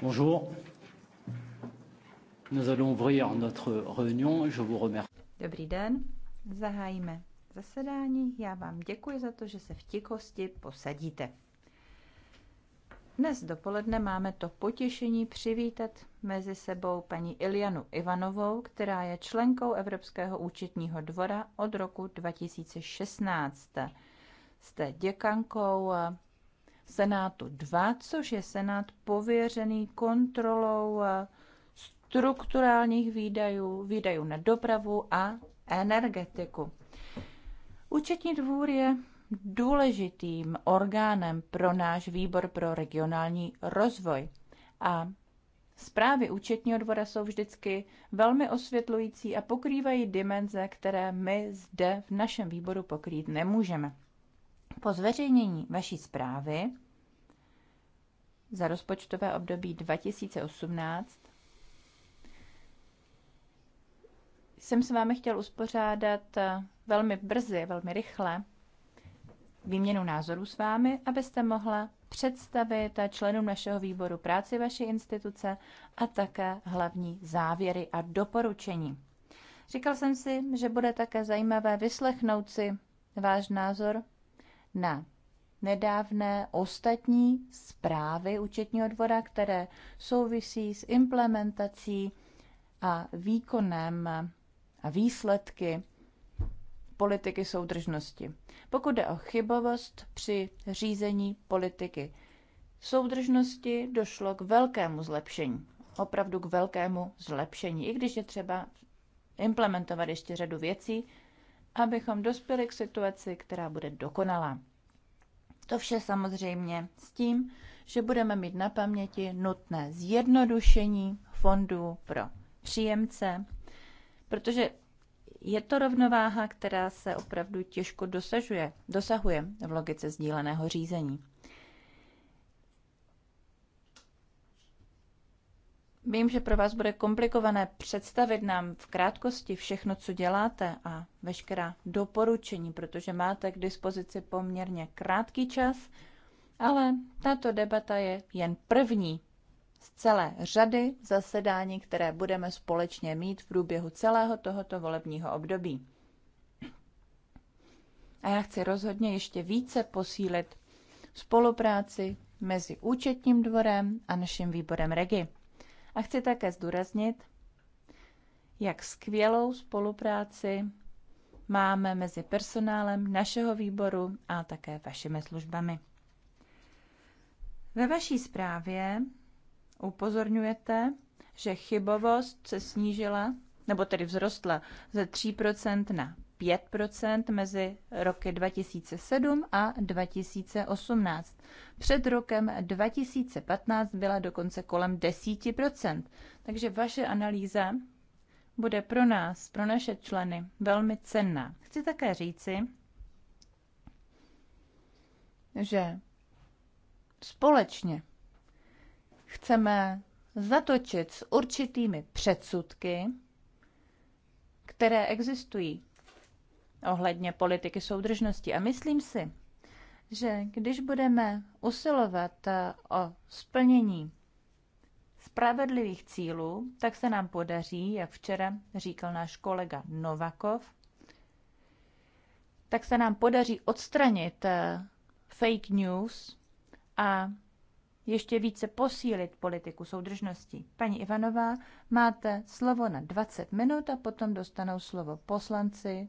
Bonjour. Nous allons ouvrir notre réunion. Je vous remercie. Dobrý den. Zahájíme zasedání. Já vám děkuji za to, že se v tichosti posadíte. Dnes dopoledne máme to potěšení přivítat mezi sebou paní Ilianu Ivanovou, která je členkou Evropského účetního dvora od roku 2016 jste děkankou Senátu 2, což je Senát pověřený kontrolou strukturálních výdajů, výdajů na dopravu a energetiku. Účetní dvůr je důležitým orgánem pro náš výbor pro regionální rozvoj a Zprávy účetního dvora jsou vždycky velmi osvětlující a pokrývají dimenze, které my zde v našem výboru pokrýt nemůžeme. Po zveřejnění vaší zprávy za rozpočtové období 2018 jsem s vámi chtěl uspořádat eh, velmi brzy, velmi rychle výměnu názorů s vámi, abyste mohla představit členům našeho výboru práci vaší instituce a také hlavní závěry a doporučení. Říkal jsem si, že bude také zajímavé vyslechnout si váš názor na nedávné ostatní zprávy účetního dvora, které souvisí s implementací a výkonem a výsledky politiky soudržnosti. Pokud jde o chybovost při řízení politiky soudržnosti, došlo k velkému zlepšení. Opravdu k velkému zlepšení, i když je třeba implementovat ještě řadu věcí, abychom dospěli k situaci, která bude dokonalá. To vše samozřejmě s tím, že budeme mít na paměti nutné zjednodušení fondů pro příjemce, protože je to rovnováha, která se opravdu těžko dosažuje, dosahuje v logice sdíleného řízení. Vím, že pro vás bude komplikované představit nám v krátkosti všechno, co děláte a veškerá doporučení, protože máte k dispozici poměrně krátký čas, ale tato debata je jen první z celé řady zasedání, které budeme společně mít v průběhu celého tohoto volebního období. A já chci rozhodně ještě více posílit spolupráci mezi účetním dvorem a naším výborem REGI. A chci také zdůraznit, jak skvělou spolupráci máme mezi personálem našeho výboru a také vašimi službami. Ve vaší zprávě upozorňujete, že chybovost se snížila, nebo tedy vzrostla ze 3% na 5 mezi roky 2007 a 2018. Před rokem 2015 byla dokonce kolem 10 Takže vaše analýza bude pro nás, pro naše členy, velmi cenná. Chci také říci, že společně chceme zatočit s určitými předsudky, které existují ohledně politiky soudržnosti. A myslím si, že když budeme usilovat eh, o splnění spravedlivých cílů, tak se nám podaří, jak včera říkal náš kolega Novakov, tak se nám podaří odstranit eh, fake news a ještě více posílit politiku soudržnosti. Paní Ivanová, máte slovo na 20 minut a potom dostanou slovo poslanci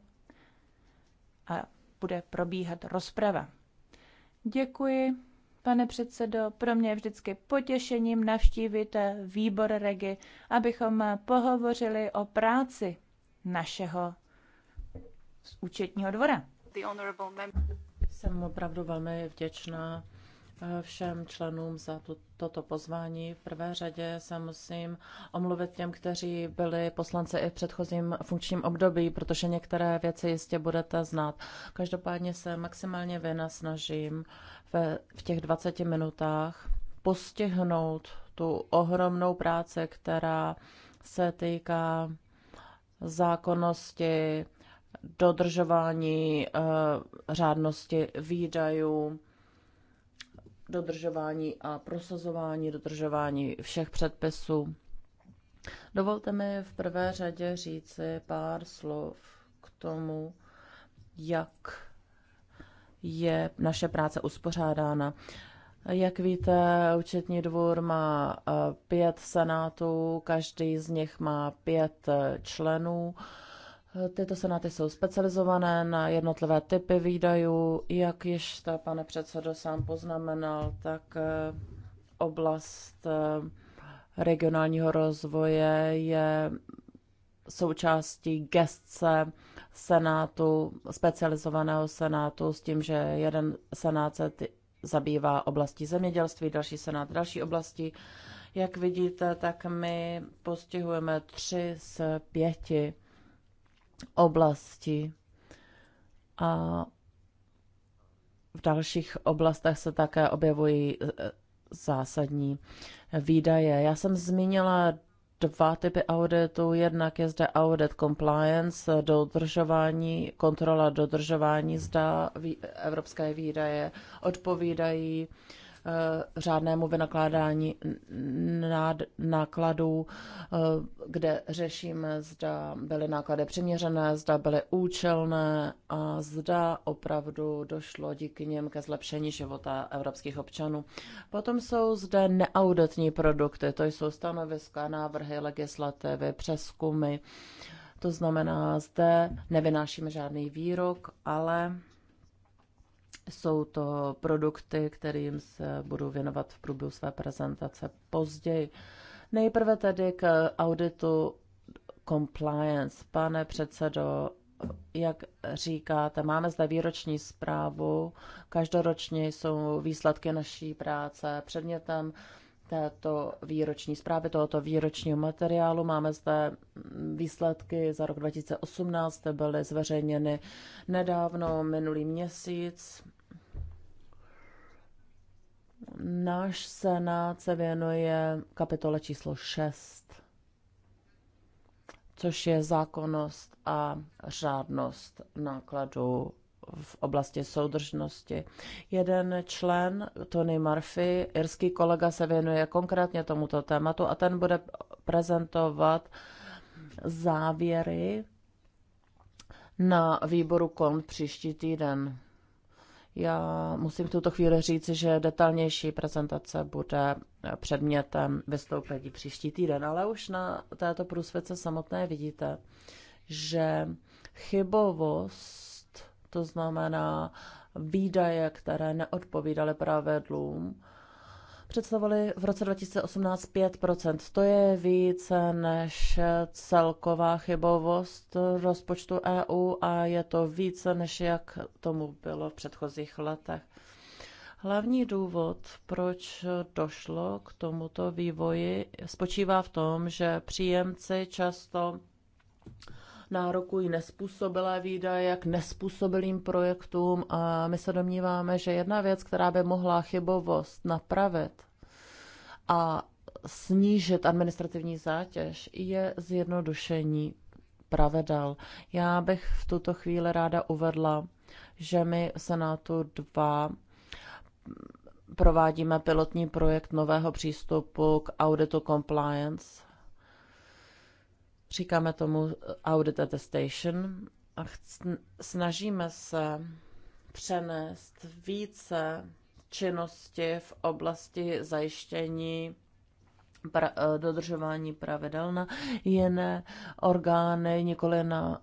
a bude probíhat rozprava. Děkuji, pane předsedo. Pro mě je vždycky potěšením navštívit výbor Regi, abychom pohovořili o práci našeho účetního dvora. Jsem opravdu velmi vděčná všem členům za to, toto pozvání. V prvé řadě se musím omluvit těm, kteří byli poslanci i v předchozím funkčním období, protože některé věci jistě budete znát. Každopádně se maximálně vynasnažím ve, v těch 20 minutách postihnout tu ohromnou práci, která se týká zákonnosti, dodržování e, řádnosti výdajů, dodržování a prosazování dodržování všech předpisů. Dovolte mi v prvé řadě říci pár slov k tomu, jak je naše práce uspořádána. Jak víte, účetní dvůr má eh, pět senátů, každý z nich má pět eh, členů. Tyto senáty jsou specializované na jednotlivé typy výdajů. Jak již jste, pane předsedo, sám poznamenal, tak eh, oblast eh, regionálního rozvoje je součástí gestce senátu, specializovaného senátu, s tím, že jeden senát se zabývá oblastí zemědělství, další senát další oblasti. Jak vidíte, tak my postihujeme tři z pěti oblasti a v dalších oblastech se také objevují e, zásadní výdaje. Já jsem zmínila dva typy auditu. Jednak je zde audit compliance, dodržování, kontrola dodržování, zda evropské výdaje odpovídají Eh, řádnému vynakládání nákladů, eh, kde řešíme, zda byly náklady přiměřené, zda byly účelné a zda opravdu došlo díky něm ke zlepšení života evropských občanů. Potom jsou zde neauditní produkty, to jsou stanoviska, návrhy legislativy, přeskumy. To znamená, zde nevynášíme žádný výrok, ale jsou to produkty, kterým se budu věnovat v průběhu své prezentace později. Nejprve tedy k auditu compliance. Pane předsedo, jak říkáte, máme zde výroční zprávu, každoročně jsou výsledky naší práce předmětem této výroční zprávy, tohoto výročního materiálu. Máme zde výsledky za rok 2018, byly zveřejněny nedávno, minulý měsíc. Náš senát se věnuje kapitole číslo 6, což je zákonnost a řádnost nákladů v oblasti soudržnosti. Jeden člen, Tony Murphy, irský kolega, se věnuje konkrétně tomuto tématu a ten bude prezentovat závěry na výboru KON příští týden. Já musím v tuto chvíli říct, že detailnější prezentace bude předmětem vystoupení příští týden, ale už na této průsvědce samotné vidíte, že chybovost, to znamená výdaje, které neodpovídaly pravidlům, představovaly v roce 2018 5 To je více než celková chybovost rozpočtu EU a je to více než jak tomu bylo v předchozích letech. Hlavní důvod, proč došlo k tomuto vývoji, spočívá v tom, že příjemci často nárokují nespůsobilé výdaje k nespůsobilým projektům a my se domníváme, že jedna věc, která by mohla chybovost napravit, a snížit administrativní zátěž je zjednodušení pravidel. Já bych v tuto chvíli ráda uvedla, že my v Senátu 2 provádíme pilotní projekt nového přístupu k auditu compliance. Říkáme tomu audit attestation a snažíme se přenést více činnosti v oblasti zajištění pra, eh, dodržování pravidel na jiné orgány, nikoli na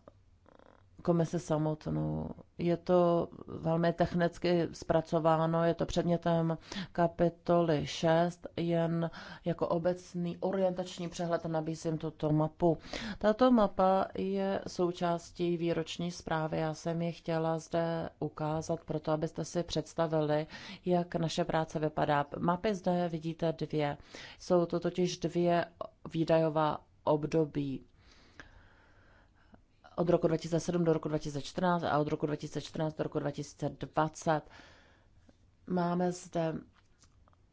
komise samotnou. Je to velmi technicky zpracováno, je to předmětem kapitoly 6, jen jako obecný orientační přehled nabízím tuto mapu. Tato mapa je součástí výroční zprávy. Já jsem ji chtěla zde ukázat, proto abyste si představili, jak naše práce vypadá. Mapy zde vidíte dvě. Jsou to totiž dvě výdajová období od roku 2007 do roku 2014 a od roku 2014 do roku 2020. Máme zde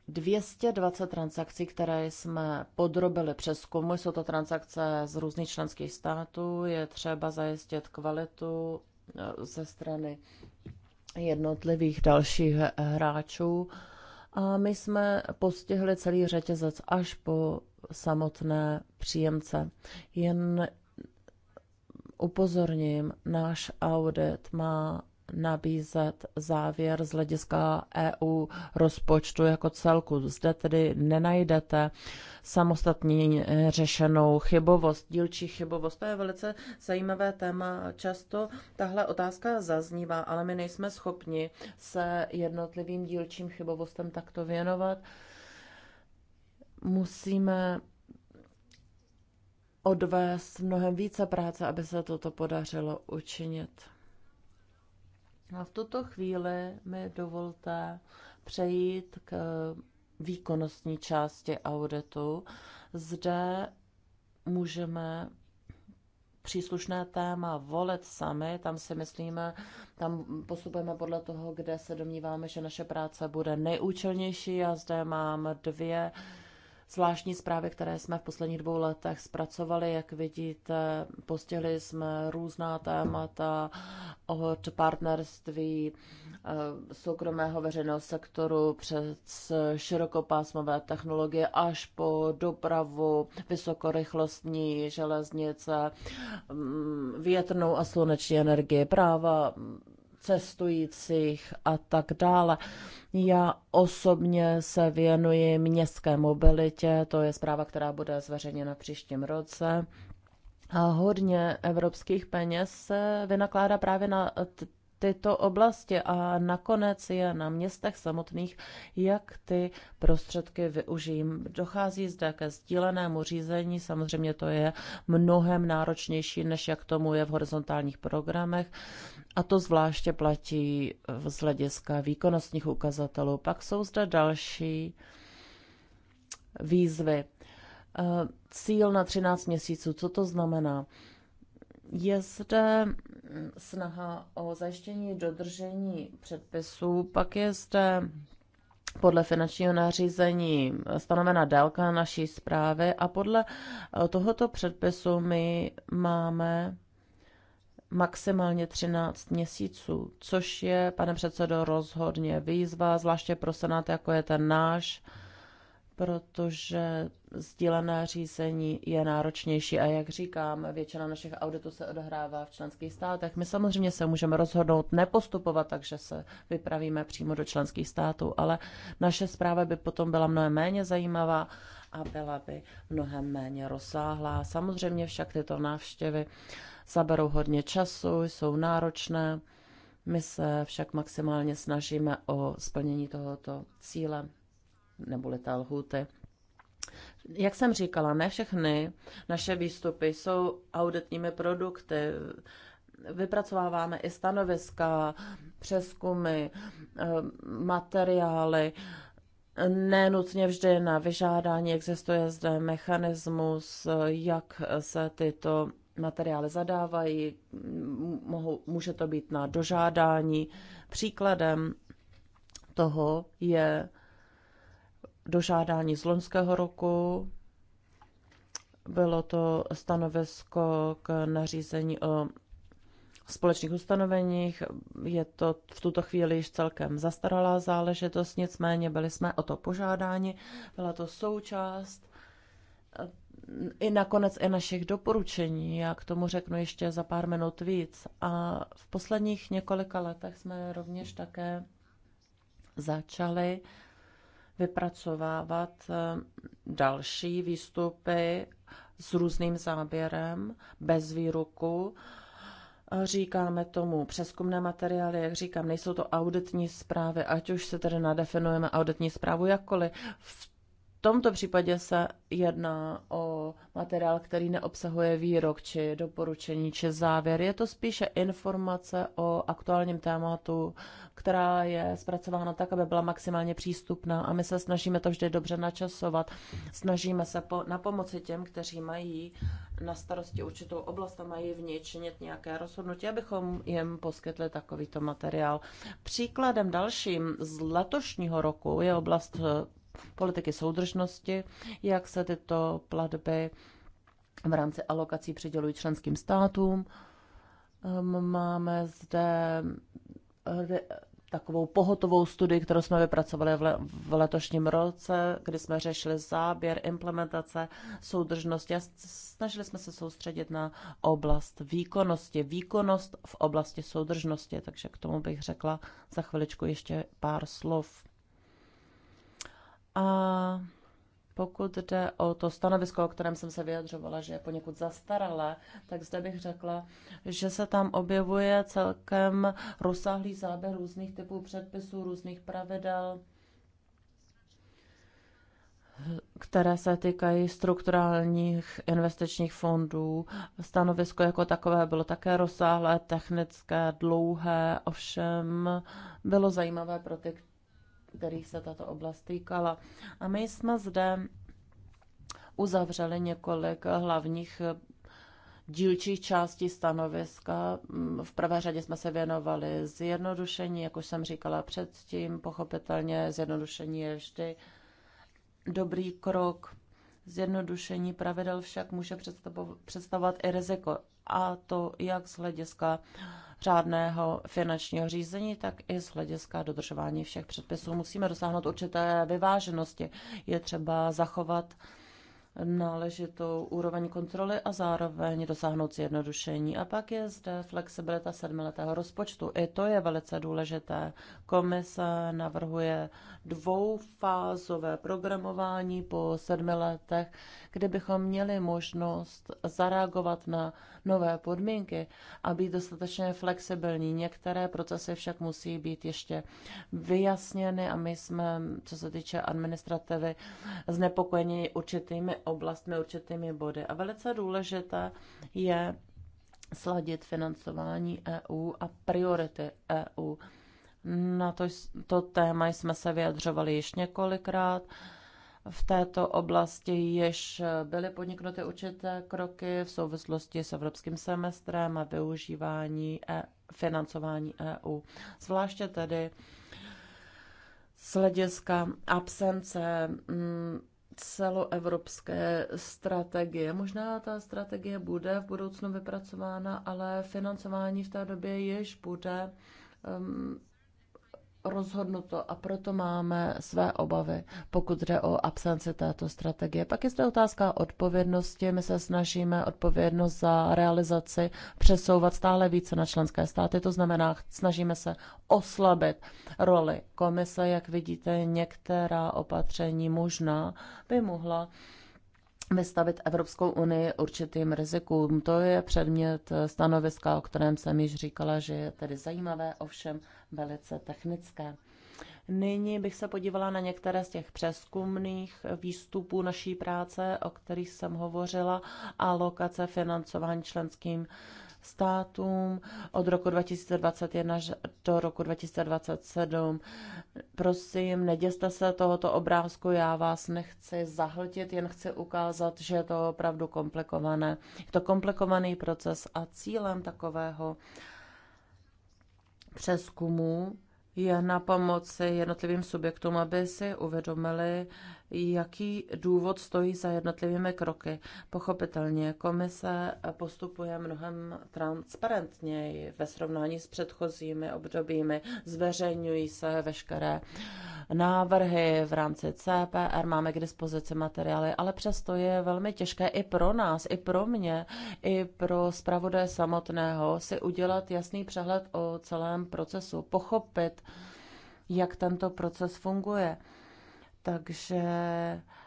220 transakcí, které jsme podrobili přeskumu. Jsou to transakce z různých členských států. Je třeba zajistit kvalitu eh, ze strany jednotlivých dalších hráčů. A my jsme postihli celý řetězec až po samotné příjemce. Jen upozorním, náš audit má nabízet závěr z hlediska EU rozpočtu jako celku. Zde tedy nenajdete samostatně řešenou chybovost, dílčí chybovost. To je velice zajímavé téma. Často tahle otázka zaznívá, ale my nejsme schopni se jednotlivým dílčím chybovostem takto věnovat. Musíme odvést mnohem více práce, aby se toto podařilo učinit. A v tuto chvíli mi dovolte přejít k výkonnostní části auditu. Zde můžeme příslušné téma volit sami, tam si myslíme, tam postupujeme podle toho, kde se domníváme, že naše práce bude nejúčelnější. a zde mám dvě uh, zvláštní zprávy, které jsme v posledních dvou letech zpracovali. Jak vidíte, postihli jsme různá témata od partnerství eh, soukromého veřejného sektoru přes širokopásmové technologie až po dopravu, vysokorychlostní železnice, mm, větrnou a sluneční energii, práva cestujících a tak dále. Já osobně se věnuji městské mobilitě, to je zpráva, která bude zveřejněna v příštím roce. A hodně evropských peněz se vynakládá právě na tyto oblasti a nakonec je na městech samotných, jak ty prostředky využijí. Dochází zde ke sdílenému řízení, samozřejmě to je mnohem náročnější, než jak tomu je v horizontálních programech a to zvláště platí z hlediska výkonnostních ukazatelů. Pak jsou zde další výzvy. Eh, cíl na 13 měsíců, co to znamená? Je zde snaha o zajištění dodržení předpisů, pak je zde podle finančního nařízení stanovena délka naší zprávy a podle eh, tohoto předpisu my máme maximálně 13 měsíců, což je, pane předsedo, rozhodně výzva, zvláště pro senát, jako je ten náš, protože sdílené řízení je náročnější a jak říkám, většina našich auditů se odehrává v členských státech. My samozřejmě se můžeme rozhodnout nepostupovat, takže se vypravíme přímo do členských států, ale naše zpráva by potom byla mnohem méně zajímavá a byla by mnohem méně rozsáhlá. Samozřejmě však tyto návštěvy zaberou hodně času, jsou náročné. My se však maximálně snažíme o splnění tohoto cíle. Nebo ta lhůty. Jak jsem říkala, ne všechny naše výstupy jsou auditními produkty. Vypracováváme i stanoviska, přeskumy, eh, materiály. Nenutně vždy na vyžádání existuje zde mechanismus, jak se tyto materiály zadávají. Mohou, může to být na dožádání. Příkladem toho je dožádání z loňského roku. Bylo to stanovisko k nařízení o společných ustanoveních. Je to v tuto chvíli již celkem zastaralá záležitost, nicméně byli jsme o to požádáni. Byla to součást i nakonec i našich doporučení. Já k tomu řeknu ještě za pár minut víc. A v posledních několika letech jsme rovněž také začali vypracovávat eh, další výstupy s různým záběrem, bez výruku. Eh, říkáme tomu přeskumné materiály, jak říkám, nejsou to auditní zprávy, ať už se tedy nadefinujeme auditní zprávu jakkoliv. V tomto případě se jedná o materiál, který neobsahuje výrok, či doporučení, či závěr. Je to spíše informace o aktuálním tématu, která je zpracována tak, aby byla maximálně přístupná a my se snažíme to vždy dobře načasovat. Snažíme se po, na pomoci těm, kteří mají na starosti určitou oblast a mají v ní činit nějaké rozhodnutí, abychom jim poskytli takovýto materiál. Příkladem dalším z letošního roku je oblast eh, politiky soudržnosti, jak se tyto platby v rámci alokací přidělují členským státům. Ehm, máme zde eh, takovou pohotovou studii, kterou jsme vypracovali v, letošním roce, kdy jsme řešili záběr, implementace, soudržnosti a snažili jsme se soustředit na oblast výkonnosti. Výkonnost v oblasti soudržnosti, takže k tomu bych řekla za chviličku ještě pár slov. A pokud jde o to stanovisko, o kterém jsem se vyjadřovala, že je poněkud zastaralé, tak zde bych řekla, že se tam objevuje celkem rozsáhlý záběr různých typů předpisů, různých pravidel, které se týkají strukturálních investičních fondů. Stanovisko jako takové bylo také rozsáhlé, technické, dlouhé, ovšem bylo zajímavé pro ty, kterých se tato oblast týkala. A my jsme zde uzavřeli několik hlavních eh, dílčích částí stanoviska. Mm, v prvé řadě jsme se věnovali zjednodušení, jak už jsem říkala předtím, pochopitelně zjednodušení je vždy dobrý krok. Zjednodušení pravidel však může představovat i riziko, a to jak z hlediska uh, řádného finančního řízení, tak i z hlediska dodržování všech předpisů musíme dosáhnout určité vyváženosti. Je třeba zachovat náležitou úroveň kontroly a zároveň dosáhnout zjednodušení. A pak je zde flexibilita sedmiletého rozpočtu. I to je velice důležité. Komise navrhuje dvoufázové programování po sedmi letech, kde bychom měli možnost zareagovat na nové podmínky a být dostatečně flexibilní. Některé procesy však musí být ještě vyjasněny a my jsme, co se týče administrativy, znepokojeni určitými oblastmi, určitými body. A velice důležité je sladit financování EU a priority EU. Na to, to téma jsme se vyjadřovali již několikrát. V této oblasti již byly podniknuty určité kroky v souvislosti s evropským semestrem a využívání e, financování EU. Zvláště tedy z hlediska absence mm, celoevropské strategie. Možná ta strategie bude v budoucnu vypracována, ale financování v té době již bude um, rozhodnuto a proto máme své obavy, pokud jde o absenci této strategie. Pak je zde otázka odpovědnosti. My se snažíme odpovědnost za realizaci přesouvat stále více na členské státy. To znamená, snažíme se oslabit roli komise. Jak vidíte, některá opatření možná by mohla vystavit Evropskou unii určitým rizikům. To je předmět stanoviska, o kterém jsem již říkala, že je tedy zajímavé, ovšem velice technické. Nyní bych se podívala na některé z těch přeskumných výstupů naší práce, o kterých jsem hovořila, a lokace financování členským státům od roku 2021 do roku 2027. Prosím, neděste se tohoto obrázku, já vás nechci zahltit, jen chci ukázat, že je to opravdu komplikované. Je to komplikovaný proces a cílem takového přeskumů je na pomoci jednotlivým subjektům, aby si uvědomili, jaký důvod stojí za jednotlivými kroky. Pochopitelně komise postupuje mnohem transparentněji ve srovnání s předchozími obdobími. Zveřejňují se veškeré návrhy v rámci CPR, máme k dispozici materiály, ale přesto je velmi těžké i pro nás, i pro mě, i pro zpravodaje samotného si udělat jasný přehled o celém procesu, pochopit, jak tento proces funguje takže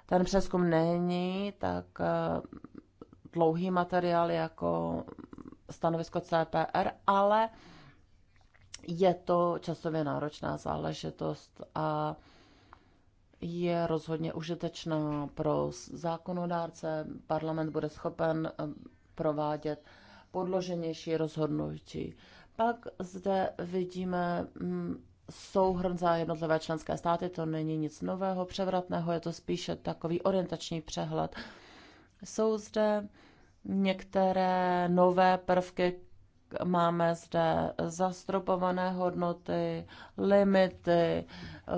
ten přeskum není tak eh, dlouhý materiál jako stanovisko CPR, ale je to časově náročná záležitost a je rozhodně užitečná pro zákonodárce. Parlament bude schopen eh, provádět podloženější rozhodnutí. Pak zde vidíme hm, souhrn za jednotlivé členské státy, to není nic nového, převratného, je to spíše takový orientační přehled. Jsou zde některé nové prvky, máme zde zastropované hodnoty, limity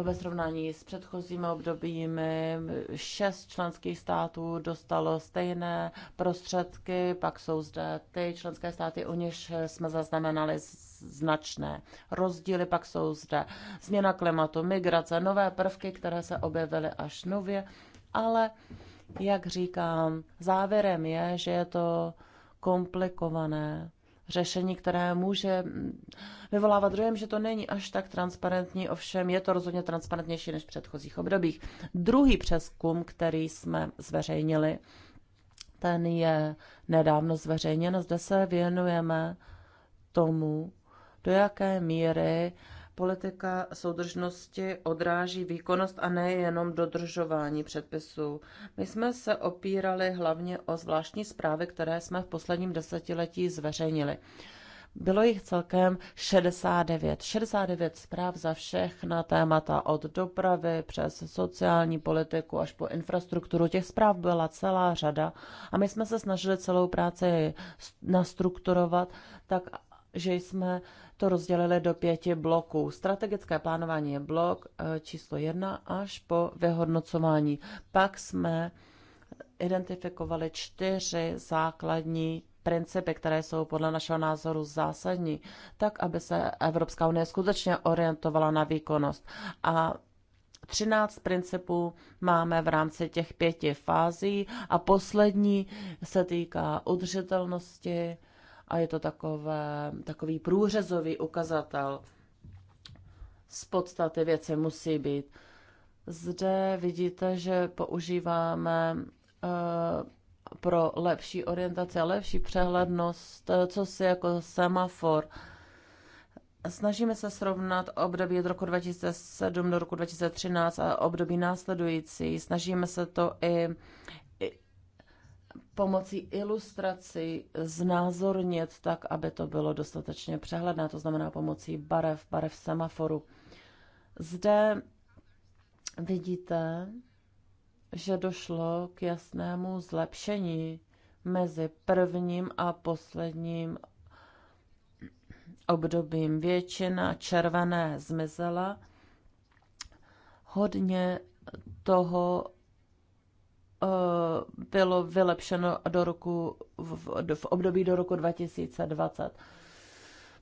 ve srovnání s předchozími obdobími. Šest členských států dostalo stejné prostředky, pak jsou zde ty členské státy, u nich jsme zaznamenali značné. Rozdíly pak jsou zde změna klimatu, migrace, nové prvky, které se objevily až nově, ale jak říkám, závěrem je, že je to komplikované řešení, které může vyvolávat dojem, že to není až tak transparentní, ovšem je to rozhodně transparentnější než v předchozích obdobích. Druhý přeskum, který jsme zveřejnili, ten je nedávno zveřejněn. Zde se věnujeme tomu, do jaké míry politika soudržnosti odráží výkonnost a nejenom dodržování předpisů. My jsme se opírali hlavně o zvláštní zprávy, které jsme v posledním desetiletí zveřejnili. Bylo jich celkem 69. 69 zpráv za všechna témata od dopravy přes sociální politiku až po infrastrukturu. Těch zpráv byla celá řada a my jsme se snažili celou práci nastrukturovat tak, že jsme to rozdělili do pěti bloků. Strategické plánování je blok eh, číslo jedna až po vyhodnocování. Pak jsme identifikovali čtyři základní principy, které jsou podle našeho názoru zásadní, tak aby se Evropská unie skutečně orientovala na výkonnost. A 13 principů máme v rámci těch pěti fází a poslední se týká udržitelnosti, a je to takové, takový průřezový ukazatel. Z podstaty věci musí být. Zde vidíte, že používáme eh, pro lepší orientaci a lepší přehlednost, eh, co si jako semafor. Snažíme se srovnat období od roku 2007 do roku 2013 a období následující. Snažíme se to i pomocí ilustraci znázornit tak, aby to bylo dostatečně přehledné, to znamená pomocí barev, barev semaforu. Zde vidíte, že došlo k jasnému zlepšení mezi prvním a posledním obdobím. Většina červené zmizela. Hodně toho Eh, bylo vylepšeno do roku, v, v období do roku 2020.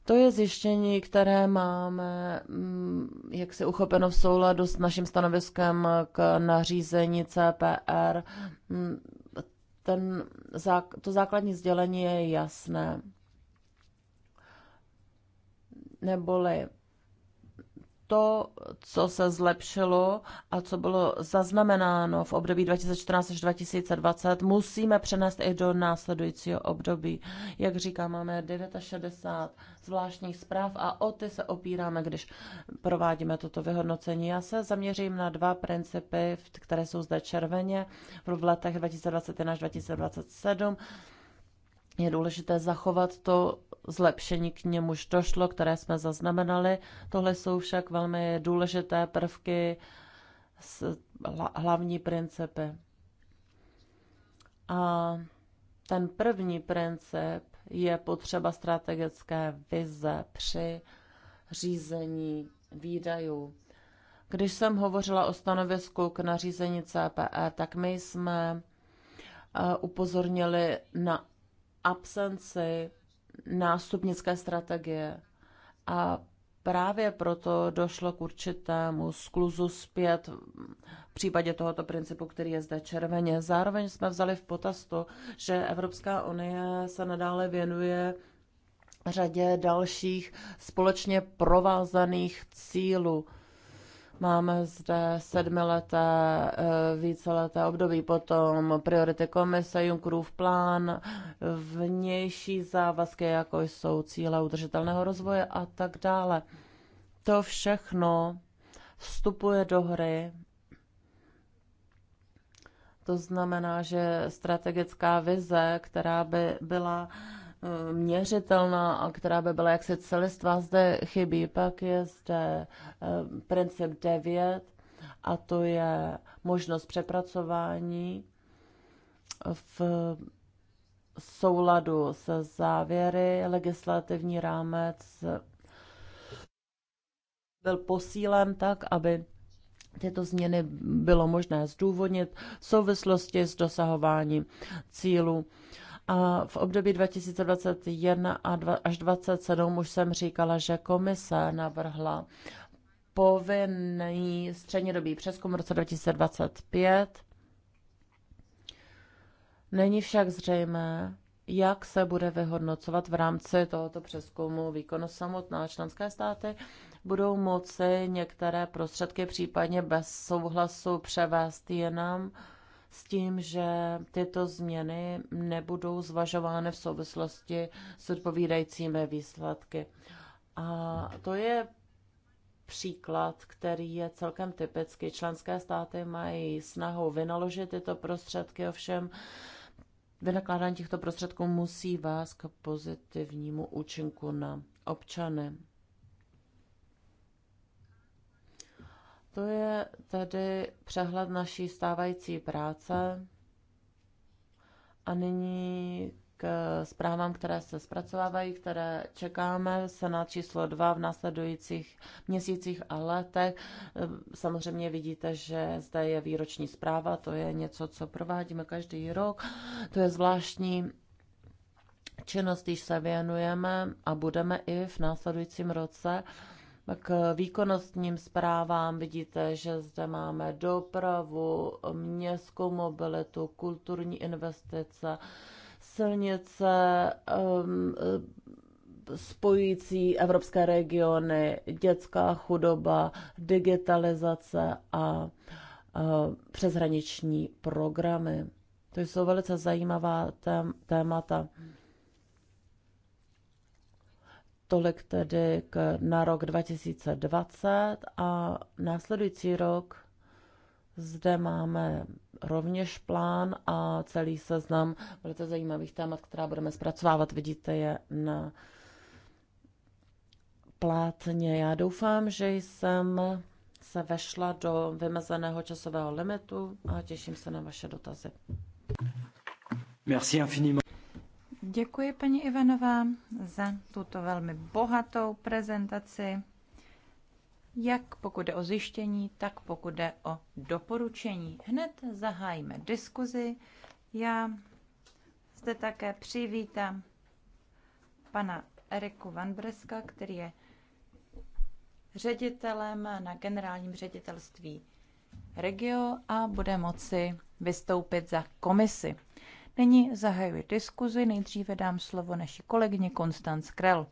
To je zjištění, které máme, mm, jak se uchopeno v souladu s naším stanoviskem k nařízení CPR. Mm, ten, to základní sdělení je jasné. Neboli to, co se zlepšilo a co bylo zaznamenáno v období 2014 až 2020, musíme přenést i do následujícího období. Jak říkám, máme 69 zvláštních zpráv a o ty se opíráme, když provádíme toto vyhodnocení. Já se zaměřím na dva principy, které jsou zde červeně v letech 2021 až 2027. Je důležité zachovat to, zlepšení, k němuž došlo, které jsme zaznamenali. Tohle jsou však velmi důležité prvky, hlavní principy. A ten první princip je potřeba strategické vize při řízení výdajů. Když jsem hovořila o stanovisku k nařízení CPE, tak my jsme eh, upozornili na absenci nástupnické strategie. A právě proto došlo k určitému skluzu zpět v případě tohoto principu, který je zde červeně. Zároveň jsme vzali v potaz to, že Evropská unie se nadále věnuje řadě dalších společně provázaných cílů Máme zde sedmileté, eh, víceleté období, potom priority komise, Junckerův plán, vnější závazky, jako jsou cíle udržitelného rozvoje a tak dále. To všechno vstupuje do hry. To znamená, že strategická vize, která by byla Eh, měřitelná a která by byla jaksi celistvá, zde chybí. Pak je zde eh, princip 9 a to je možnost přepracování v souladu se závěry. Legislativní rámec byl posílen tak, aby tyto změny bylo možné zdůvodnit v souvislosti s dosahováním cílů a v období 2021 až 2027 už jsem říkala, že komise navrhla povinný střednědobý přeskum v roce 2025. Není však zřejmé, jak se bude vyhodnocovat v rámci tohoto přeskumu výkon samotná. Členské státy budou moci některé prostředky případně bez souhlasu převést jenom nám s tím, že tyto změny nebudou zvažovány v souvislosti s odpovídajícími výsledky. A to je příklad, který je celkem typický. Členské státy mají snahu vynaložit tyto prostředky, ovšem vynakládání těchto prostředků musí vás k pozitivnímu účinku na občany. To je tedy přehled naší stávající práce. A nyní k zprávám, které se zpracovávají, které čekáme. Senát číslo 2 v následujících měsících a letech. Samozřejmě vidíte, že zde je výroční zpráva, to je něco, co provádíme každý rok. To je zvláštní činnost, když se věnujeme a budeme i v následujícím roce k výkonnostním zprávám vidíte, že zde máme dopravu, městskou mobilitu, kulturní investice, silnice um, spojující evropské regiony, dětská chudoba, digitalizace a uh, přeshraniční programy. To jsou velice zajímavá témata. Tolik tedy k, na rok 2020 a následující rok zde máme rovněž plán a celý seznam velice zajímavých témat, která budeme zpracovávat. Vidíte je na plátně. Já doufám, že jsem se vešla do vymezeného časového limitu a těším se na vaše dotazy. Merci infiniment. Děkuji, paní Ivanová, za tuto velmi bohatou prezentaci, jak pokud jde o zjištění, tak pokud jde o doporučení. Hned zahájíme diskuzi. Já zde také přivítám pana Eriku Van Breska, který je ředitelem na generálním ředitelství Regio a bude moci vystoupit za komisi. Nyní zahajuji diskuzi, nejdříve dám slovo naší kolegyně Konstanc Krell.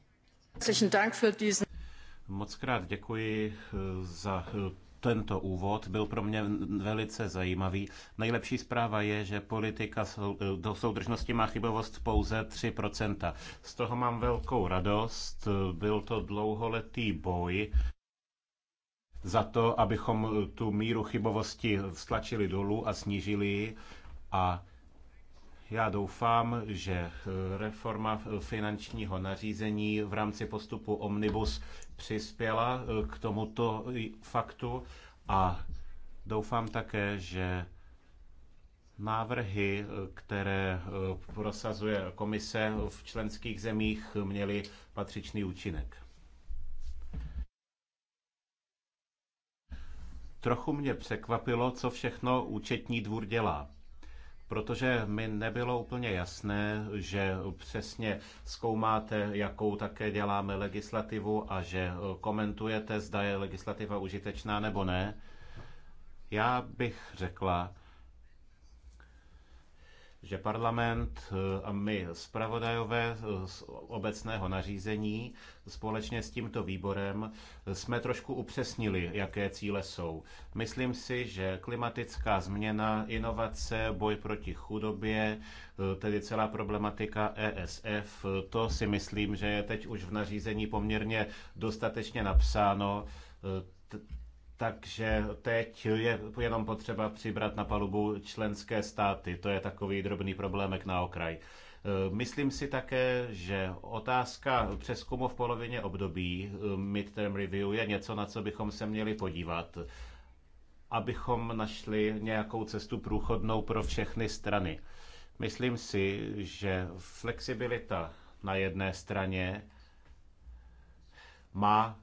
Moc krát děkuji eh, za eh, tento úvod byl pro mě velice zajímavý. Nejlepší zpráva je, že politika eh, do soudržnosti má chybovost pouze 3%. Z toho mám velkou radost. Byl to dlouholetý boj za to, abychom tu míru chybovosti stlačili dolů a snížili ji. A já doufám, že eh, reforma eh, finančního nařízení v rámci postupu Omnibus přispěla eh, k tomuto faktu a doufám také, že návrhy, které prosazuje komise v členských zemích, měly patřičný účinek. Trochu mě překvapilo, co všechno účetní dvůr dělá protože mi nebylo úplně jasné, že přesně zkoumáte, jakou také děláme legislativu a že eh, komentujete, zda je legislativa užitečná nebo ne. Já bych řekla, že parlament eh, a my zpravodajové eh, z obecného nařízení společně s tímto výborem eh, jsme trošku upřesnili, jaké cíle jsou. Myslím si, že klimatická změna, inovace, boj proti chudobě, tedy celá problematika ESF, to si myslím, že je teď už v nařízení poměrně dostatečně napsáno takže teď je jenom potřeba přibrat na palubu členské státy. To je takový drobný problémek na okraj. E, myslím si také, že otázka přeskumu v polovině období e, midterm review je něco, na co bychom se měli podívat, abychom našli nějakou cestu průchodnou pro všechny strany. Myslím si, že flexibilita na jedné straně má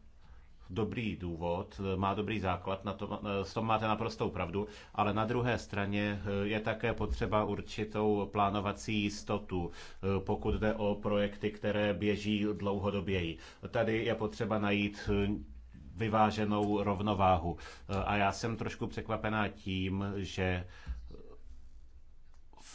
dobrý důvod, má dobrý základ, na tom, s tom máte naprostou pravdu, ale na druhé straně eh, je také potřeba určitou plánovací jistotu, eh, pokud jde o projekty, které běží dlouhodoběji. Tady je potřeba najít eh, vyváženou rovnováhu. A já jsem trošku překvapená tím, že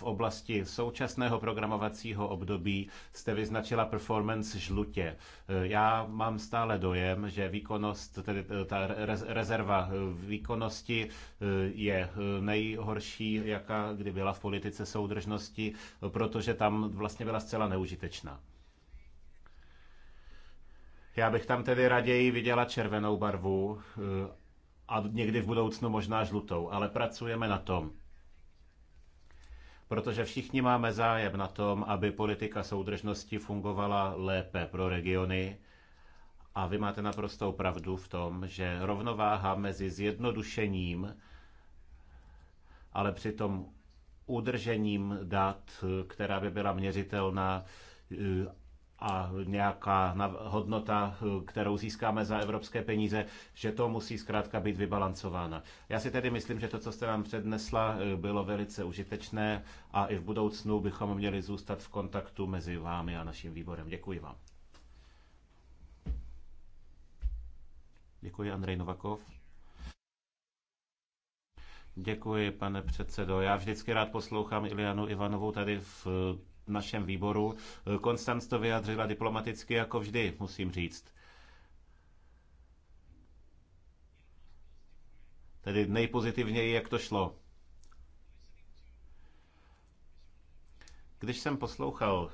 v oblasti současného programovacího období jste vyznačila performance žlutě. Já mám stále dojem, že výkonnost, tedy eh, ta rezerva eh, výkonnosti eh, je nejhorší, jaká kdy byla v politice soudržnosti, protože tam vlastně byla zcela neužitečná. Já bych tam tedy raději viděla červenou barvu a někdy v budoucnu možná žlutou, ale pracujeme na tom protože všichni máme zájem na tom, aby politika soudržnosti fungovala lépe pro regiony. A vy máte naprostou pravdu v tom, že rovnováha mezi zjednodušením, ale přitom udržením dat, která by byla měřitelná, a nějaká hodnota, kterou získáme za evropské peníze, že to musí zkrátka být vybalancována. Já si tedy myslím, že to, co jste nám přednesla, bylo velice užitečné a i v budoucnu bychom měli zůstat v kontaktu mezi vámi a naším výborem. Děkuji vám. Děkuji, Andrej Novakov. Děkuji, pane předsedo. Já vždycky rád poslouchám Ilianu Ivanovou tady v v našem výboru. Konstanc to vyjadřila diplomaticky, jako vždy, musím říct. Tedy nejpozitivněji, jak to šlo. Když jsem poslouchal,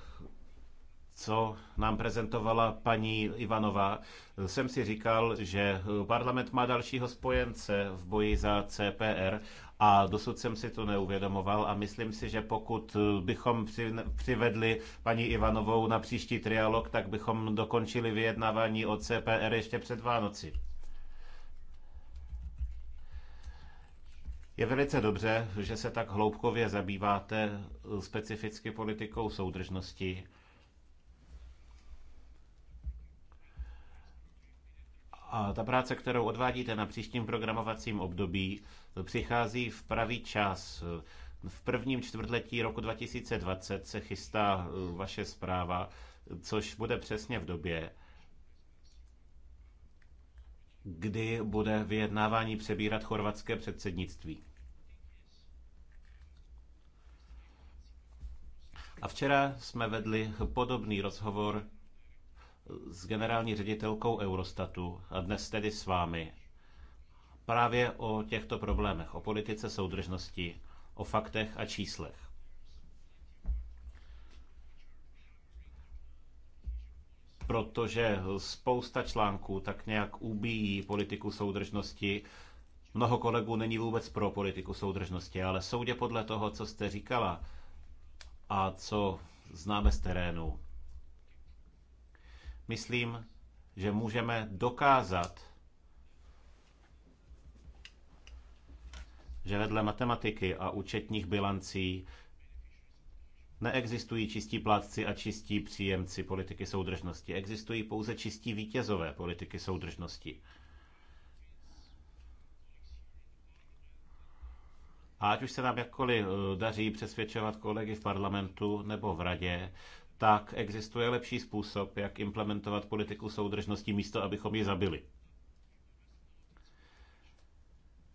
co nám prezentovala paní Ivanová, jsem si říkal, že parlament má dalšího spojence v boji za CPR a dosud jsem si to neuvědomoval a myslím si, že pokud eh, bychom přivedli paní Ivanovou na příští trialog, tak bychom dokončili vyjednávání o CPR ještě před Vánoci. Je velice dobře, že se tak hloubkově zabýváte eh, specificky politikou soudržnosti A ta práce, kterou odvádíte na příštím programovacím období, přichází v pravý čas. V prvním čtvrtletí roku 2020 se chystá e, vaše zpráva, což bude přesně v době, kdy bude vyjednávání přebírat chorvatské předsednictví. A včera jsme vedli podobný rozhovor s generální ředitelkou Eurostatu a dnes tedy s vámi právě o těchto problémech, o politice soudržnosti, o faktech a číslech. Protože spousta článků tak nějak ubíjí politiku soudržnosti. Mnoho kolegů není vůbec pro politiku soudržnosti, ale soudě podle toho, co jste říkala a co známe z terénu, myslím, že můžeme dokázat, že vedle matematiky a účetních bilancí neexistují čistí plátci a čistí příjemci politiky soudržnosti. Existují pouze čistí vítězové politiky soudržnosti. A ať už se nám jakkoliv eh, daří přesvědčovat kolegy v parlamentu nebo v radě, tak existuje lepší způsob, jak implementovat politiku soudržnosti místo, abychom ji zabili.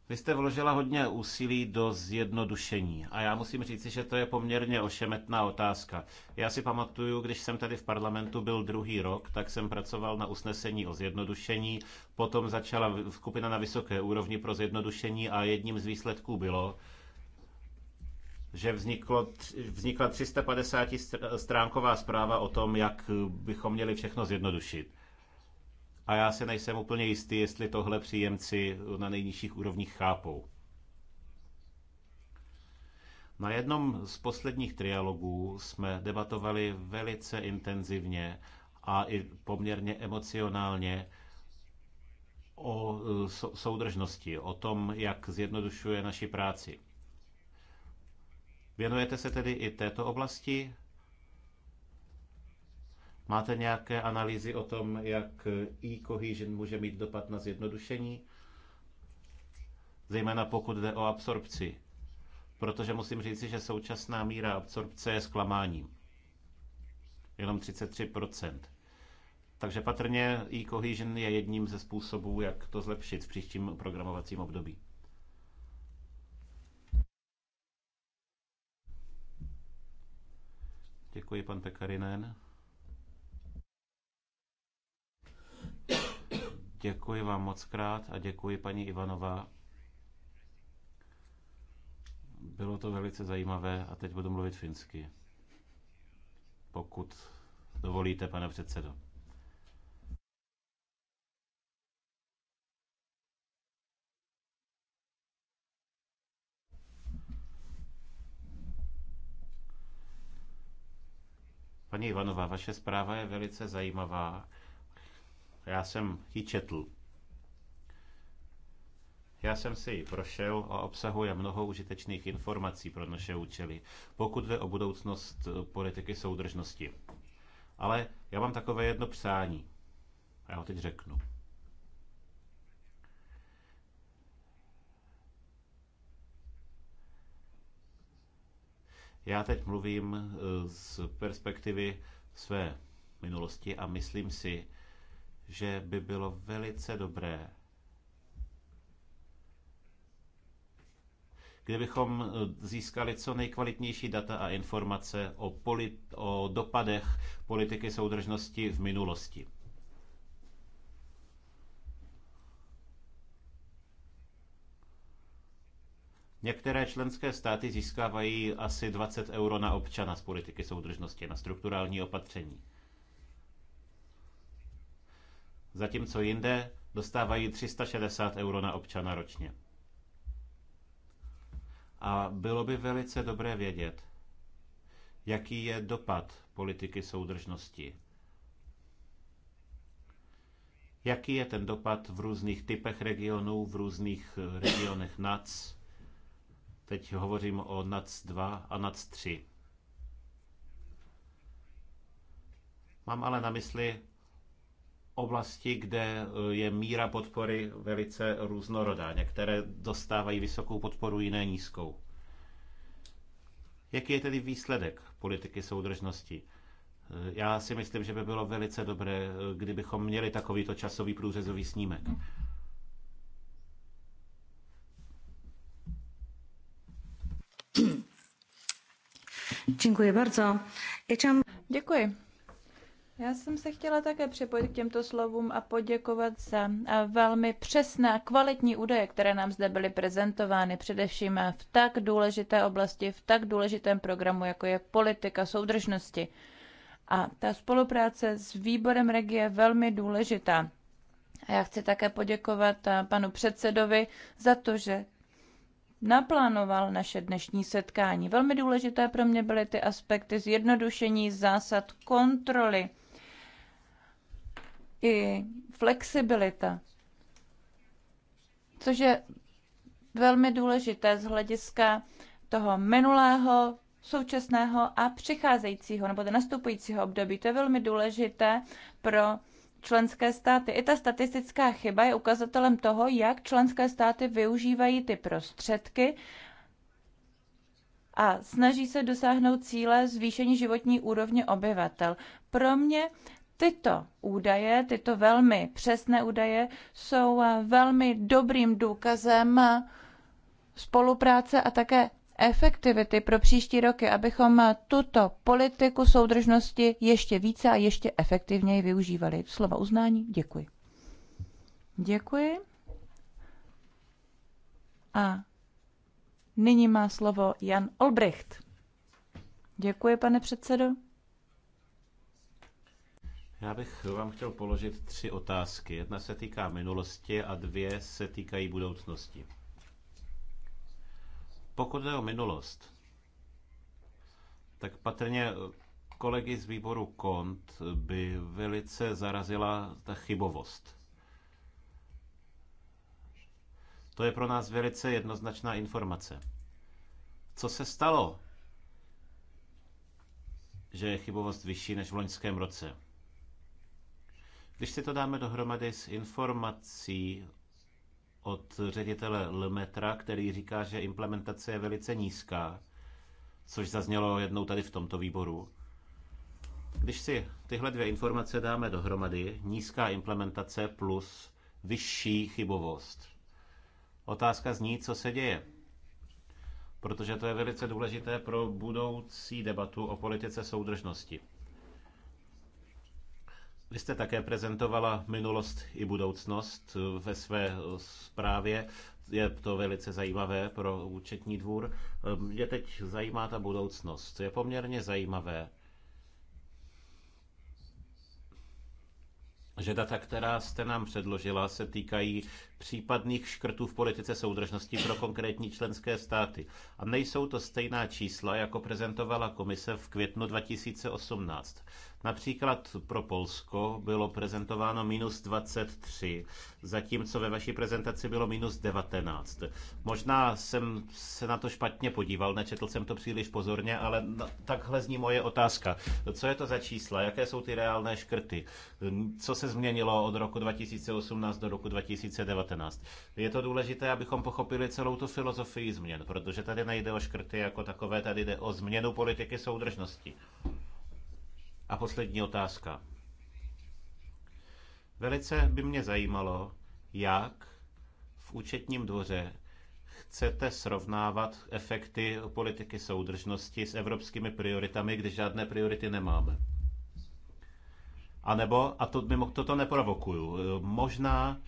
Vy jste vložila hodně úsilí do zjednodušení a já musím říci, že to je poměrně ošemetná otázka. Já si pamatuju, když jsem tady v parlamentu byl druhý rok, tak jsem pracoval na usnesení o zjednodušení, potom začala skupina na vysoké úrovni pro zjednodušení a jedním z výsledků bylo, že vzniklo, vznikla 350 stránková zpráva o tom, jak bychom měli všechno zjednodušit. A já se nejsem úplně jistý, jestli tohle příjemci na nejnižších úrovních chápou. Na jednom z posledních trialogů jsme debatovali velice intenzivně a i poměrně emocionálně o e, soudržnosti, o tom, jak zjednodušuje naši práci. Věnujete se tedy i této oblasti? Máte nějaké analýzy o tom, jak e-cohesion může mít dopad na zjednodušení? Zejména pokud jde o absorpci. Protože musím říci, že současná míra absorpce je zklamáním. Jenom 33%. Takže patrně e-cohesion je jedním ze způsobů, jak to zlepšit v příštím programovacím období. Děkuji, pan Pekarinen. Děkuji vám moc krát a děkuji paní Ivanová. Bylo to velice zajímavé a teď budu mluvit finsky. Pokud dovolíte, pane předsedo. Paní Ivanová, vaše zpráva je velice zajímavá. Já jsem ji četl. Já jsem si ji prošel a obsahuje mnoho užitečných informací pro naše účely, pokud jde o budoucnost politiky soudržnosti. Ale já mám takové jedno přání. Já ho teď řeknu. Já teď mluvím eh, z perspektivy své minulosti a myslím si, že by bylo velice dobré, kdybychom eh, získali co nejkvalitnější data a informace o, polit, o dopadech politiky soudržnosti v minulosti. Některé členské státy získávají asi 20 euro na občana z politiky soudržnosti, na strukturální opatření. Zatímco jinde dostávají 360 euro na občana ročně. A bylo by velice dobré vědět, jaký je dopad politiky soudržnosti. Jaký je ten dopad v různých typech regionů, v různých regionech NAC, Teď hovořím o NAC 2 a NAC 3. Mám ale na mysli oblasti, kde eh, je míra podpory velice různorodá. Některé dostávají vysokou podporu, jiné nízkou. Jaký je tedy výsledek politiky soudržnosti? Eh, já si myslím, že by bylo velice dobré, eh, kdybychom měli takovýto časový průřezový snímek. Děkuji bardzo. Děkuji. Já jsem se chtěla také připojit k těmto slovům a poděkovat za velmi přesné a kvalitní údaje, které nám zde byly prezentovány, především v tak důležité oblasti, v tak důležitém programu, jako je politika soudržnosti. A ta spolupráce s výborem regie je velmi důležitá. A já chci také poděkovat panu předsedovi za to, že naplánoval naše dnešní setkání. Velmi důležité pro mě byly ty aspekty zjednodušení zásad kontroly i flexibilita, což je velmi důležité z hlediska toho minulého, současného a přicházejícího nebo nastupujícího období. To je velmi důležité pro členské státy. I ta statistická chyba je ukazatelem toho, jak členské státy využívají ty prostředky a snaží se dosáhnout cíle zvýšení životní úrovně obyvatel. Pro mě tyto údaje, tyto velmi přesné údaje, jsou velmi dobrým důkazem spolupráce a také efektivity pro příští roky, abychom tuto politiku soudržnosti ještě více a ještě efektivněji využívali. Slova uznání, děkuji. Děkuji. A nyní má slovo Jan Olbricht. Děkuji, pane předsedo. Já bych vám chtěl položit tři otázky. Jedna se týká minulosti a dvě se týkají budoucnosti. Pokud jde o minulost, tak patrně eh, kolegy z výboru KONT by velice zarazila ta chybovost. To je pro nás velice jednoznačná informace. Co se stalo, že je chybovost vyšší než v loňském roce? Když si to dáme dohromady s informací od ředitele Lmetra, který říká, že implementace je velice nízká, což zaznělo jednou tady v tomto výboru. Když si tyhle dvě informace dáme dohromady, nízká implementace plus vyšší chybovost. Otázka zní, co se děje. Protože to je velice důležité pro budoucí debatu o politice soudržnosti. Vy jste také prezentovala minulost i budoucnost ve své eh, zprávě. Je to velice zajímavé pro účetní dvůr. Eh, mě teď zajímá ta budoucnost. Je poměrně zajímavé, že data, která jste nám předložila, se týkají případných škrtů v politice soudržnosti pro konkrétní členské státy. A nejsou to stejná čísla, jako prezentovala komise v květnu 2018. Například pro Polsko bylo prezentováno minus 23, zatímco ve vaší prezentaci bylo minus 19. Možná jsem se na to špatně podíval, nečetl jsem to příliš pozorně, ale takhle zní moje otázka. Co je to za čísla? Jaké jsou ty reálné škrty? Co se změnilo od roku 2018 do roku 2019? Je to důležité, abychom pochopili celou tu filozofii změn, protože tady nejde o škrty jako takové, tady jde o změnu politiky soudržnosti. A poslední otázka. Velice by mě zajímalo, jak v účetním dvoře chcete srovnávat efekty politiky soudržnosti s evropskými prioritami, když žádné priority nemáme. A nebo, a to, mimo, toto neprovokuju, možná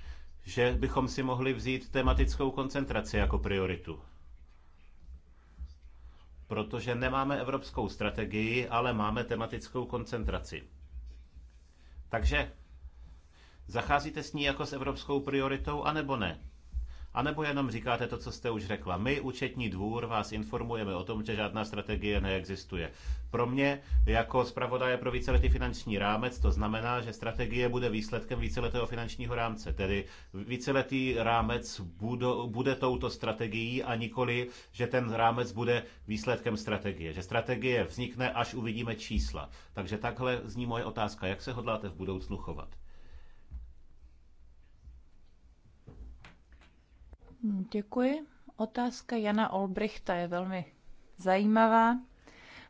že bychom si mohli vzít tematickou koncentraci jako prioritu. Protože nemáme evropskou strategii, ale máme tematickou koncentraci. Takže zacházíte s ní jako s evropskou prioritou, anebo ne? A nebo jenom říkáte to, co jste už řekla. My, účetní dvůr, vás informujeme o tom, že žádná strategie neexistuje. Pro mě, jako zpravodaje pro víceletý finanční rámec, to znamená, že strategie bude výsledkem víceletého finančního rámce. Tedy víceletý rámec bude, bude touto strategií a nikoli, že ten rámec bude výsledkem strategie. Že strategie vznikne, až uvidíme čísla. Takže takhle zní moje otázka. Jak se hodláte v budoucnu chovat? Hm, děkuji. Otázka Jana Olbrichta je velmi zajímavá,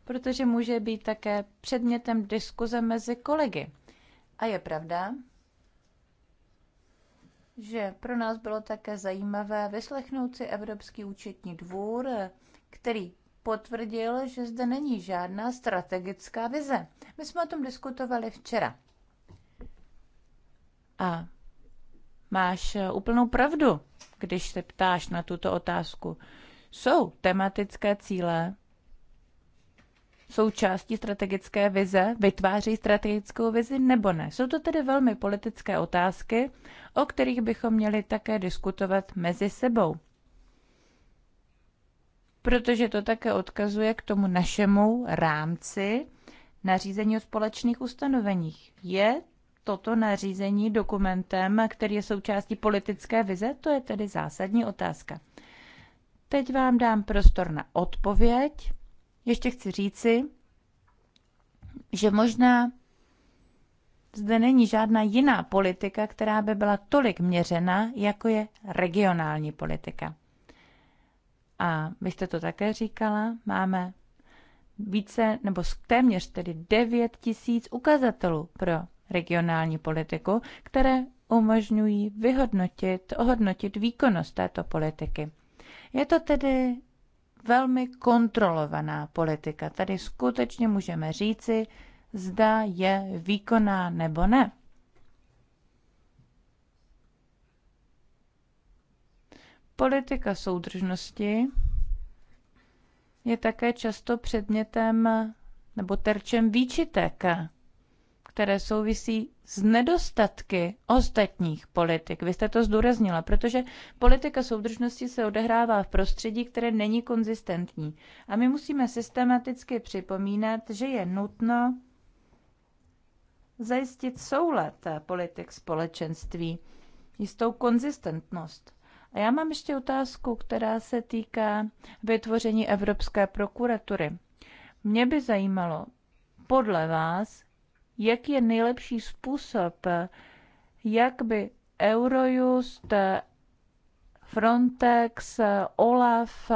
protože může být také předmětem diskuze mezi kolegy. A je pravda, že pro nás bylo také zajímavé vyslechnout si Evropský účetní dvůr, který potvrdil, že zde není žádná strategická vize. My jsme o tom diskutovali včera. A máš eh, úplnou pravdu, když se ptáš na tuto otázku. Jsou tematické cíle součástí strategické vize, vytváří strategickou vizi nebo ne. Jsou to tedy velmi politické otázky, o kterých bychom měli také diskutovat mezi sebou. Protože to také odkazuje k tomu našemu rámci nařízení o společných ustanoveních. Je toto nařízení dokumentem, který je součástí politické vize? To je tedy zásadní otázka. Teď vám dám prostor na odpověď. Ještě chci říci, že možná zde není žádná jiná politika, která by byla tolik měřena, jako je regionální politika. A vy jste to také říkala, máme více nebo téměř tedy 9 tisíc ukazatelů pro regionální politiku, které umožňují vyhodnotit, ohodnotit výkonnost této politiky. Je to tedy velmi kontrolovaná politika. Tady skutečně můžeme říci, zda je výkonná nebo ne. Politika soudržnosti je také často předmětem nebo terčem výčitek které souvisí s nedostatky ostatních politik. Vy jste to zdůraznila, protože politika soudržnosti se odehrává v prostředí, které není konzistentní. A my musíme systematicky připomínat, že je nutno zajistit soulad politik společenství, jistou konzistentnost. A já mám ještě otázku, která se týká vytvoření Evropské prokuratury. Mě by zajímalo, podle vás, jaký je nejlepší způsob, jak by Eurojust, Frontex, OLAF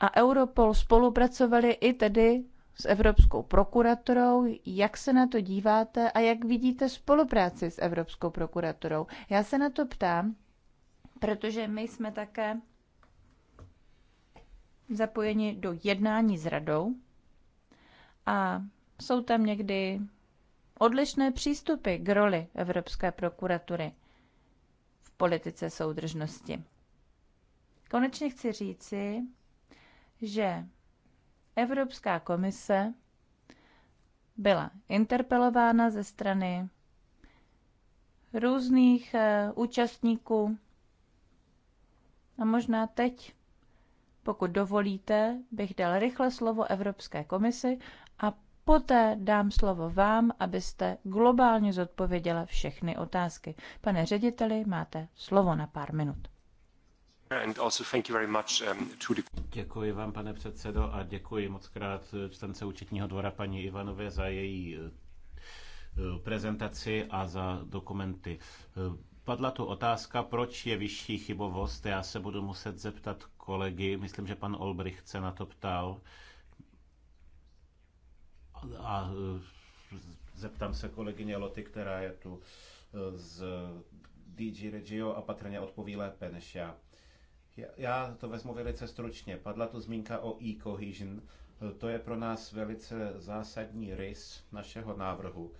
a Europol spolupracovali i tedy s Evropskou prokuratorou, jak se na to díváte a jak vidíte spolupráci s Evropskou prokuratorou. Já se na to ptám, protože my jsme také zapojeni do jednání s radou a jsou tam někdy odlišné přístupy k roli Evropské prokuratury v politice soudržnosti. Konečně chci říci, že Evropská komise byla interpelována ze strany různých eh, účastníků. A možná teď, pokud dovolíte, bych dal rychle slovo Evropské komisi a Poté dám slovo vám, abyste globálně zodpověděla všechny otázky. Pane řediteli, máte slovo na pár minut. Um, děkuji vám, pane předsedo, a děkuji moc krát člence účetního dvora paní Ivanové za její eh, prezentaci a za dokumenty. Eh, padla tu otázka, proč je vyšší chybovost. Já se budu muset zeptat kolegy. Myslím, že pan Olbrich se na to ptal a zeptám se kolegyně Loty, která je tu eh, z DG Regio a patrně odpoví lépe než já. Já to vezmu velice stručně. Padla tu zmínka o e-cohesion. Eh, to je pro nás velice zásadní rys našeho návrhu.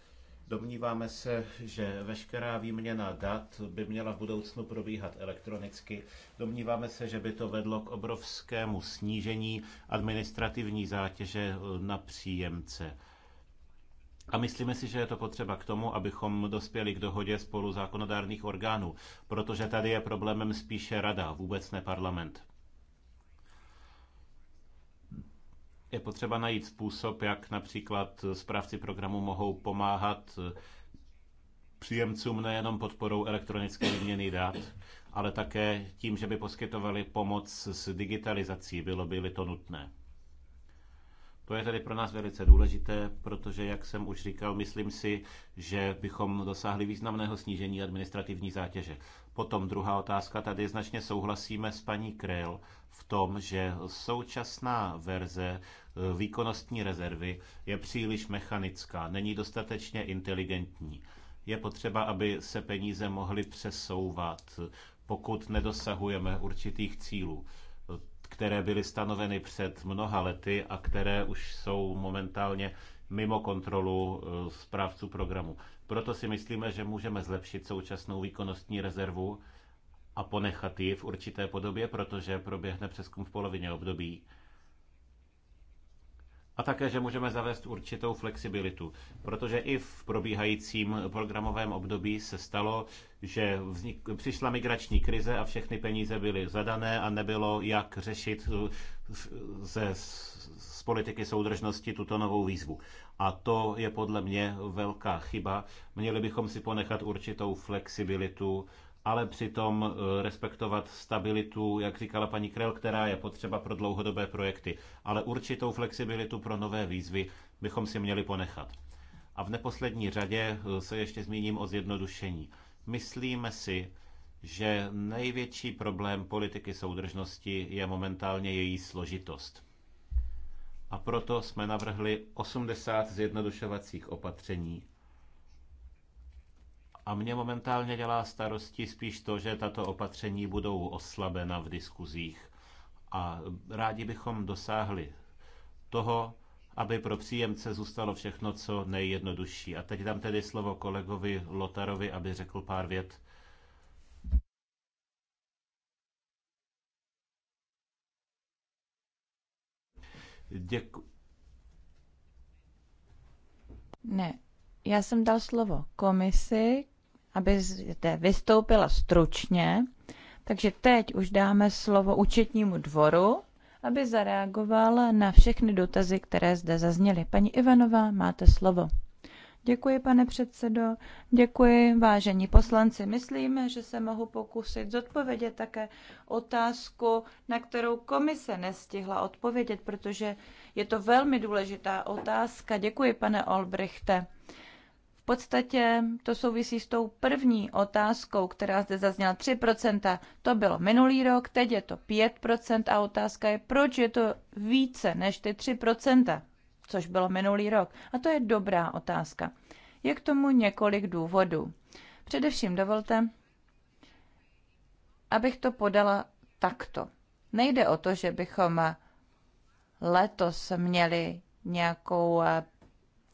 Domníváme se, že veškerá výměna dat by měla v budoucnu probíhat elektronicky. Domníváme se, že by to vedlo k obrovskému snížení administrativní zátěže eh, na příjemce. A myslíme si, že je to potřeba k tomu, abychom dospěli k dohodě spolu zákonodárných orgánů, protože tady je problémem spíše rada, vůbec ne parlament. Je potřeba najít způsob, jak například správci programu mohou pomáhat příjemcům nejenom podporou elektronické výměny dat, ale také tím, že by poskytovali pomoc s digitalizací, bylo by-li to nutné. To je tedy pro nás velice důležité, protože, jak jsem už říkal, myslím si, že bychom dosáhli významného snížení administrativní zátěže. Potom druhá otázka, tady značně souhlasíme s paní Krell v tom, že současná verze eh, výkonnostní rezervy je příliš mechanická, není dostatečně inteligentní. Je potřeba, aby se peníze mohly přesouvat, eh, pokud nedosahujeme určitých cílů které byly stanoveny před mnoha lety a které už jsou momentálně mimo kontrolu e, správců programu. Proto si myslíme, že můžeme zlepšit současnou výkonnostní rezervu a ponechat ji v určité podobě, protože proběhne přeskum v polovině období a také, že můžeme zavést určitou flexibilitu, protože i v probíhajícím programovém období se stalo, že vznik, přišla migrační krize a všechny peníze byly zadané a nebylo jak řešit eh, ze, z politiky soudržnosti tuto novou výzvu. A to je podle mě velká chyba. Měli bychom si ponechat určitou flexibilitu ale přitom eh, respektovat stabilitu, jak říkala paní Krel, která je potřeba pro dlouhodobé projekty. Ale určitou flexibilitu pro nové výzvy bychom si měli ponechat. A v neposlední řadě eh, se ještě zmíním o zjednodušení. Myslíme si, že největší problém politiky soudržnosti je momentálně její složitost. A proto jsme navrhli 80 zjednodušovacích opatření, a mě momentálně dělá starosti spíš to, že tato opatření budou oslabena v diskuzích. A rádi bychom dosáhli toho, aby pro příjemce zůstalo všechno co nejjednodušší. A teď dám tedy slovo kolegovi Lotarovi, aby řekl pár vět. Děkuji. Ne, já jsem dal slovo komisi, aby zde vystoupila stručně. Takže teď už dáme slovo účetnímu dvoru, aby zareagoval na všechny dotazy, které zde zazněly. Paní Ivanová, máte slovo. Děkuji, pane předsedo. Děkuji, vážení poslanci. Myslím, že se mohu pokusit zodpovědět také otázku, na kterou komise nestihla odpovědět, protože je to velmi důležitá otázka. Děkuji, pane Olbrichte podstatě to souvisí s tou první otázkou, která zde zazněla 3%. To bylo minulý rok, teď je to 5% a otázka je, proč je to více než ty 3%, což bylo minulý rok. A to je dobrá otázka. Je k tomu několik důvodů. Především dovolte, abych to podala takto. Nejde o to, že bychom letos měli nějakou eh,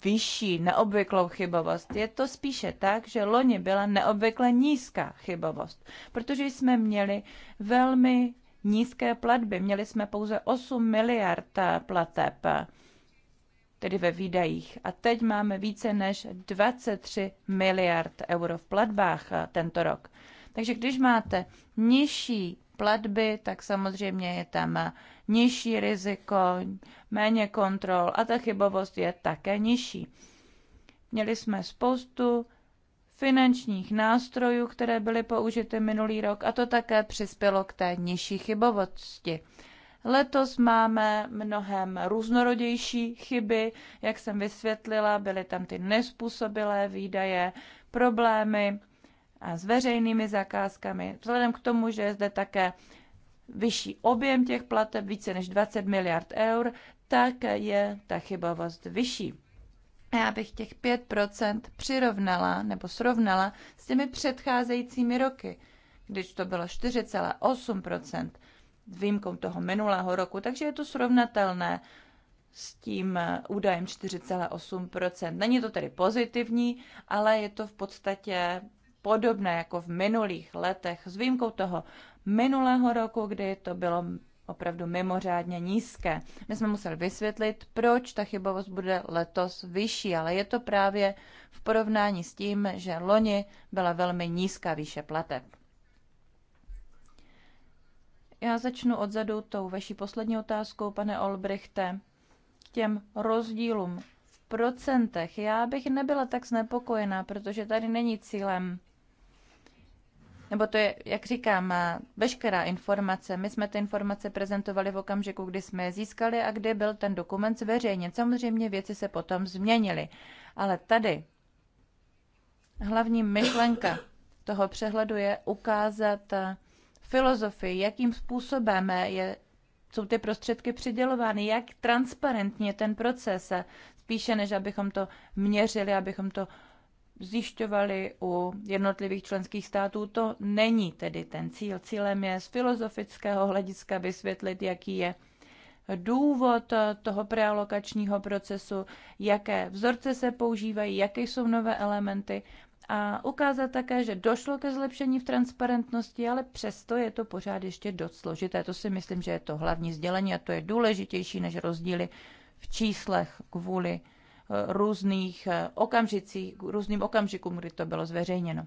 vyšší neobvyklou chybovost. Je to spíše tak, že loni byla neobvykle nízká chybovost, protože jsme měli velmi nízké platby. Měli jsme pouze 8 miliard eh, plateb, tedy ve výdajích. A teď máme více než 23 miliard euro v platbách eh, tento rok. Takže když máte nižší platby, tak samozřejmě je tam nižší riziko, méně kontrol a ta chybovost je také nižší. Měli jsme spoustu finančních nástrojů, které byly použity minulý rok a to také přispělo k té nižší chybovosti. Letos máme mnohem různorodější chyby, jak jsem vysvětlila, byly tam ty nespůsobilé výdaje, problémy a s veřejnými zakázkami. Vzhledem k tomu, že je zde také vyšší objem těch plateb, více než 20 miliard eur, tak je ta chybovost vyšší. Já bych těch 5% přirovnala nebo srovnala s těmi předcházejícími roky, když to bylo 4,8% s výjimkou toho minulého roku, takže je to srovnatelné s tím eh, údajem 4,8%. Není to tedy pozitivní, ale je to v podstatě podobné jako v minulých letech, s výjimkou toho minulého roku, kdy to bylo opravdu mimořádně nízké. My jsme museli vysvětlit, proč ta chybovost bude letos vyšší, ale je to právě v porovnání s tím, že loni byla velmi nízká výše plateb. Já začnu odzadu tou vaší poslední otázkou, pane Olbrichte, těm rozdílům v procentech. Já bych nebyla tak znepokojená, protože tady není cílem nebo to je, jak říkám, eh, veškerá informace. My jsme ty informace prezentovali v okamžiku, kdy jsme je získali a kdy byl ten dokument zveřejněn. Samozřejmě věci se potom změnily, ale tady hlavní myšlenka toho přehledu je ukázat eh, filozofii, jakým způsobem je, jsou ty prostředky přidělovány, jak transparentně ten proces, eh, spíše než abychom to měřili, abychom to zjišťovali u jednotlivých členských států. To není tedy ten cíl. Cílem je z filozofického hlediska vysvětlit, jaký je důvod toho prealokačního procesu, jaké vzorce se používají, jaké jsou nové elementy a ukázat také, že došlo ke zlepšení v transparentnosti, ale přesto je to pořád ještě dost složité. To si myslím, že je to hlavní sdělení a to je důležitější než rozdíly v číslech kvůli různých eh, okamžicích, různým okamžikům, kdy to bylo zveřejněno.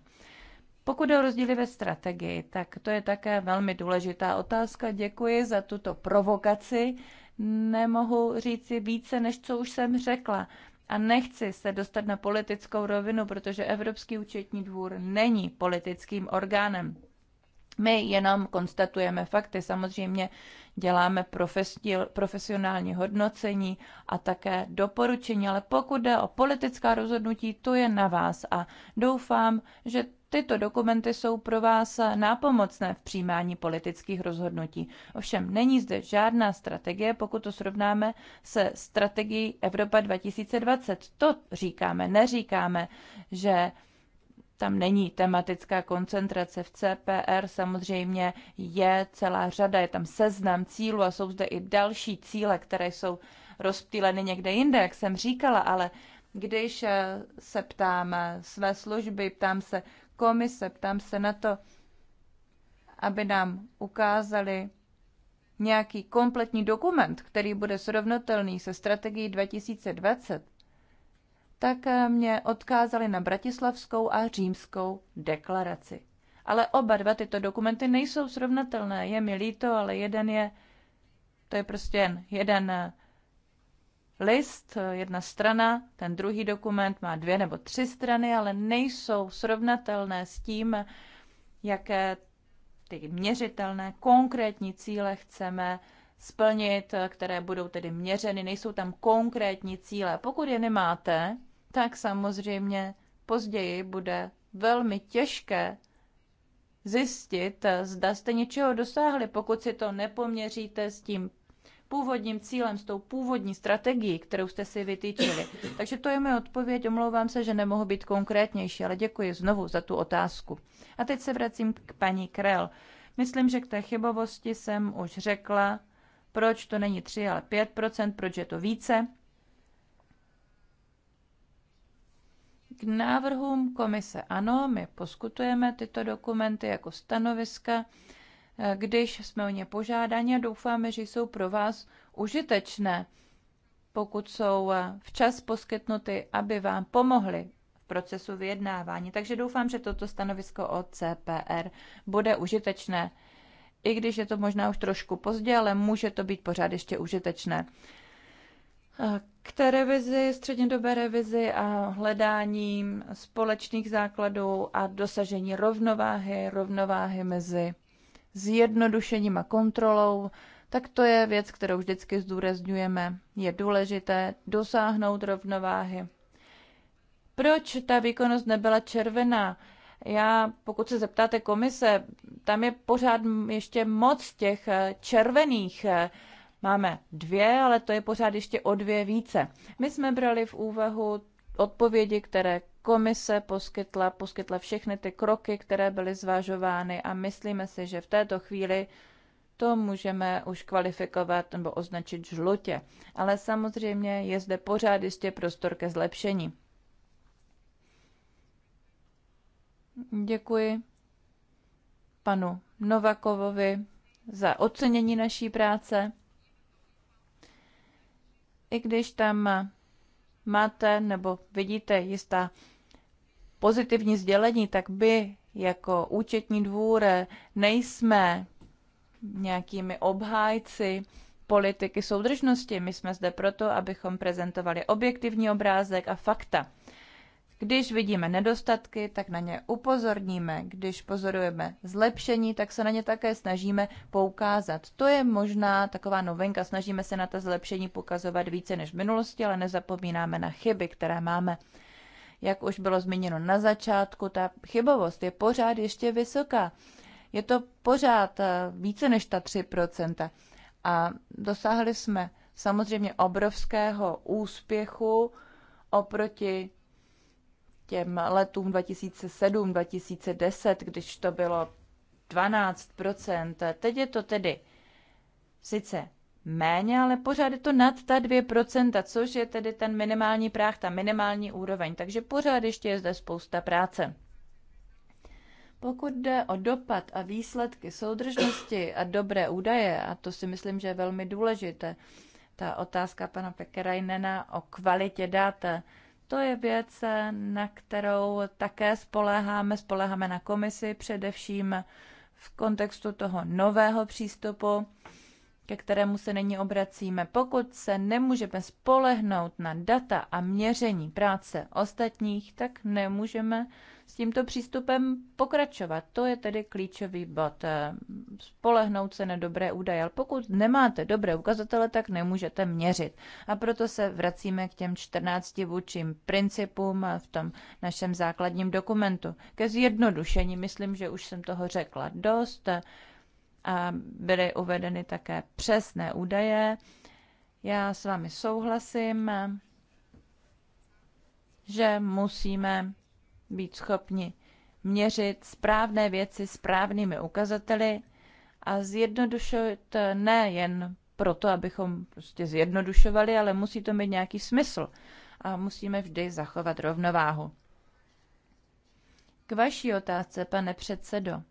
Pokud je o rozdíly ve strategii, tak to je také velmi důležitá otázka. Děkuji za tuto provokaci. Nemohu říci více, než co už jsem řekla. A nechci se dostat na politickou rovinu, protože Evropský účetní dvůr není politickým orgánem. My jenom konstatujeme fakty. Samozřejmě děláme profesionální hodnocení a také doporučení, ale pokud jde o politická rozhodnutí, to je na vás a doufám, že tyto dokumenty jsou pro vás nápomocné v přijímání politických rozhodnutí. Ovšem není zde žádná strategie, pokud to srovnáme se strategií Evropa 2020. To říkáme, neříkáme, že tam není tematická koncentrace. V CPR samozřejmě je celá řada, je tam seznam cílů a jsou zde i další cíle, které jsou rozptýleny někde jinde, jak jsem říkala, ale když eh, se ptám eh, své služby, ptám se komise, ptám se na to, aby nám ukázali nějaký kompletní dokument, který bude srovnatelný se strategií 2020, tak eh, mě odkázali na Bratislavskou a Římskou deklaraci. Ale oba dva tyto dokumenty nejsou srovnatelné. Je mi líto, ale jeden je, to je prostě jen jeden eh, list, eh, jedna strana, ten druhý dokument má dvě nebo tři strany, ale nejsou srovnatelné s tím, jaké ty měřitelné, konkrétní cíle chceme splnit, které budou tedy měřeny, nejsou tam konkrétní cíle. Pokud je nemáte, tak samozřejmě později bude velmi těžké zjistit, zda jste něčeho dosáhli, pokud si to nepoměříte s tím původním cílem, s tou původní strategií, kterou jste si vytýčili. Takže to je moje odpověď. Omlouvám se, že nemohu být konkrétnější, ale děkuji znovu za tu otázku. A teď se vracím k paní Krell. Myslím, že k té chybovosti jsem už řekla, proč to není 3, ale 5 proč je to více. K návrhům komise ano, my poskutujeme tyto dokumenty jako stanoviska, eh, když jsme o ně požádáni a doufáme, že jsou pro vás užitečné, pokud jsou eh, včas poskytnuty, aby vám pomohly v procesu vyjednávání. Takže doufám, že toto stanovisko od CPR bude užitečné. I když je to možná už trošku pozdě, ale může to být pořád ještě užitečné k té revizi, střednědobé revizi a hledáním společných základů a dosažení rovnováhy, rovnováhy mezi zjednodušením a kontrolou, tak to je věc, kterou vždycky zdůrazňujeme. Je důležité dosáhnout rovnováhy. Proč ta výkonnost nebyla červená? Já, pokud se zeptáte komise, tam je pořád ještě moc těch eh, červených eh, máme dvě, ale to je pořád ještě o dvě více. My jsme brali v úvahu odpovědi, které komise poskytla, poskytla všechny ty kroky, které byly zvažovány a myslíme si, že v této chvíli to můžeme už kvalifikovat nebo označit žlutě. Ale samozřejmě je zde pořád jistě prostor ke zlepšení. Děkuji panu Novakovovi za ocenění naší práce i když tam máte nebo vidíte jistá pozitivní sdělení, tak by jako účetní dvůr nejsme nějakými obhájci politiky soudržnosti. My jsme zde proto, abychom prezentovali objektivní obrázek a fakta. Když vidíme nedostatky, tak na ně upozorníme. Když pozorujeme zlepšení, tak se na ně také snažíme poukázat. To je možná taková novinka. Snažíme se na ta zlepšení pokazovat více než v minulosti, ale nezapomínáme na chyby, které máme. Jak už bylo zmíněno na začátku, ta chybovost je pořád ještě vysoká. Je to pořád eh, více než ta 3%. A dosáhli jsme samozřejmě obrovského úspěchu oproti těm letům 2007-2010, když to bylo 12 Teď je to tedy sice méně, ale pořád je to nad ta 2 což je tedy ten minimální práh, ta minimální úroveň. Takže pořád ještě je zde spousta práce. Pokud jde o dopad a výsledky soudržnosti a dobré údaje, a to si myslím, že je velmi důležité, ta otázka pana Pekerajnena o kvalitě dat, to je věc, na kterou také spoléháme, spoléháme na komisi, především v kontextu toho nového přístupu ke kterému se nyní obracíme. Pokud se nemůžeme spolehnout na data a měření práce ostatních, tak nemůžeme s tímto přístupem pokračovat. To je tedy klíčový bod. Spolehnout se na dobré údaje, ale pokud nemáte dobré ukazatele, tak nemůžete měřit. A proto se vracíme k těm 14 vůčím principům v tom našem základním dokumentu. Ke zjednodušení, myslím, že už jsem toho řekla dost byly uvedeny také přesné údaje. Já s vámi souhlasím, že musíme být schopni měřit správné věci správnými ukazateli a zjednodušit nejen proto, abychom prostě zjednodušovali, ale musí to mít nějaký smysl a musíme vždy zachovat rovnováhu. K vaší otázce, pane předsedo.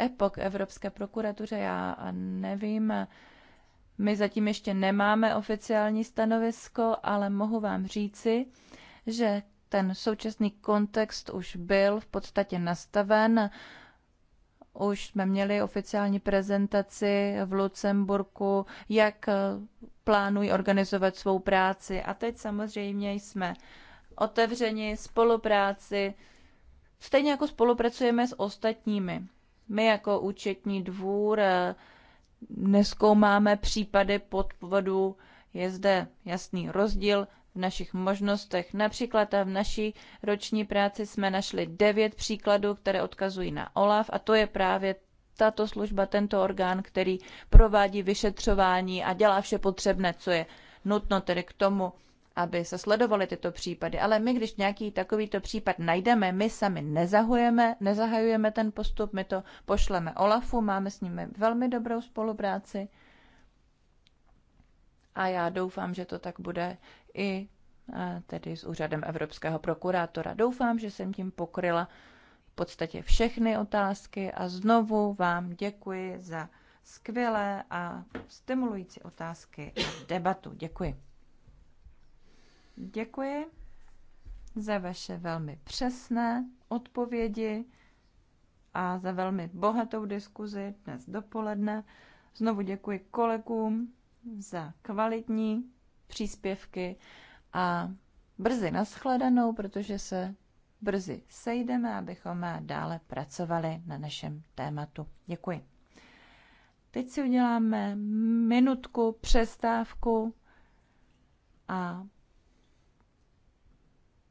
EPOK Evropské prokuratuře, já nevím, my zatím ještě nemáme oficiální stanovisko, ale mohu vám říci, že ten současný kontext už byl v podstatě nastaven. Už jsme měli oficiální prezentaci v Lucemburku, jak plánují organizovat svou práci. A teď samozřejmě jsme otevřeni spolupráci, stejně jako spolupracujeme s ostatními my jako účetní dvůr eh, neskoumáme případy podvodu. Je zde jasný rozdíl v našich možnostech. Například v naší roční práci jsme našli devět příkladů, které odkazují na OLAF a to je právě tato služba, tento orgán, který provádí vyšetřování a dělá vše potřebné, co je nutno tedy k tomu, aby se sledovaly tyto případy, ale my, když nějaký takovýto případ najdeme, my sami nezahujeme, nezahajujeme ten postup, my to pošleme Olafu, máme s nimi velmi dobrou spolupráci a já doufám, že to tak bude i e, tedy s úřadem Evropského prokurátora. Doufám, že jsem tím pokryla v podstatě všechny otázky a znovu vám děkuji za skvělé a stimulující otázky a debatu. Děkuji. Děkuji za vaše velmi přesné odpovědi a za velmi bohatou diskuzi dnes dopoledne. Znovu děkuji kolegům za kvalitní příspěvky a brzy nashledanou, protože se brzy sejdeme, abychom dále pracovali na našem tématu. Děkuji. Teď si uděláme minutku přestávku a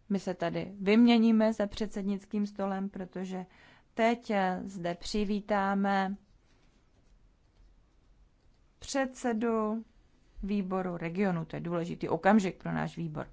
my se tady vyměníme za předsednickým stolem, protože teď zde přivítáme předsedu výboru regionu. To je důležitý okamžik pro náš výbor.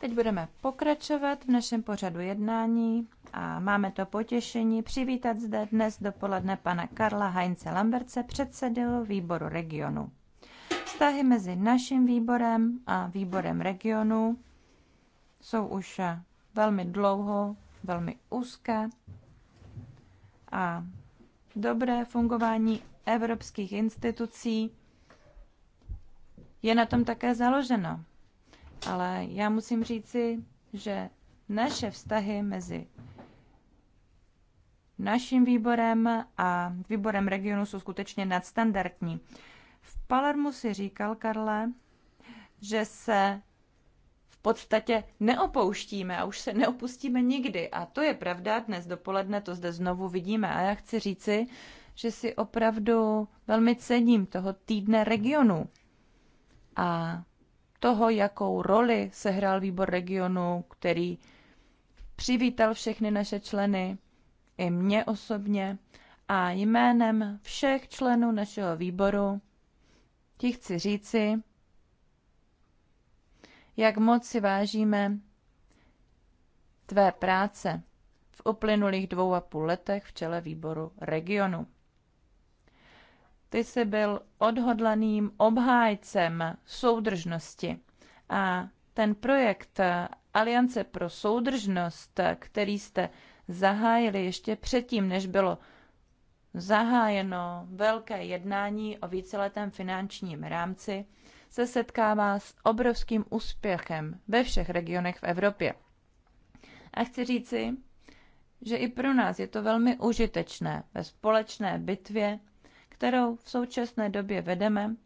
Teď budeme pokračovat v našem pořadu jednání a máme to potěšení přivítat zde dnes dopoledne pana Karla Heinze Lamberce, předsedu výboru regionu. Vztahy mezi naším výborem a výborem regionu jsou už velmi dlouho, velmi úzké a dobré fungování evropských institucí je na tom také založeno. Ale já musím říci, že naše vztahy mezi naším výborem a výborem regionu jsou skutečně nadstandardní. V Palermu si říkal, Karle, že se v podstatě neopouštíme a už se neopustíme nikdy. A to je pravda, dnes dopoledne to zde znovu vidíme. A já chci říci, že si opravdu velmi cením toho týdne regionu a toho, jakou roli sehrál výbor regionu, který přivítal všechny naše členy, i mě osobně, a jménem všech členů našeho výboru ti chci říci, jak moc si vážíme tvé práce v uplynulých dvou a půl letech v čele výboru regionu. Ty jsi byl odhodlaným obhájcem soudržnosti a ten projekt Aliance pro soudržnost, který jste zahájili ještě předtím, než bylo zahájeno velké jednání o víceletém finančním rámci, se setkává s obrovským úspěchem ve všech regionech v Evropě. A chci říci, že i pro nás je to velmi užitečné ve společné bitvě kterou v současné době vedeme,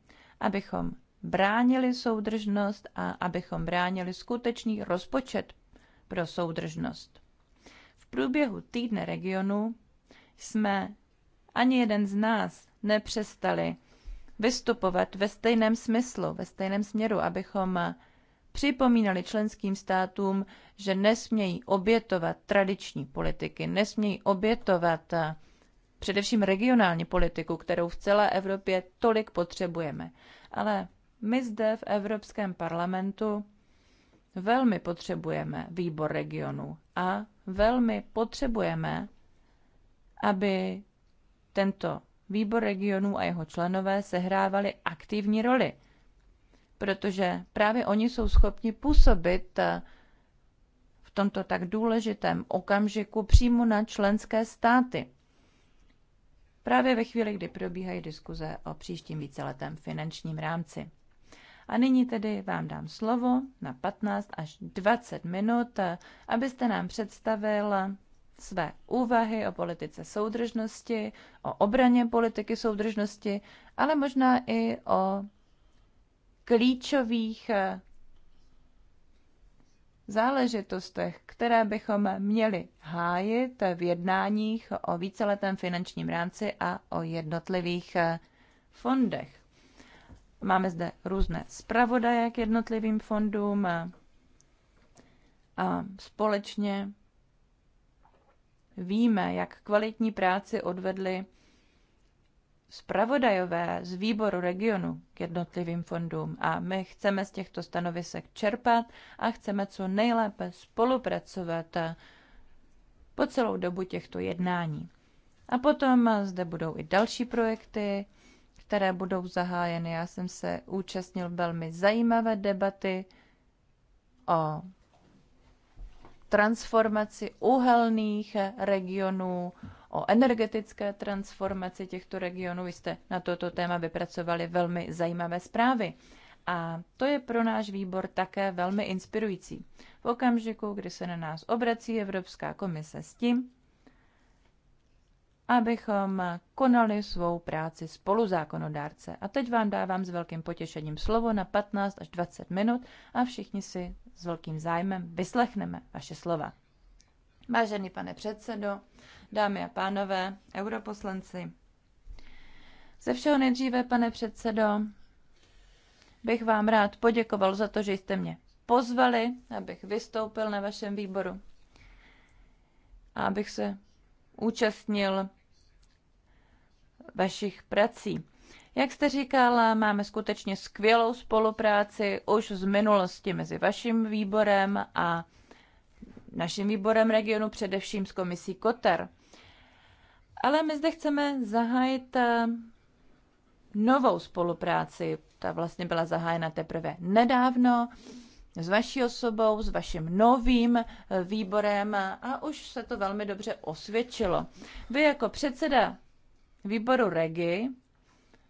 abychom bránili soudržnost a abychom bránili skutečný rozpočet pro soudržnost. V průběhu týdne regionu jsme ani jeden z nás nepřestali vystupovat ve stejném smyslu, ve stejném směru, abychom připomínali členským státům, že nesmějí obětovat tradiční politiky, nesmějí obětovat především regionální politiku, kterou v celé Evropě tolik potřebujeme. Ale my zde v Evropském parlamentu velmi potřebujeme výbor regionu a velmi potřebujeme, aby tento výbor regionů a jeho členové sehrávali aktivní roli, protože právě oni jsou schopni působit eh, v tomto tak důležitém okamžiku přímo na členské státy právě ve chvíli, kdy probíhají diskuze o příštím víceletém finančním rámci. A nyní tedy vám dám slovo na 15 až 20 minut, abyste nám představil své úvahy o politice soudržnosti, o obraně politiky soudržnosti, ale možná i o klíčových záležitostech, které bychom měli hájit v jednáních o víceletém finančním rámci a o jednotlivých eh, fondech. Máme zde různé zpravodaje k jednotlivým fondům eh, a společně víme, jak kvalitní práci odvedli zpravodajové z výboru regionu k jednotlivým fondům a my chceme z těchto stanovisek čerpat a chceme co nejlépe spolupracovat po celou dobu těchto jednání. A potom zde budou i další projekty, které budou zahájeny. Já jsem se účastnil velmi zajímavé debaty o transformaci uhelných regionů, o energetické transformaci těchto regionů. Vy jste na toto téma vypracovali velmi zajímavé zprávy. A to je pro náš výbor také velmi inspirující. V okamžiku, kdy se na nás obrací Evropská komise s tím, abychom konali svou práci spoluzákonodárce. A teď vám dávám s velkým potěšením slovo na 15 až 20 minut a všichni si s velkým zájmem vyslechneme vaše slova. Vážený pane předsedo, dámy a pánové, europoslanci, ze všeho nejdříve, pane předsedo, bych vám rád poděkoval za to, že jste mě pozvali, abych vystoupil na vašem výboru a abych se účastnil vašich prací. Jak jste říkala, máme skutečně skvělou spolupráci už z minulosti mezi vaším výborem a naším výborem regionu, především s komisí Koter. Ale my zde chceme zahájit eh, novou spolupráci. Ta vlastně byla zahájena teprve nedávno s vaší osobou, s vaším novým eh, výborem a už se to velmi dobře osvědčilo. Vy jako předseda výboru Regi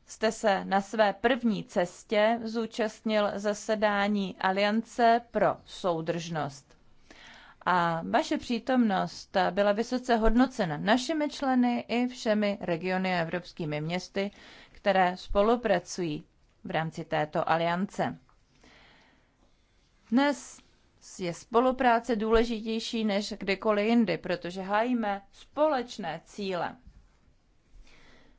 jste se na své první cestě zúčastnil zasedání Aliance pro soudržnost a vaše přítomnost byla vysoce hodnocena našimi členy i všemi regiony a evropskými městy, které spolupracují v rámci této aliance. Dnes je spolupráce důležitější než kdykoliv jindy, protože hájíme společné cíle.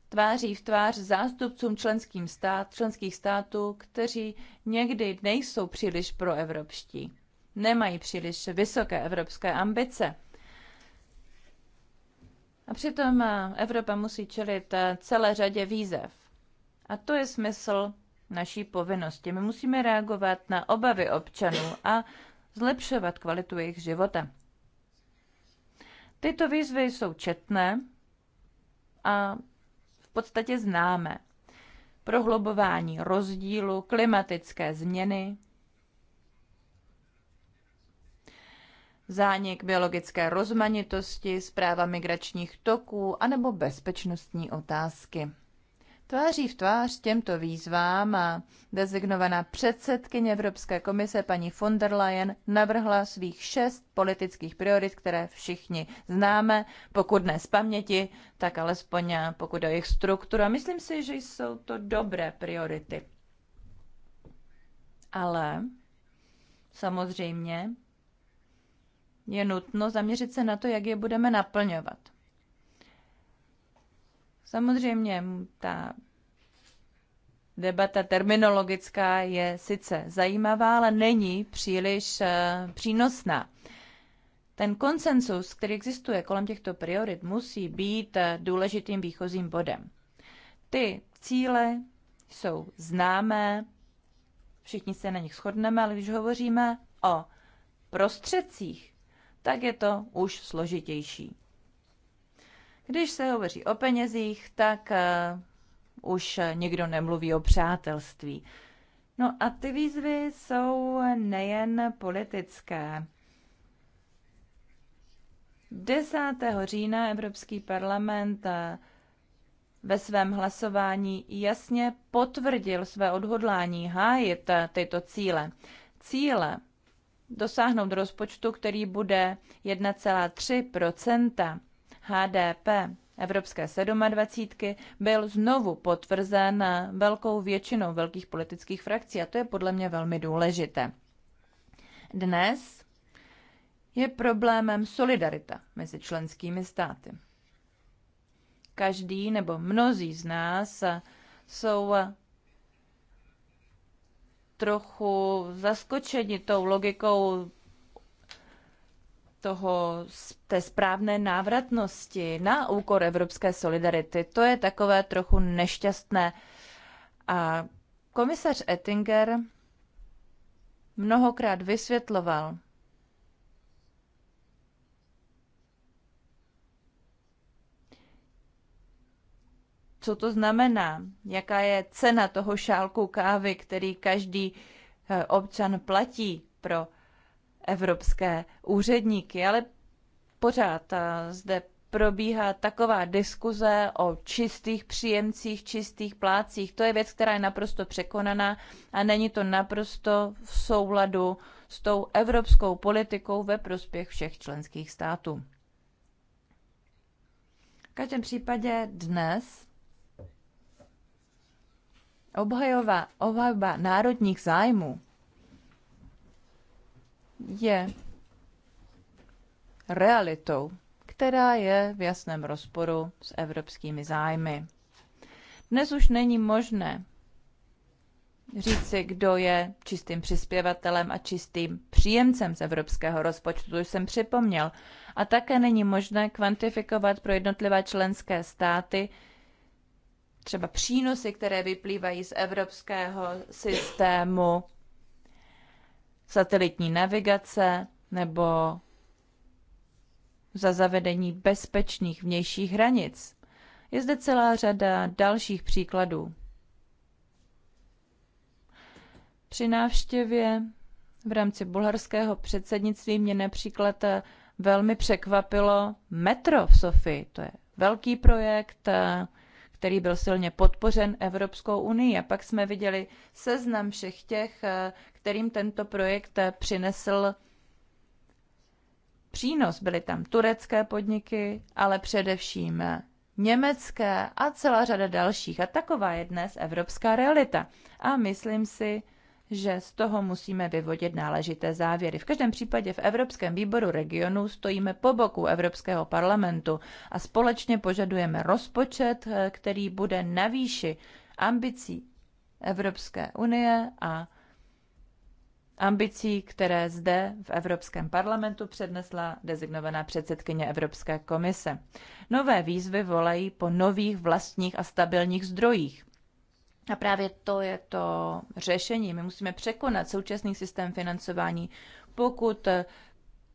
Tváří v tvář zástupcům členským stát, členských států, kteří někdy nejsou příliš proevropští nemají příliš vysoké evropské ambice. A přitom eh, Evropa musí čelit eh, celé řadě výzev. A to je smysl naší povinnosti. My musíme reagovat na obavy občanů a zlepšovat kvalitu jejich života. Tyto výzvy jsou četné a v podstatě známe. Prohlubování rozdílu, klimatické změny, zánik biologické rozmanitosti, zpráva migračních toků anebo bezpečnostní otázky. Tváří v tvář těmto výzvám a dezignovaná předsedkyně Evropské komise paní von der Leyen navrhla svých šest politických priorit, které všichni známe, pokud ne z paměti, tak alespoň pokud o jejich strukturu. A myslím si, že jsou to dobré priority. Ale samozřejmě je nutno zaměřit se na to, jak je budeme naplňovat. Samozřejmě ta debata terminologická je sice zajímavá, ale není příliš eh, přínosná. Ten konsensus, který existuje kolem těchto priorit, musí být eh, důležitým výchozím bodem. Ty cíle jsou známé, všichni se na nich shodneme, ale když hovoříme o prostředcích, tak je to už složitější. Když se hovoří o penězích, tak uh, už někdo nemluví o přátelství. No a ty výzvy jsou nejen politické. 10. října Evropský parlament eh, ve svém hlasování jasně potvrdil své odhodlání hájit eh, tyto cíle. Cíle dosáhnout rozpočtu, který bude 1,3 HDP Evropské 27 byl znovu potvrzen velkou většinou velkých politických frakcí a to je podle mě velmi důležité. Dnes je problémem solidarita mezi členskými státy. Každý nebo mnozí z nás jsou trochu zaskočeni tou logikou toho, té správné návratnosti na úkor evropské solidarity. To je takové trochu nešťastné. A komisař Ettinger mnohokrát vysvětloval, co to znamená, jaká je cena toho šálku kávy, který každý eh, občan platí pro evropské úředníky, ale pořád eh, zde probíhá taková diskuze o čistých příjemcích, čistých plácích. To je věc, která je naprosto překonaná a není to naprosto v souladu s tou evropskou politikou ve prospěch všech členských států. V každém případě dnes obhajova, obhajoba národních zájmů je realitou, která je v jasném rozporu s evropskými zájmy. Dnes už není možné říci, kdo je čistým přispěvatelem a čistým příjemcem z evropského rozpočtu, to už jsem připomněl. A také není možné kvantifikovat pro jednotlivé členské státy, třeba přínosy, které vyplývají z evropského systému satelitní navigace nebo za zavedení bezpečných vnějších hranic. Je zde celá řada dalších příkladů. Při návštěvě v rámci bulharského předsednictví mě například velmi překvapilo metro v Sofii. To je velký projekt, který byl silně podpořen Evropskou unii. A pak jsme viděli seznam všech těch, eh, kterým tento projekt eh, přinesl přínos. Byly tam turecké podniky, ale především eh, německé a celá řada dalších. A taková je dnes evropská realita. A myslím si, že z toho musíme vyvodit náležité závěry. V každém případě v Evropském výboru regionu stojíme po boku Evropského parlamentu a společně požadujeme rozpočet, eh, který bude na výši ambicí Evropské unie a ambicí, které zde v Evropském parlamentu přednesla dezignovaná předsedkyně Evropské komise. Nové výzvy volají po nových vlastních a stabilních zdrojích. A právě to je to řešení. My musíme překonat současný systém financování, pokud eh,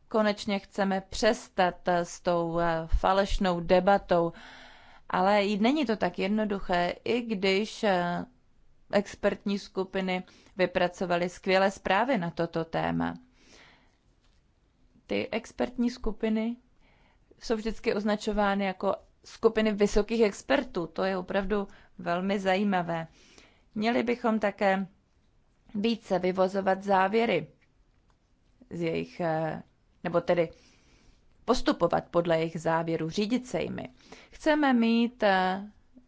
konečně chceme přestat eh, s tou eh, falešnou debatou. Ale i není to tak jednoduché, i když expertní skupiny vypracovaly skvělé zprávy na toto téma. Ty expertní skupiny jsou vždycky označovány jako skupiny vysokých expertů. To je opravdu velmi zajímavé. Měli bychom také více vyvozovat závěry z jejich, eh, nebo tedy postupovat podle jejich závěru, řídit se jimi. Chceme mít eh,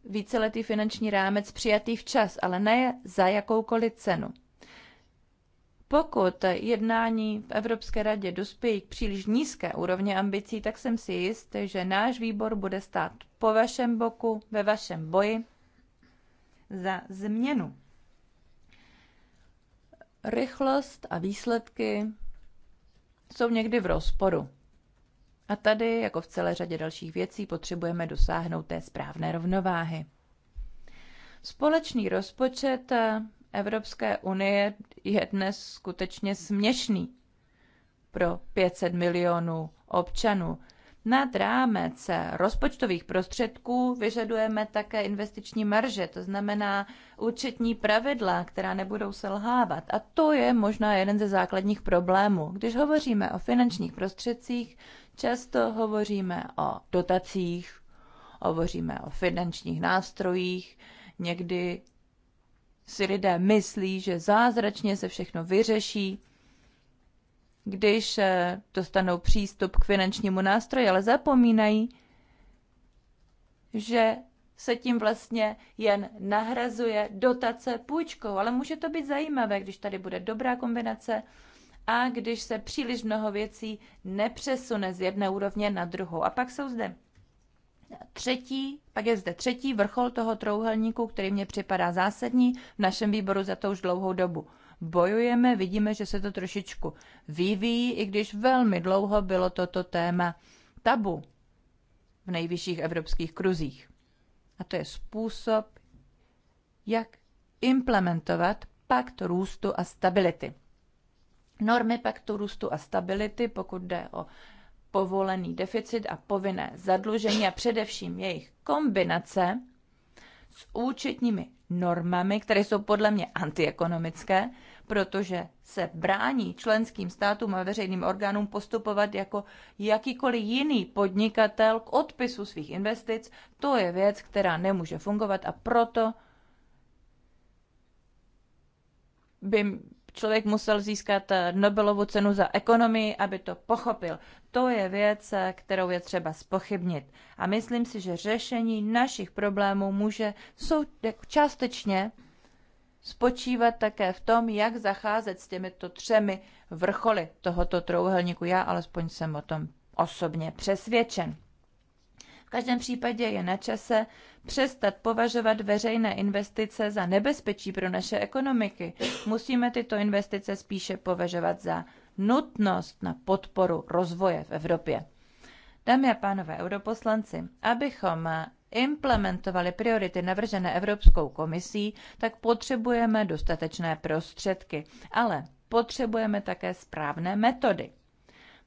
víceletý finanční rámec přijatý včas, ale ne za jakoukoliv cenu. Pokud jednání v Evropské radě dospějí k příliš nízké úrovně ambicí, tak jsem si jist, že náš výbor bude stát po vašem boku, ve vašem boji za změnu. Rychlost a výsledky jsou někdy v rozporu. A tady, jako v celé řadě dalších věcí, potřebujeme dosáhnout té správné rovnováhy. Společný rozpočet Evropské unie je dnes skutečně směšný pro 500 milionů občanů. Nad rámec rozpočtových prostředků vyžadujeme také investiční marže, to znamená účetní pravidla, která nebudou selhávat. A to je možná jeden ze základních problémů. Když hovoříme o finančních prostředcích, často hovoříme o dotacích, hovoříme o finančních nástrojích, někdy si lidé myslí, že zázračně se všechno vyřeší když eh, dostanou přístup k finančnímu nástroji, ale zapomínají, že se tím vlastně jen nahrazuje dotace půjčkou. Ale může to být zajímavé, když tady bude dobrá kombinace a když se příliš mnoho věcí nepřesune z jedné úrovně na druhou. A pak jsou zde třetí, pak je zde třetí vrchol toho trouhelníku, který mě připadá zásadní v našem výboru za to už dlouhou dobu – bojujeme. Vidíme, že se to trošičku vyvíjí, i když velmi dlouho bylo toto téma tabu v nejvyšších evropských kruzích. A to je způsob, jak implementovat pakt růstu a stability. Normy paktu růstu a stability, pokud jde o povolený deficit a povinné zadlužení a především jejich kombinace, s účetními normami, které jsou podle mě antiekonomické, protože se brání členským státům a veřejným orgánům postupovat jako jakýkoliv jiný podnikatel k odpisu svých investic. To je věc, která nemůže fungovat a proto by člověk musel získat Nobelovu cenu za ekonomii, aby to pochopil to je věc, eh, kterou je třeba spochybnit. A myslím si, že řešení našich problémů může sou, částečně spočívat také v tom, jak zacházet s těmito třemi vrcholy tohoto trouhelníku. Já alespoň jsem o tom osobně přesvědčen. V každém případě je na čase přestat považovat veřejné investice za nebezpečí pro naše ekonomiky. Musíme tyto investice spíše považovat za nutnost na podporu rozvoje v Evropě. Dámy a pánové europoslanci, abychom implementovali priority navržené Evropskou komisí, tak potřebujeme dostatečné prostředky, ale potřebujeme také správné metody.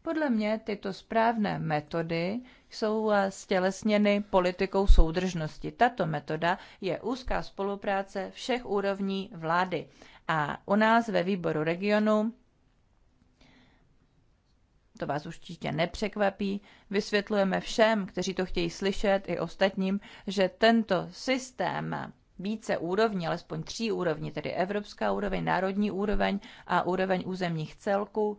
Podle mě tyto správné metody jsou eh, stělesněny politikou soudržnosti. Tato metoda je úzká spolupráce všech úrovní vlády. A u nás ve výboru regionu to vás určitě nepřekvapí, vysvětlujeme všem, kteří to chtějí slyšet, i ostatním, že tento systém více úrovní, alespoň tří úrovní, tedy evropská úroveň, národní úroveň a úroveň územních celků.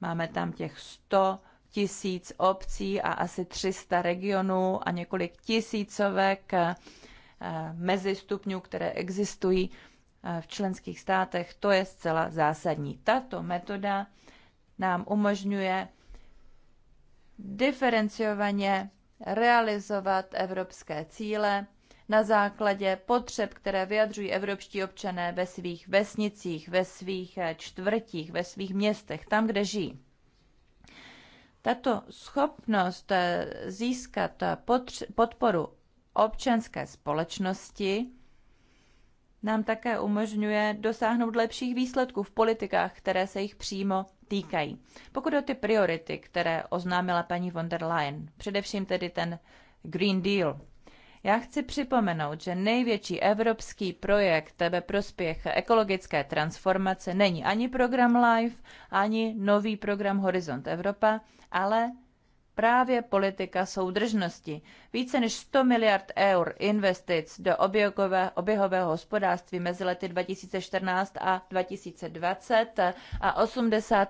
Máme tam těch 100 tisíc obcí a asi 300 regionů a několik tisícovek eh, mezistupňů, které existují eh, v členských státech. To je zcela zásadní. Tato metoda nám umožňuje diferenciovaně realizovat evropské cíle na základě potřeb, které vyjadřují evropští občané ve svých vesnicích, ve svých eh, čtvrtích, ve svých městech, tam, kde žijí. Tato schopnost eh, získat eh, podporu občanské společnosti nám také umožňuje dosáhnout lepších výsledků v politikách, které se jich přímo týkají. Pokud o ty priority, které oznámila paní von der Leyen, především tedy ten Green Deal, já chci připomenout, že největší evropský projekt ve prospěch ekologické transformace není ani program LIFE, ani nový program Horizont Evropa, ale právě politika soudržnosti. Více než 100 miliard eur investic do oběhové, oběhového hospodářství mezi lety 2014 a 2020 a 80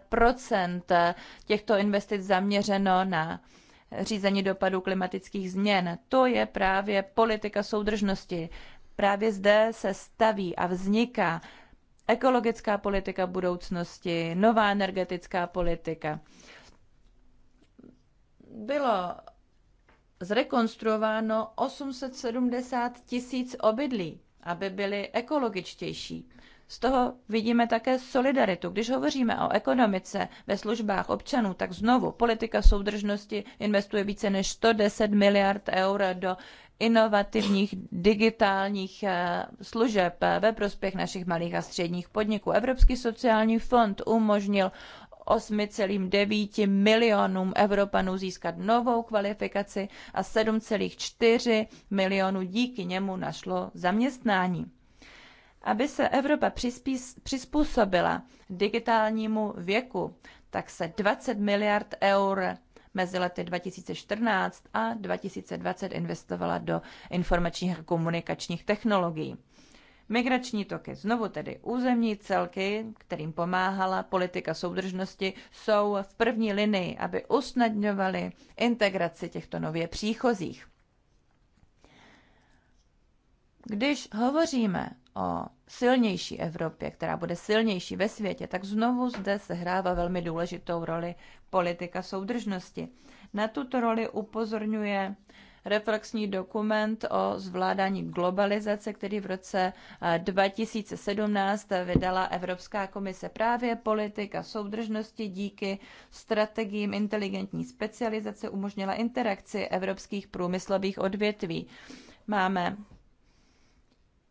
těchto investic zaměřeno na řízení dopadů klimatických změn. To je právě politika soudržnosti. Právě zde se staví a vzniká ekologická politika budoucnosti, nová energetická politika bylo zrekonstruováno 870 tisíc obydlí, aby byly ekologičtější. Z toho vidíme také solidaritu. Když hovoříme o ekonomice ve službách občanů, tak znovu politika soudržnosti investuje více než 110 miliard eur do inovativních digitálních eh, služeb eh, ve prospěch našich malých a středních podniků. Evropský sociální fond umožnil 8,9 milionům Evropanů získat novou kvalifikaci a 7,4 milionů díky němu našlo zaměstnání. Aby se Evropa přizpůsobila digitálnímu věku, tak se 20 miliard eur mezi lety 2014 a 2020 investovala do informačních a komunikačních technologií. Migrační toky, znovu tedy územní celky, kterým pomáhala politika soudržnosti, jsou v první linii, aby usnadňovaly integraci těchto nově příchozích. Když hovoříme o silnější Evropě, která bude silnější ve světě, tak znovu zde sehrává velmi důležitou roli politika soudržnosti. Na tuto roli upozorňuje reflexní dokument o zvládání globalizace, který v roce 2017 eh, vydala Evropská komise právě politika soudržnosti díky strategiím inteligentní specializace umožnila interakci evropských průmyslových odvětví. Máme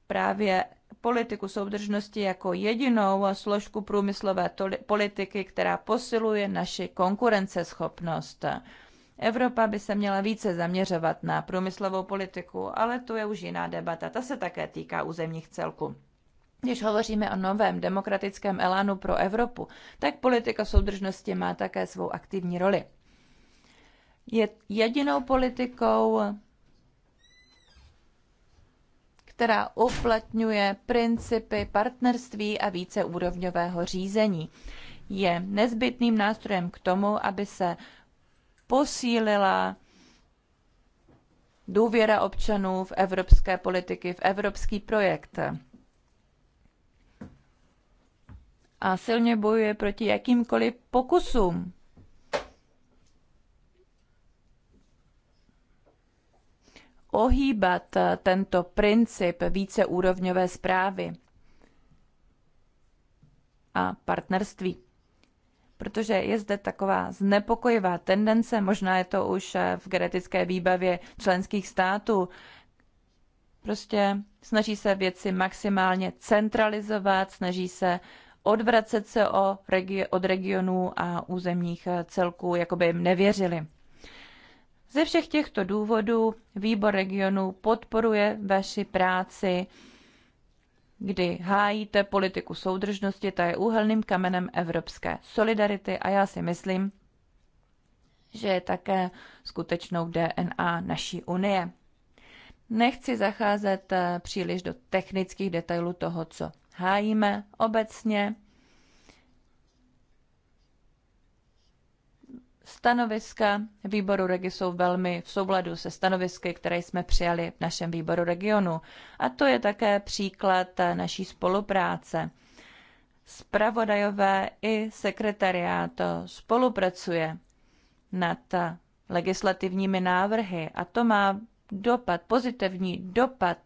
právě politiku soudržnosti jako jedinou složku průmyslové politiky, která posiluje naši konkurenceschopnost. Evropa by se měla více zaměřovat na průmyslovou politiku, ale to je už jiná debata, ta se také týká územních celků. Když hovoříme o novém demokratickém elánu pro Evropu, tak politika soudržnosti má také svou aktivní roli. Je jedinou politikou, která uplatňuje principy partnerství a víceúrovňového řízení. Je nezbytným nástrojem k tomu, aby se posílila důvěra občanů v evropské politiky, v evropský projekt. A silně bojuje proti jakýmkoliv pokusům ohýbat tento princip víceúrovňové zprávy a partnerství protože je zde taková znepokojivá tendence, možná je to už eh, v genetické výbavě členských států, prostě snaží se věci maximálně centralizovat, snaží se odvracet se o regi- od regionů a územních eh, celků, jako by jim nevěřili. Ze všech těchto důvodů výbor regionů podporuje vaši práci kdy hájíte politiku soudržnosti, ta je úhelným kamenem evropské solidarity a já si myslím, že je také skutečnou DNA naší unie. Nechci zacházet eh, příliš do technických detailů toho, co hájíme obecně. Stanoviska výboru regi jsou velmi v souladu se stanovisky, které jsme přijali v našem výboru regionu. A to je také příklad naší spolupráce. Spravodajové i sekretariát spolupracuje nad legislativními návrhy a to má dopad, pozitivní dopad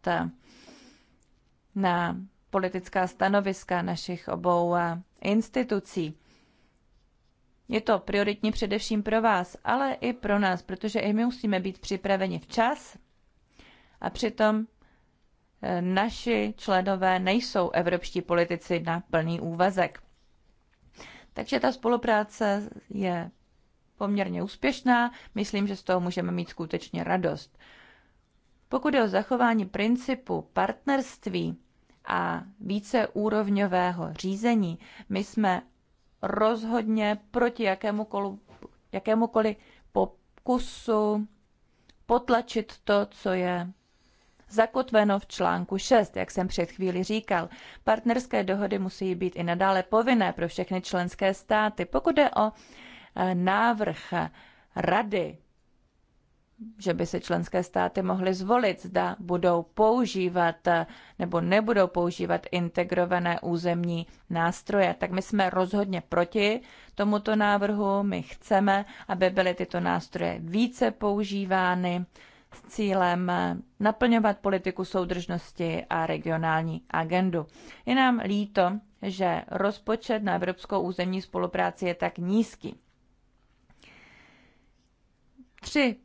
na politická stanoviska našich obou institucí. Je to prioritní především pro vás, ale i pro nás, protože i my musíme být připraveni včas a přitom eh, naši členové nejsou evropští politici na plný úvazek. Takže ta spolupráce je poměrně úspěšná. Myslím, že z toho můžeme mít skutečně radost. Pokud je o zachování principu partnerství a víceúrovňového řízení, my jsme rozhodně proti jakémukoliv, jakémukoliv pokusu potlačit to, co je zakotveno v článku 6, jak jsem před chvíli říkal. Partnerské dohody musí být i nadále povinné pro všechny členské státy. Pokud je o eh, návrh rady že by si členské státy mohly zvolit, zda budou používat eh, nebo nebudou používat integrované územní nástroje. Tak my jsme rozhodně proti tomuto návrhu. My chceme, aby byly tyto nástroje více používány s cílem eh, naplňovat politiku soudržnosti a regionální agendu. Je nám líto, že rozpočet na evropskou územní spolupráci je tak nízký. 3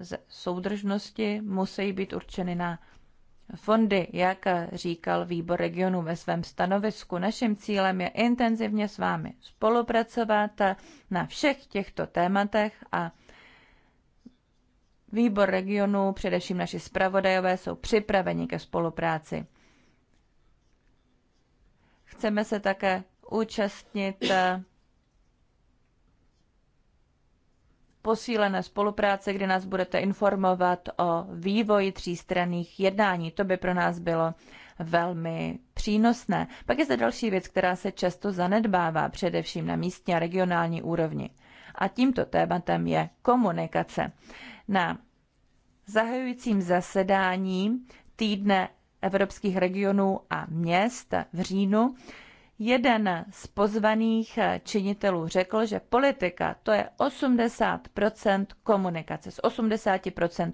ze soudržnosti musí být určeny na fondy, jak říkal výbor regionu ve svém stanovisku. Naším cílem je intenzivně s vámi spolupracovat na všech těchto tématech a výbor regionu, především naši zpravodajové, jsou připraveni ke spolupráci. Chceme se také účastnit posílené spolupráce, kdy nás budete informovat o vývoji třístranných jednání. To by pro nás bylo velmi přínosné. Pak je zde další věc, která se často zanedbává, především na místní a regionální úrovni. A tímto tématem je komunikace. Na zahajujícím zasedání týdne evropských regionů a měst v říjnu jeden z pozvaných eh, činitelů řekl, že politika to je 80 komunikace, z 80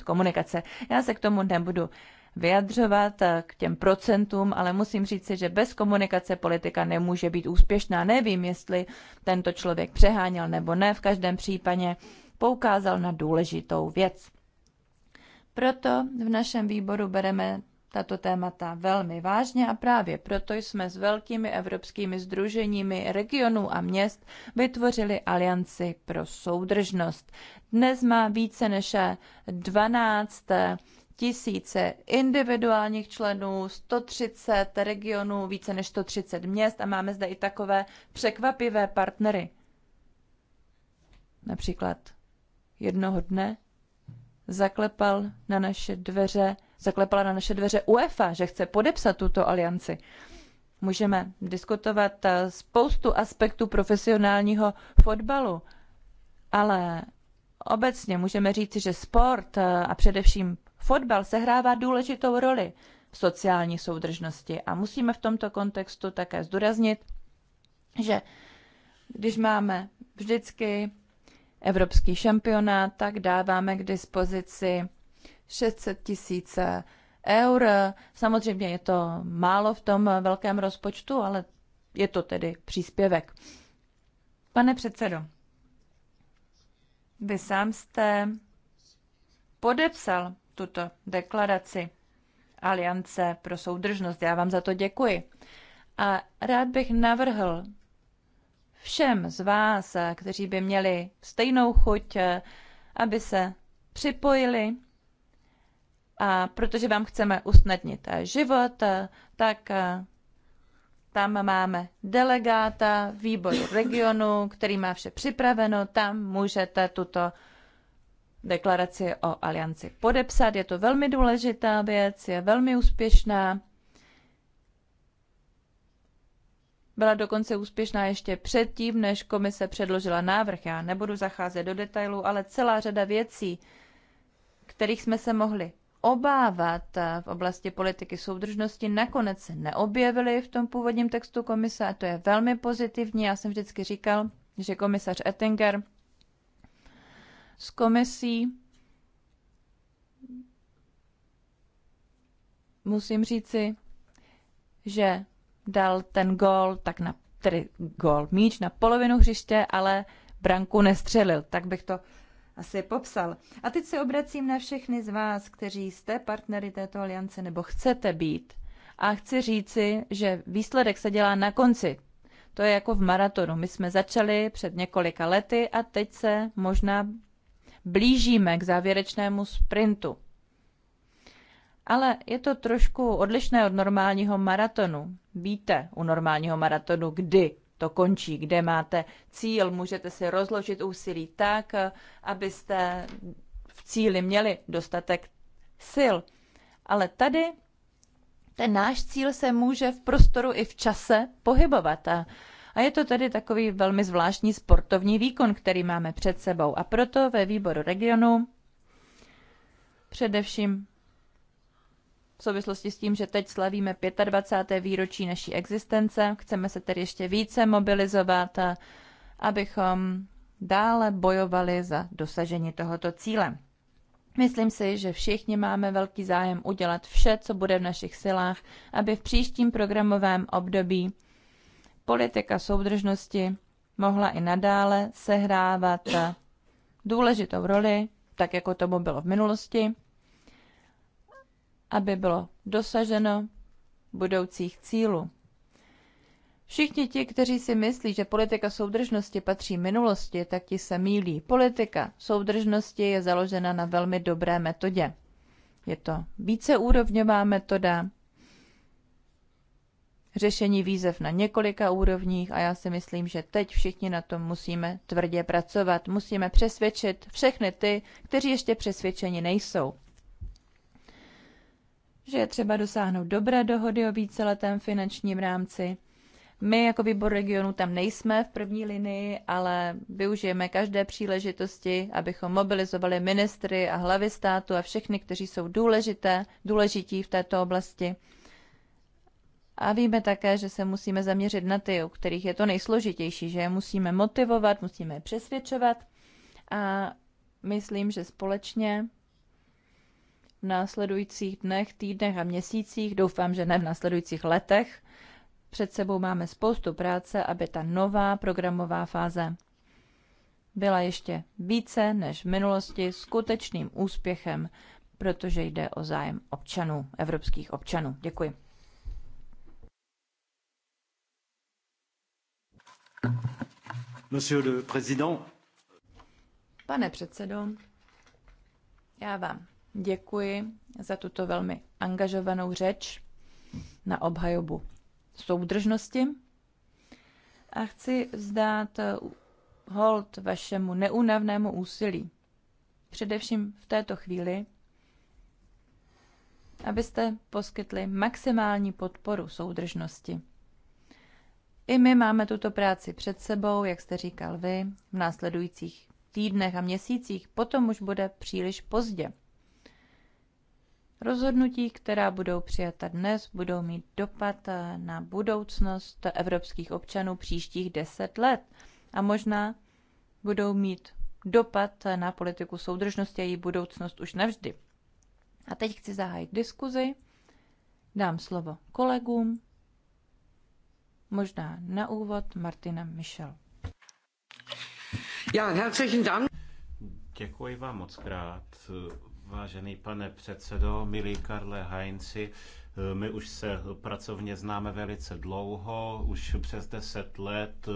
komunikace. Já se k tomu nebudu vyjadřovat eh, k těm procentům, ale musím říct si, že bez komunikace politika nemůže být úspěšná. Nevím, jestli tento člověk přeháněl nebo ne, v každém případě poukázal na důležitou věc. Proto v našem výboru bereme tato témata velmi vážně a právě proto jsme s velkými evropskými združeními regionů a měst vytvořili Alianci pro soudržnost. Dnes má více než 12 tisíce individuálních členů, 130 regionů, více než 130 měst a máme zde i takové překvapivé partnery. Například jednoho dne zaklepal na naše dveře zaklepala na naše dveře UEFA, že chce podepsat tuto alianci. Můžeme diskutovat eh, spoustu aspektů profesionálního fotbalu, ale obecně můžeme říci, že sport eh, a především fotbal sehrává důležitou roli v sociální soudržnosti. A musíme v tomto kontextu také zdůraznit, že když máme vždycky evropský šampionát, tak dáváme k dispozici 600 tisíc eur. Samozřejmě je to málo v tom velkém rozpočtu, ale je to tedy příspěvek. Pane předsedo, vy sám jste podepsal tuto deklaraci Aliance pro soudržnost. Já vám za to děkuji. A rád bych navrhl všem z vás, kteří by měli stejnou chuť, aby se připojili a protože vám chceme usnadnit eh, život, eh, tak eh, tam máme delegáta výboru regionu, který má vše připraveno, tam můžete tuto deklaraci o alianci podepsat. Je to velmi důležitá věc, je velmi úspěšná. Byla dokonce úspěšná ještě předtím, než komise předložila návrh. Já nebudu zacházet do detailů, ale celá řada věcí, kterých jsme se mohli obávat v oblasti politiky soudržnosti, nakonec se neobjevily v tom původním textu komise a to je velmi pozitivní. Já jsem vždycky říkal, že komisař Ettinger s komisí musím říci, že dal ten gol tak na, tedy gol míč na polovinu hřiště, ale branku nestřelil. Tak bych to asi popsal. A teď se obracím na všechny z vás, kteří jste partnery této aliance nebo chcete být. A chci říci, že výsledek se dělá na konci. To je jako v maratonu. My jsme začali před několika lety a teď se možná blížíme k závěrečnému sprintu. Ale je to trošku odlišné od normálního maratonu. Víte u normálního maratonu, kdy to končí, kde máte cíl. Můžete si rozložit úsilí tak, abyste v cíli měli dostatek sil. Ale tady ten náš cíl se může v prostoru i v čase pohybovat. A, a je to tedy takový velmi zvláštní sportovní výkon, který máme před sebou. A proto ve výboru regionu především v souvislosti s tím, že teď slavíme 25. výročí naší existence. Chceme se tedy ještě více mobilizovat, eh, abychom dále bojovali za dosažení tohoto cíle. Myslím si, že všichni máme velký zájem udělat vše, co bude v našich silách, aby v příštím programovém období politika soudržnosti mohla i nadále sehrávat eh, důležitou roli, tak jako tomu bylo v minulosti aby bylo dosaženo budoucích cílů. Všichni ti, kteří si myslí, že politika soudržnosti patří minulosti, tak ti se mílí. Politika soudržnosti je založena na velmi dobré metodě. Je to víceúrovňová metoda, řešení výzev na několika úrovních a já si myslím, že teď všichni na tom musíme tvrdě pracovat. Musíme přesvědčit všechny ty, kteří ještě přesvědčeni nejsou že je třeba dosáhnout dobré dohody o víceletém finančním rámci. My jako výbor regionu tam nejsme v první linii, ale využijeme každé příležitosti, abychom mobilizovali ministry a hlavy státu a všechny, kteří jsou důležité, důležití v této oblasti. A víme také, že se musíme zaměřit na ty, u kterých je to nejsložitější, že je musíme motivovat, musíme je přesvědčovat. A myslím, že společně v následujících dnech, týdnech a měsících, doufám, že ne v následujících letech. Před sebou máme spoustu práce, aby ta nová programová fáze byla ještě více než v minulosti skutečným úspěchem, protože jde o zájem občanů, evropských občanů. Děkuji. Monsieur le Président. Pane předsedo, já vám Děkuji za tuto velmi angažovanou řeč na obhajobu soudržnosti a chci vzdát hold vašemu neunavnému úsilí, především v této chvíli, abyste poskytli maximální podporu soudržnosti. I my máme tuto práci před sebou, jak jste říkal vy, v následujících týdnech a měsících, potom už bude příliš pozdě Rozhodnutí, která budou přijata dnes, budou mít dopad eh, na budoucnost evropských občanů příštích deset let a možná budou mít dopad eh, na politiku soudržnosti a její budoucnost už navždy. A teď chci zahájit diskuzi, dám slovo kolegům, možná na úvod Martina Michel. Ja, herzlichen Dank. Děkuji vám moc krát Vážený pane předsedo, milý Karle Heinzi, my už se pracovně známe velice dlouho, už přes deset let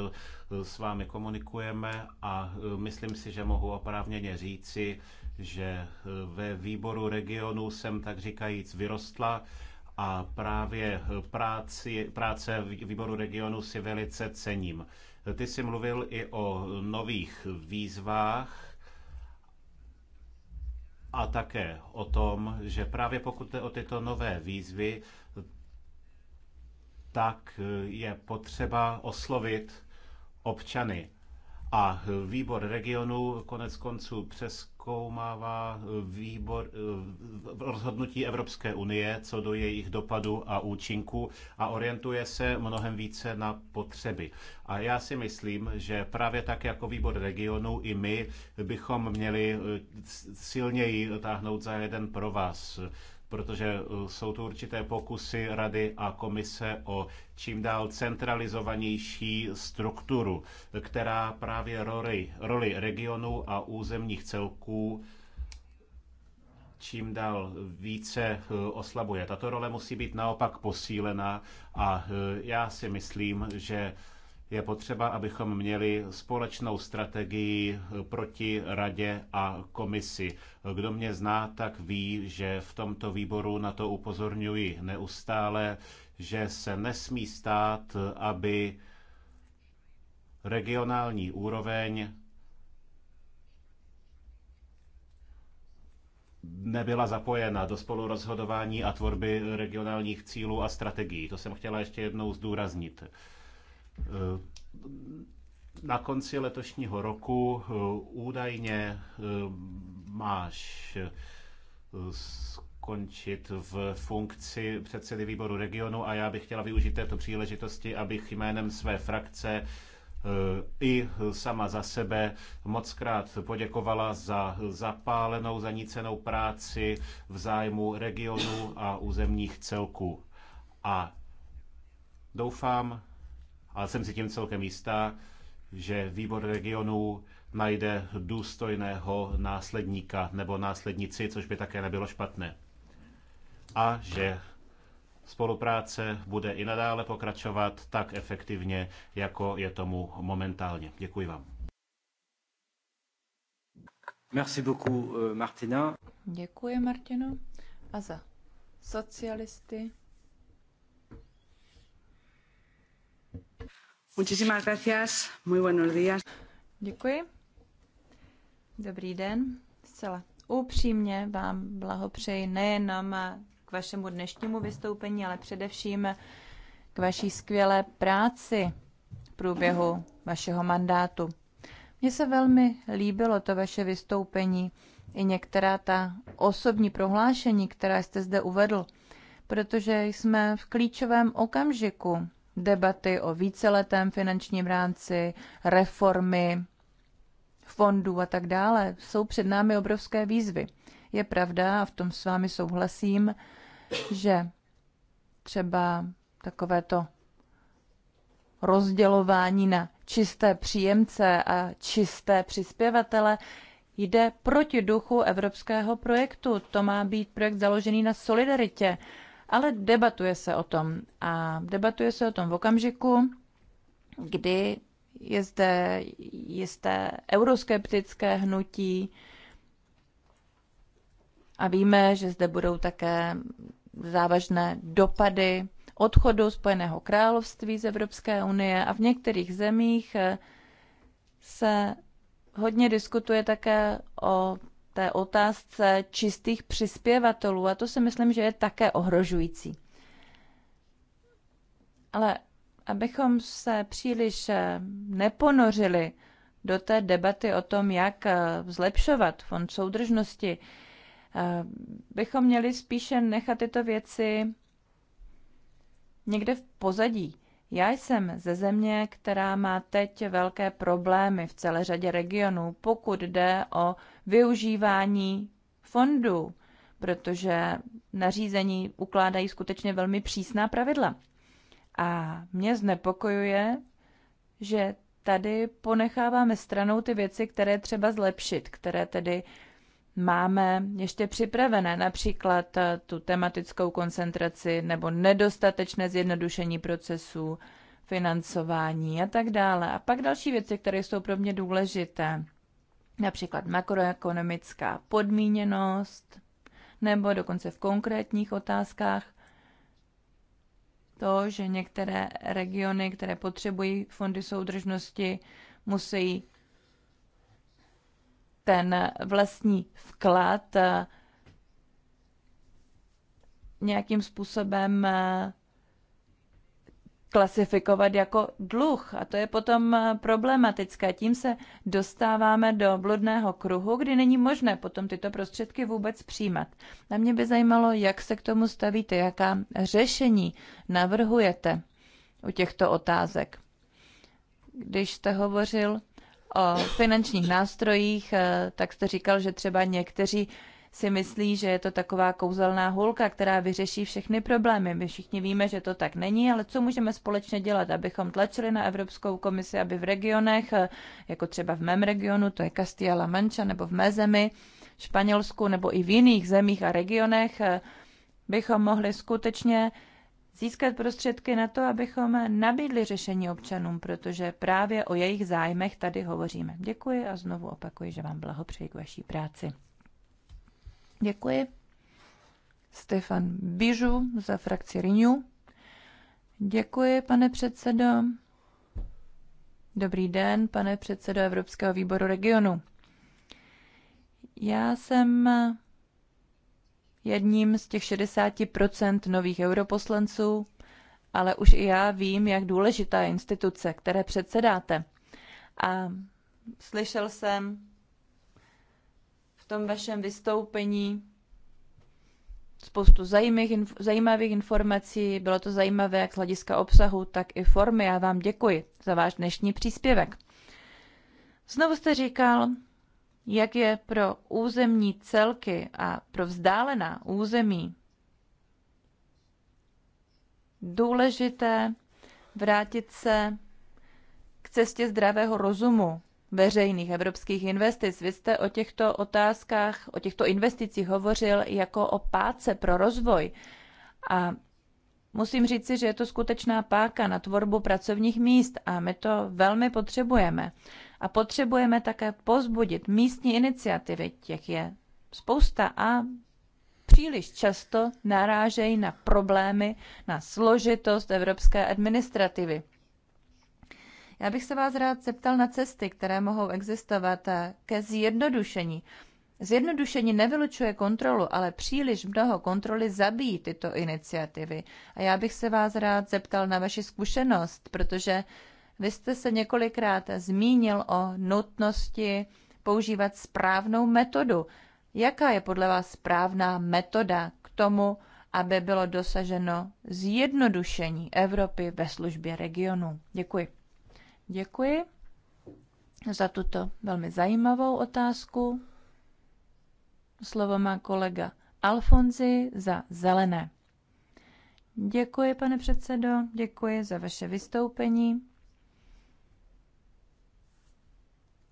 s vámi komunikujeme a myslím si, že mohu oprávněně říci, že ve výboru regionu jsem tak říkajíc vyrostla a právě práci, práce výboru regionu si velice cením. Ty jsi mluvil i o nových výzvách, a také o tom, že právě pokud jde o tyto nové výzvy, tak je potřeba oslovit občany a výbor regionu konec konců přeskoumává eh, výbor, eh, rozhodnutí Evropské unie co do jejich dopadu a účinku a orientuje se mnohem více na potřeby. A já si myslím, že právě tak jako výbor regionu i my bychom měli eh, silněji táhnout za jeden pro vás protože eh, jsou tu určité pokusy rady a komise o čím dál centralizovanější strukturu, která právě roli, roli regionů a územních celků čím dál více eh, oslabuje. Tato role musí být naopak posílena a eh, já si myslím, že je potřeba, abychom měli společnou strategii proti radě a komisi. Kdo mě zná, tak ví, že v tomto výboru na to upozorňuji neustále, že se nesmí stát, aby regionální úroveň nebyla zapojena do spolurozhodování a tvorby regionálních cílů a strategií. To jsem chtěla ještě jednou zdůraznit. Eh, na konci letošního roku eh, údajně eh, máš skončit v funkci předsedy výboru regionu a já bych chtěla využít této příležitosti, abych jménem své frakce i sama za sebe moc krát poděkovala za zapálenou, zanícenou práci v zájmu regionu a územních celků. A doufám, ale jsem si tím celkem jistá, že výbor regionů najde důstojného následníka nebo následnici, což by také nebylo špatné. A že spolupráce bude i nadále pokračovat tak efektivně, jako je tomu momentálně. Děkuji vám. Merci beaucoup, euh, Martina. Děkuji, Martino. A za socialisty Děkuji. Dobrý den. Zcela upřímně vám blahopřeji nejenom k vašemu dnešnímu vystoupení, ale především k vaší skvělé práci v průběhu vašeho mandátu. Mně se velmi líbilo to vaše vystoupení i některá ta osobní prohlášení, která jste zde uvedl, protože jsme v klíčovém okamžiku debaty o víceletém finančním rámci, reformy fondů a tak dále, jsou před námi obrovské výzvy. Je pravda, a v tom s vámi souhlasím, že třeba takovéto rozdělování na čisté příjemce a čisté přispěvatele jde proti duchu evropského projektu. To má být projekt založený na solidaritě ale debatuje se o tom. A debatuje se o tom v okamžiku, kdy je zde jisté euroskeptické hnutí a víme, že zde budou také závažné dopady odchodu Spojeného království z Evropské unie a v některých zemích se hodně diskutuje také o té otázce čistých přispěvatelů a to si myslím, že je také ohrožující. Ale abychom se příliš eh, neponořili do té debaty o tom, jak eh, zlepšovat fond soudržnosti, eh, bychom měli spíše nechat tyto věci někde v pozadí. Já jsem ze země, která má teď velké problémy v celé řadě regionů, pokud jde o využívání fondů, protože nařízení ukládají skutečně velmi přísná pravidla. A mě znepokojuje, že tady ponecháváme stranou ty věci, které třeba zlepšit, které tedy máme ještě připravené, například eh, tu tematickou koncentraci nebo nedostatečné zjednodušení procesů, financování a tak dále. A pak další věci, které jsou pro mě důležité například makroekonomická podmíněnost, nebo dokonce v konkrétních otázkách to, že některé regiony, které potřebují fondy soudržnosti, musí ten vlastní vklad eh, nějakým způsobem eh, klasifikovat jako dluh a to je potom eh, problematické. Tím se dostáváme do bludného kruhu, kdy není možné potom tyto prostředky vůbec přijímat. Na mě by zajímalo, jak se k tomu stavíte, jaká řešení navrhujete u těchto otázek. Když jste hovořil o finančních nástrojích, eh, tak jste říkal, že třeba někteří si myslí, že je to taková kouzelná hulka, která vyřeší všechny problémy. My všichni víme, že to tak není, ale co můžeme společně dělat, abychom tlačili na Evropskou komisi, aby v regionech, eh, jako třeba v mém regionu, to je Castilla-La Mancha, nebo v mé zemi, Španělsku, nebo i v jiných zemích a regionech, eh, bychom mohli skutečně získat prostředky na to, abychom nabídli řešení občanům, protože právě o jejich zájmech tady hovoříme. Děkuji a znovu opakuji, že vám blahopřeji k vaší práci. Děkuji. Stefan Bižu za frakci Renew. Děkuji, pane předsedo. Dobrý den, pane předsedo Evropského výboru regionu. Já jsem jedním z těch 60% nových europoslanců, ale už i já vím, jak důležitá je instituce, které předsedáte. A slyšel jsem tom vašem vystoupení spoustu zajímavých, zajímavých informací. Bylo to zajímavé jak z hlediska obsahu, tak i formy. Já vám děkuji za váš dnešní příspěvek. Znovu jste říkal, jak je pro územní celky a pro vzdálená území důležité vrátit se k cestě zdravého rozumu veřejných evropských investic. Vy jste o těchto otázkách, o těchto investicích hovořil jako o páce pro rozvoj. A musím říci, že je to skutečná páka na tvorbu pracovních míst a my to velmi potřebujeme. A potřebujeme také pozbudit místní iniciativy, těch je spousta a příliš často narážejí na problémy, na složitost evropské administrativy. Já bych se vás rád zeptal na cesty, které mohou existovat eh, ke zjednodušení. Zjednodušení nevylučuje kontrolu, ale příliš mnoho kontroly zabíjí tyto iniciativy. A já bych se vás rád zeptal na vaši zkušenost, protože vy jste se několikrát zmínil o nutnosti používat správnou metodu. Jaká je podle vás správná metoda k tomu, aby bylo dosaženo zjednodušení Evropy ve službě regionu? Děkuji. Děkuji za tuto velmi zajímavou otázku. Slovo má kolega Alfonzi za zelené. Děkuji, pane předsedo, děkuji za vaše vystoupení.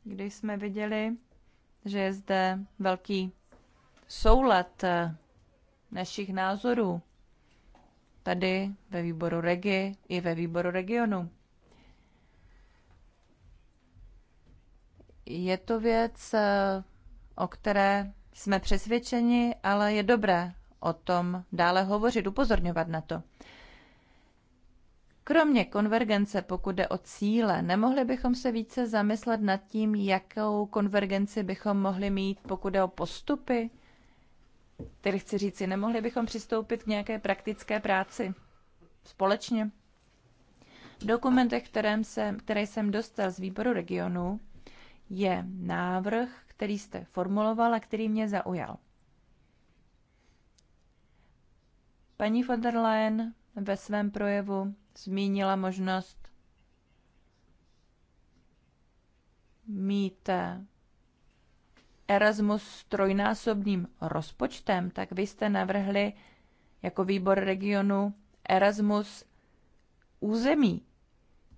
Když jsme viděli, že je zde velký soulad eh, našich názorů tady ve výboru Regi i ve výboru regionu. Je to věc, eh, o které jsme přesvědčeni, ale je dobré o tom dále hovořit, upozorňovat na to. Kromě konvergence, pokud jde o cíle, nemohli bychom se více zamyslet nad tím, jakou konvergenci bychom mohli mít, pokud jde o postupy? Tedy chci říci, nemohli bychom přistoupit k nějaké praktické práci společně? V dokumentech, kterém jsem, které jsem dostal z výboru regionu, je návrh, který jste formuloval a který mě zaujal. Paní von der Leyen ve svém projevu zmínila možnost mít Erasmus s trojnásobným rozpočtem, tak vy jste navrhli jako výbor regionu Erasmus území,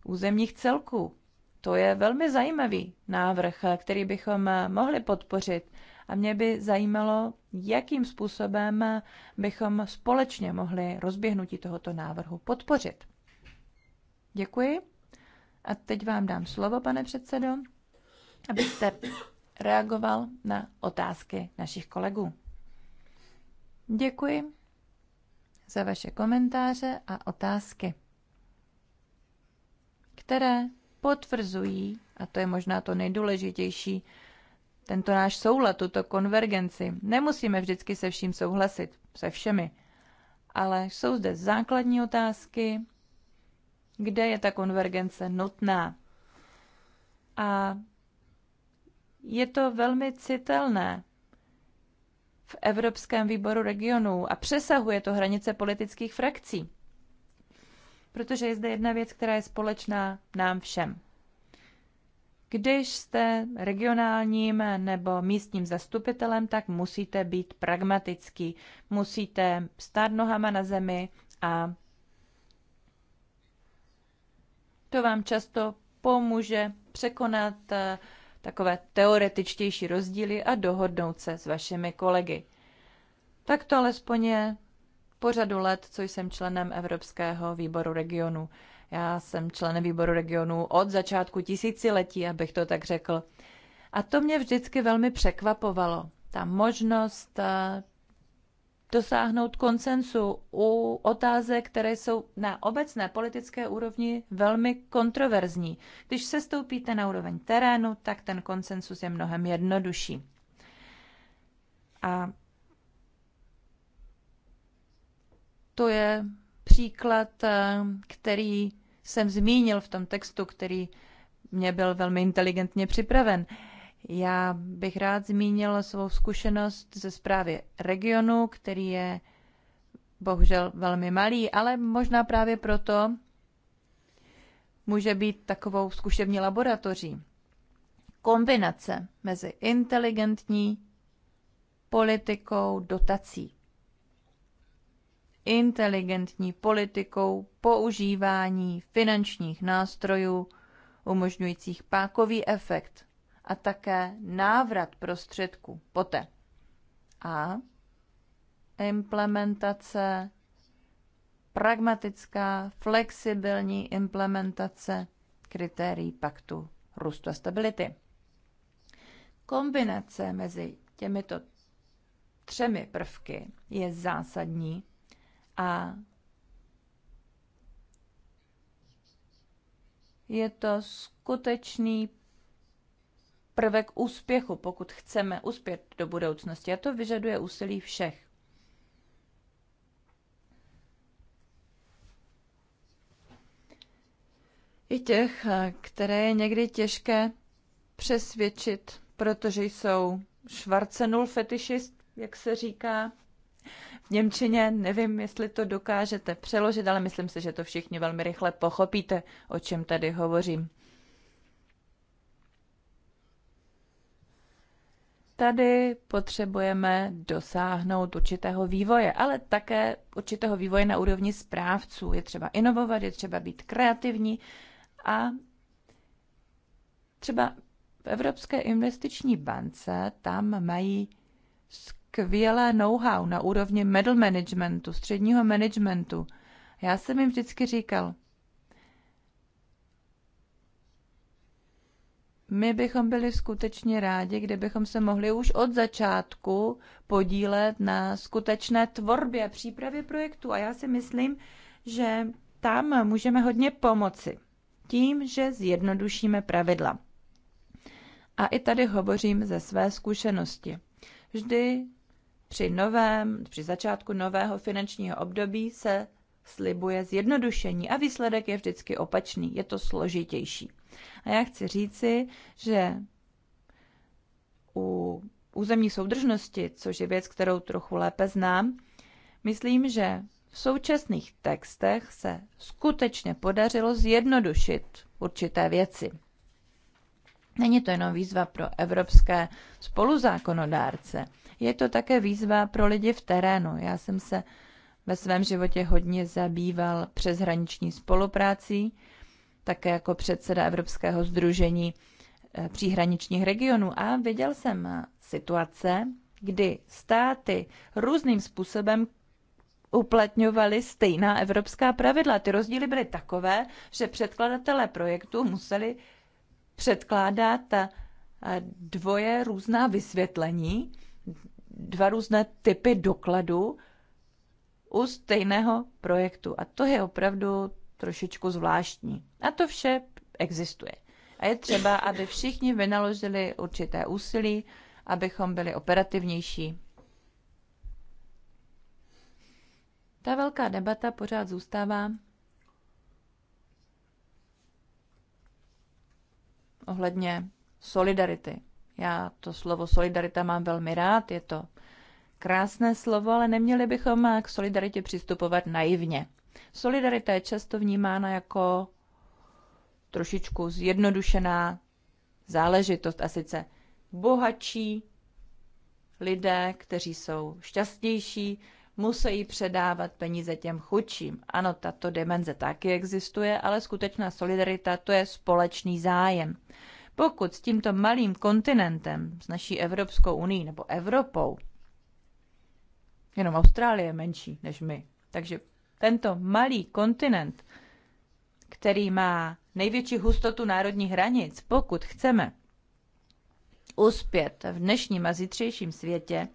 územních celků. To je velmi zajímavý návrh, který bychom mohli podpořit. A mě by zajímalo, jakým způsobem bychom společně mohli rozběhnutí tohoto návrhu podpořit. Děkuji. A teď vám dám slovo, pane předsedo, abyste reagoval na otázky našich kolegů. Děkuji za vaše komentáře a otázky, které potvrzují, a to je možná to nejdůležitější, tento náš soulad, tuto konvergenci. Nemusíme vždycky se vším souhlasit, se všemi, ale jsou zde základní otázky, kde je ta konvergence nutná. A je to velmi citelné v Evropském výboru regionů a přesahuje to hranice politických frakcí protože je zde jedna věc, která je společná nám všem. Když jste regionálním nebo místním zastupitelem, tak musíte být pragmatický. Musíte stát nohama na zemi a to vám často pomůže překonat eh, takové teoretičtější rozdíly a dohodnout se s vašimi kolegy. Tak to alespoň je po řadu let, co jsem členem Evropského výboru regionu. Já jsem členem výboru regionu od začátku tisíciletí, abych to tak řekl. A to mě vždycky velmi překvapovalo. Ta možnost eh, dosáhnout konsensu u otázek, které jsou na obecné politické úrovni velmi kontroverzní. Když se stoupíte na úroveň terénu, tak ten konsensus je mnohem jednodušší. A To je příklad, eh, který jsem zmínil v tom textu, který mě byl velmi inteligentně připraven. Já bych rád zmínil svou zkušenost ze zprávy regionu, který je bohužel velmi malý, ale možná právě proto může být takovou zkušební laboratoří. Kombinace mezi inteligentní politikou dotací inteligentní politikou používání finančních nástrojů umožňujících pákový efekt a také návrat prostředků poté. A implementace, pragmatická, flexibilní implementace kritérií paktu růstu a stability. Kombinace mezi těmito třemi prvky je zásadní a je to skutečný prvek úspěchu, pokud chceme uspět do budoucnosti. A to vyžaduje úsilí všech. I těch, které je někdy těžké přesvědčit, protože jsou švarcenul fetišist, jak se říká, Němčině. Nevím, jestli to dokážete přeložit, ale myslím si, že to všichni velmi rychle pochopíte, o čem tady hovořím. Tady potřebujeme dosáhnout určitého vývoje, ale také určitého vývoje na úrovni správců. Je třeba inovovat, je třeba být kreativní a třeba v Evropské investiční bance tam mají skvělé know-how na úrovni middle managementu, středního managementu. Já jsem jim vždycky říkal, my bychom byli skutečně rádi, kdybychom se mohli už od začátku podílet na skutečné tvorbě a přípravě projektu. A já si myslím, že tam můžeme hodně pomoci tím, že zjednodušíme pravidla. A i tady hovořím ze své zkušenosti. Vždy při novém, při začátku nového finančního období se slibuje zjednodušení a výsledek je vždycky opačný, je to složitější. A já chci říci, že u územní soudržnosti, což je věc, kterou trochu lépe znám, myslím, že v současných textech se skutečně podařilo zjednodušit určité věci. Není to jenom výzva pro evropské spoluzákonodárce je to také výzva pro lidi v terénu. Já jsem se ve svém životě hodně zabýval přeshraniční spoluprácí, také jako předseda Evropského združení eh, příhraničních regionů a viděl jsem situace, kdy státy různým způsobem uplatňovaly stejná evropská pravidla. Ty rozdíly byly takové, že předkladatelé projektu museli předkládat eh, dvoje různá vysvětlení dva různé typy dokladů u stejného projektu. A to je opravdu trošičku zvláštní. A to vše existuje. A je třeba, aby všichni vynaložili určité úsilí, abychom byli operativnější. Ta velká debata pořád zůstává ohledně solidarity. Já to slovo solidarita mám velmi rád, je to krásné slovo, ale neměli bychom k solidaritě přistupovat naivně. Solidarita je často vnímána jako trošičku zjednodušená záležitost a sice bohatší lidé, kteří jsou šťastnější, musí předávat peníze těm chudším. Ano, tato dimenze taky existuje, ale skutečná solidarita to je společný zájem. Pokud s tímto malým kontinentem, s naší Evropskou unii nebo Evropou, jenom Austrálie je menší než my, takže tento malý kontinent, který má největší hustotu národních hranic, pokud chceme uspět v dnešním a zítřejším světě,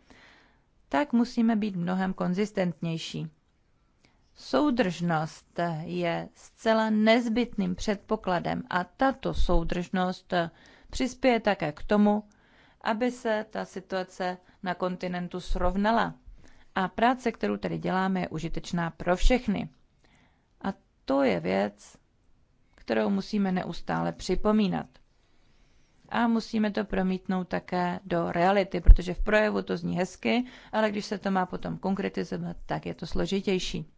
tak musíme být mnohem konzistentnější. Soudržnost je zcela nezbytným předpokladem a tato soudržnost přispěje také k tomu, aby se ta situace na kontinentu srovnala. A práce, kterou tady děláme, je užitečná pro všechny. A to je věc, kterou musíme neustále připomínat. A musíme to promítnout také do reality, protože v projevu to zní hezky, ale když se to má potom konkretizovat, tak je to složitější.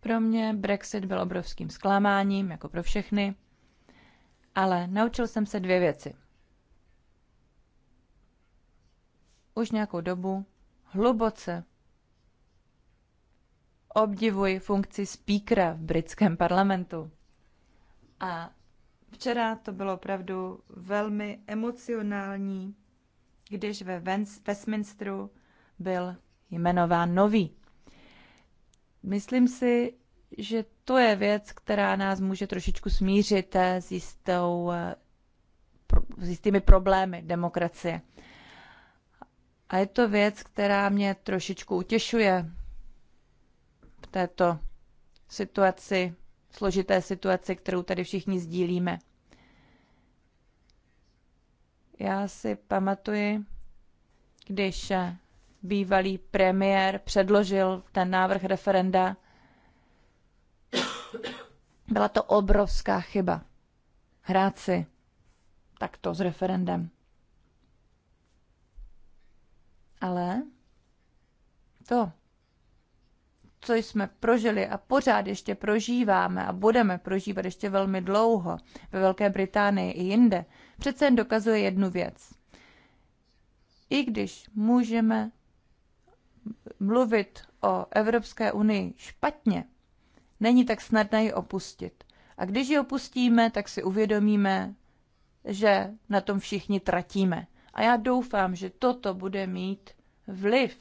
Pro mě Brexit byl obrovským zklamáním, jako pro všechny, ale naučil jsem se dvě věci. Už nějakou dobu hluboce obdivuji funkci speakera v britském parlamentu. A včera to bylo opravdu velmi emocionální, když ve Westminsteru byl jmenován nový Myslím si, že to je věc, která nás může trošičku smířit eh, s, jistou, eh, s jistými problémy demokracie. A je to věc, která mě trošičku utěšuje v této situaci, složité situaci, kterou tady všichni sdílíme. Já si pamatuji, když eh, bývalý premiér předložil ten návrh referenda, byla to obrovská chyba. Hrát si takto s referendem. Ale to, co jsme prožili a pořád ještě prožíváme a budeme prožívat ještě velmi dlouho ve Velké Británii i jinde, přece jen dokazuje jednu věc. I když můžeme mluvit o Evropské unii špatně, není tak snadné ji opustit. A když ji opustíme, tak si uvědomíme, že na tom všichni tratíme. A já doufám, že toto bude mít vliv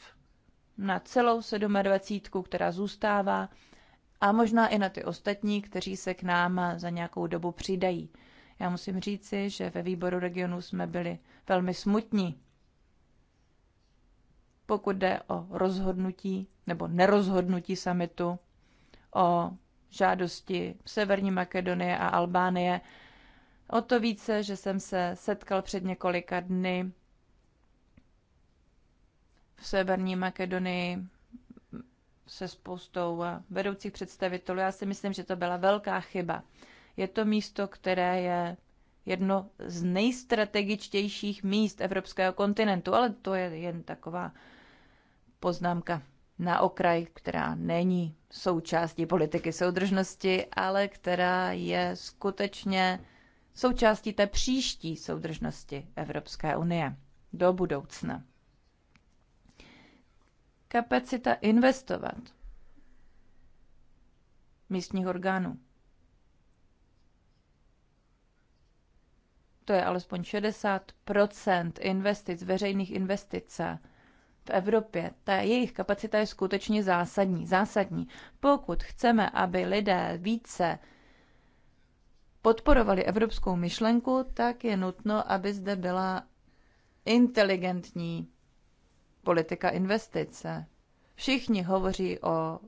na celou 27, která zůstává, a možná i na ty ostatní, kteří se k nám za nějakou dobu přidají. Já musím říci, že ve výboru regionu jsme byli velmi smutní pokud jde o rozhodnutí nebo nerozhodnutí samitu, o žádosti Severní Makedonie a Albánie. O to více, že jsem se setkal před několika dny v Severní Makedonii se spoustou vedoucích představitelů. Já si myslím, že to byla velká chyba. Je to místo, které je jedno z nejstrategičtějších míst evropského kontinentu, ale to je jen taková poznámka na okraj, která není součástí politiky soudržnosti, ale která je skutečně součástí té příští soudržnosti Evropské unie do budoucna. Kapacita investovat místních orgánů. To je alespoň 60 investic, veřejných investic Evropě. Ta jejich kapacita je skutečně zásadní. Zásadní. Pokud chceme, aby lidé více podporovali evropskou myšlenku, tak je nutno, aby zde byla inteligentní politika investice. Všichni hovoří o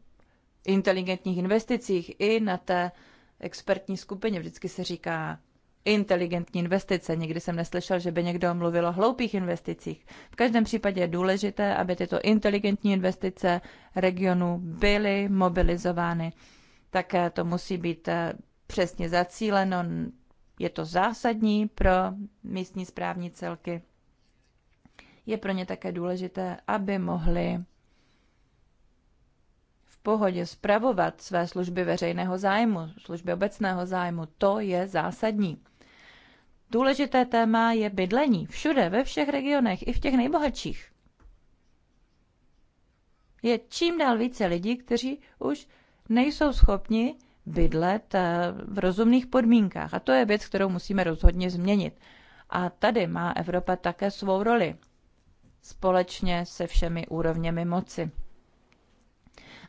inteligentních investicích i na té expertní skupině. Vždycky se říká, inteligentní investice. Nikdy jsem neslyšel, že by někdo mluvil o hloupých investicích. V každém případě je důležité, aby tyto inteligentní investice regionu byly mobilizovány. Také to musí být eh, přesně zacíleno. Je to zásadní pro místní správní celky. Je pro ně také důležité, aby mohli v pohodě spravovat své služby veřejného zájmu, služby obecného zájmu, to je zásadní. Důležité téma je bydlení. Všude, ve všech regionech, i v těch nejbohatších. Je čím dál více lidí, kteří už nejsou schopni bydlet eh, v rozumných podmínkách. A to je věc, kterou musíme rozhodně změnit. A tady má Evropa také svou roli společně se všemi úrovněmi moci.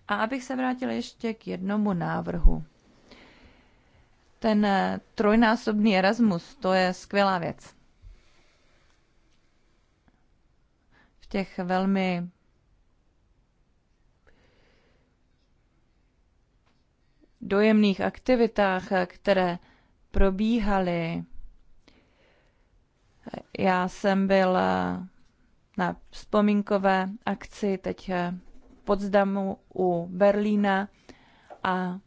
A abych se vrátil ještě k jednomu návrhu ten eh, trojnásobný Erasmus, to je skvělá věc. V těch velmi dojemných aktivitách, eh, které probíhaly. Já jsem byl eh, na vzpomínkové akci teď v Potsdamu u Berlína a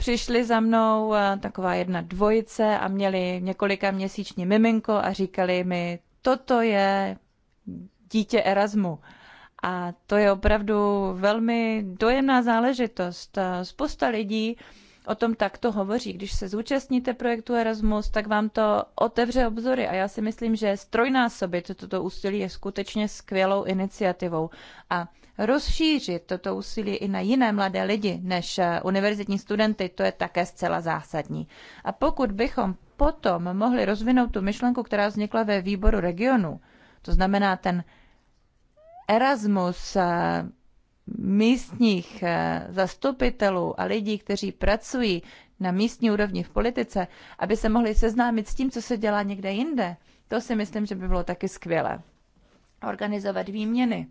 přišli za mnou eh, taková jedna dvojice a měli několika měsíční miminko a říkali mi, toto je dítě Erasmu. A to je opravdu velmi dojemná záležitost. Eh, spousta lidí o tom takto hovoří. Když se zúčastníte projektu Erasmus, tak vám to otevře obzory a já si myslím, že strojnásobit toto úsilí je skutečně skvělou iniciativou. A rozšířit toto úsilí i na jiné mladé lidi než eh, univerzitní studenty, to je také zcela zásadní. A pokud bychom potom mohli rozvinout tu myšlenku, která vznikla ve výboru regionu, to znamená ten Erasmus eh, místních eh, zastupitelů a lidí, kteří pracují na místní úrovni v politice, aby se mohli seznámit s tím, co se dělá někde jinde, to si myslím, že by bylo taky skvělé. Organizovat výměny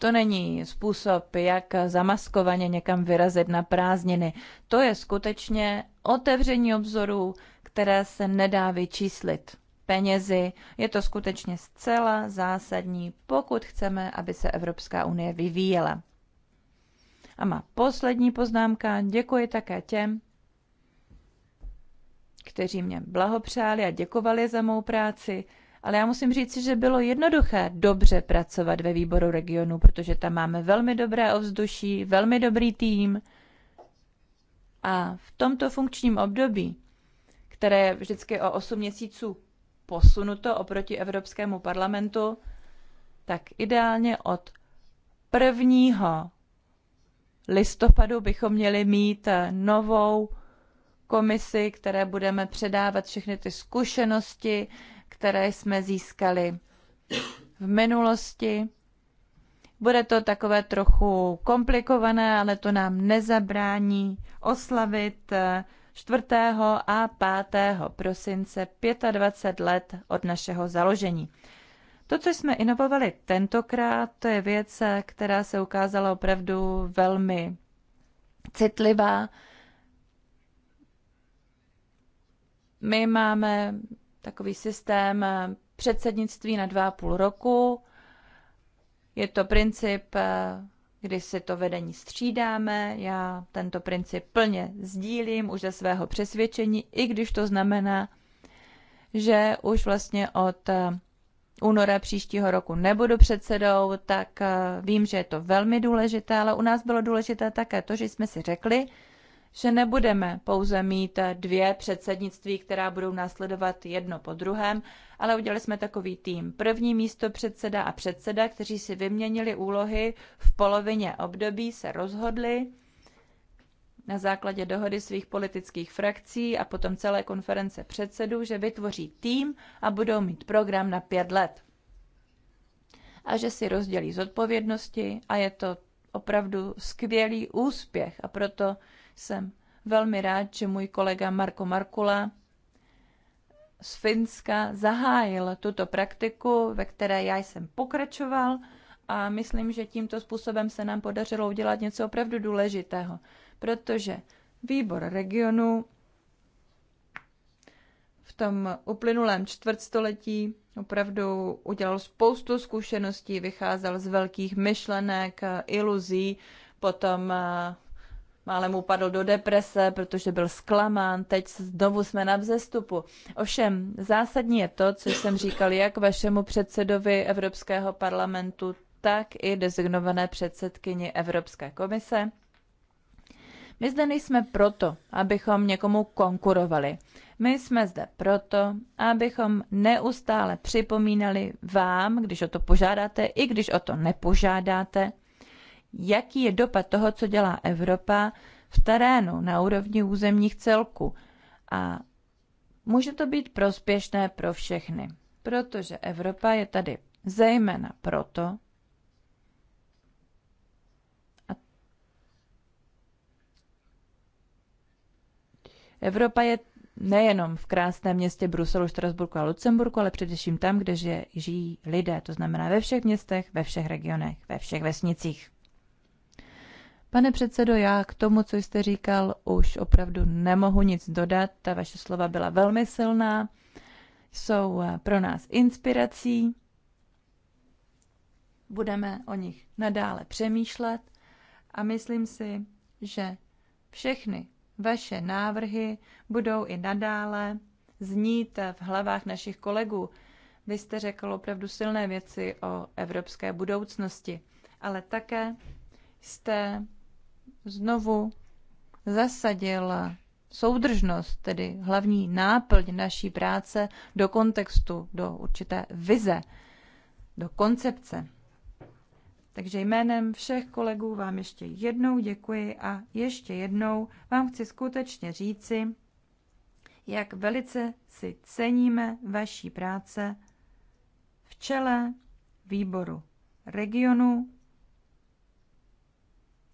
To není způsob, jak zamaskovaně někam vyrazit na prázdniny. To je skutečně otevření obzorů, které se nedá vyčíslit penězi. Je to skutečně zcela zásadní, pokud chceme, aby se Evropská unie vyvíjela. A má poslední poznámka. Děkuji také těm, kteří mě blahopřáli a děkovali za mou práci ale já musím říct, že bylo jednoduché dobře pracovat ve výboru regionu, protože tam máme velmi dobré ovzduší, velmi dobrý tým. A v tomto funkčním období, které je vždycky o 8 měsíců posunuto oproti Evropskému parlamentu, tak ideálně od 1. listopadu bychom měli mít novou komisi, které budeme předávat všechny ty zkušenosti, které jsme získali v minulosti. Bude to takové trochu komplikované, ale to nám nezabrání oslavit 4. Eh, a 5. prosince 25 let od našeho založení. To, co jsme inovovali tentokrát, to je věc, eh, která se ukázala opravdu velmi citlivá. My máme takový systém eh, předsednictví na dva a půl roku. Je to princip, eh, kdy si to vedení střídáme. Já tento princip plně sdílím už ze svého přesvědčení, i když to znamená, že už vlastně od eh, února příštího roku nebudu předsedou, tak vím, že je to velmi důležité, ale u nás bylo důležité také to, že jsme si řekli, že nebudeme pouze mít dvě předsednictví, která budou následovat jedno po druhém, ale udělali jsme takový tým. První místo předseda a předseda, kteří si vyměnili úlohy v polovině období, se rozhodli na základě dohody svých politických frakcí a potom celé konference předsedů, že vytvoří tým a budou mít program na pět let. A že si rozdělí zodpovědnosti a je to opravdu skvělý úspěch a proto jsem velmi rád, že můj kolega Marko Markula z Finska zahájil tuto praktiku, ve které já jsem pokračoval a myslím, že tímto způsobem se nám podařilo udělat něco opravdu důležitého, protože výbor regionu v tom uplynulém čtvrtstoletí opravdu udělal spoustu zkušeností, vycházel z velkých myšlenek, iluzí, potom Málem upadl do deprese, protože byl zklamán, teď znovu jsme na vzestupu. Ovšem, zásadní je to, co jsem říkal jak vašemu předsedovi Evropského parlamentu, tak i designované předsedkyni Evropské komise. My zde nejsme proto, abychom někomu konkurovali. My jsme zde proto, abychom neustále připomínali vám, když o to požádáte, i když o to nepožádáte, jaký je dopad toho, co dělá Evropa v terénu na úrovni územních celků. A může to být prospěšné pro všechny, protože Evropa je tady zejména proto, a Evropa je nejenom v krásném městě Bruselu, Štrasburku a Lucemburku, ale především tam, kde žijí lidé, to znamená ve všech městech, ve všech regionech, ve všech vesnicích. Pane předsedo, já k tomu, co jste říkal, už opravdu nemohu nic dodat. Ta vaše slova byla velmi silná, jsou eh, pro nás inspirací. Budeme o nich nadále přemýšlet a myslím si, že všechny vaše návrhy budou i nadále znít v hlavách našich kolegů. Vy jste řekl opravdu silné věci o evropské budoucnosti, ale také jste znovu zasadil soudržnost, tedy hlavní náplň naší práce, do kontextu, do určité vize, do koncepce. Takže jménem všech kolegů vám ještě jednou děkuji a ještě jednou vám chci skutečně říci, jak velice si ceníme vaší práce v čele výboru regionu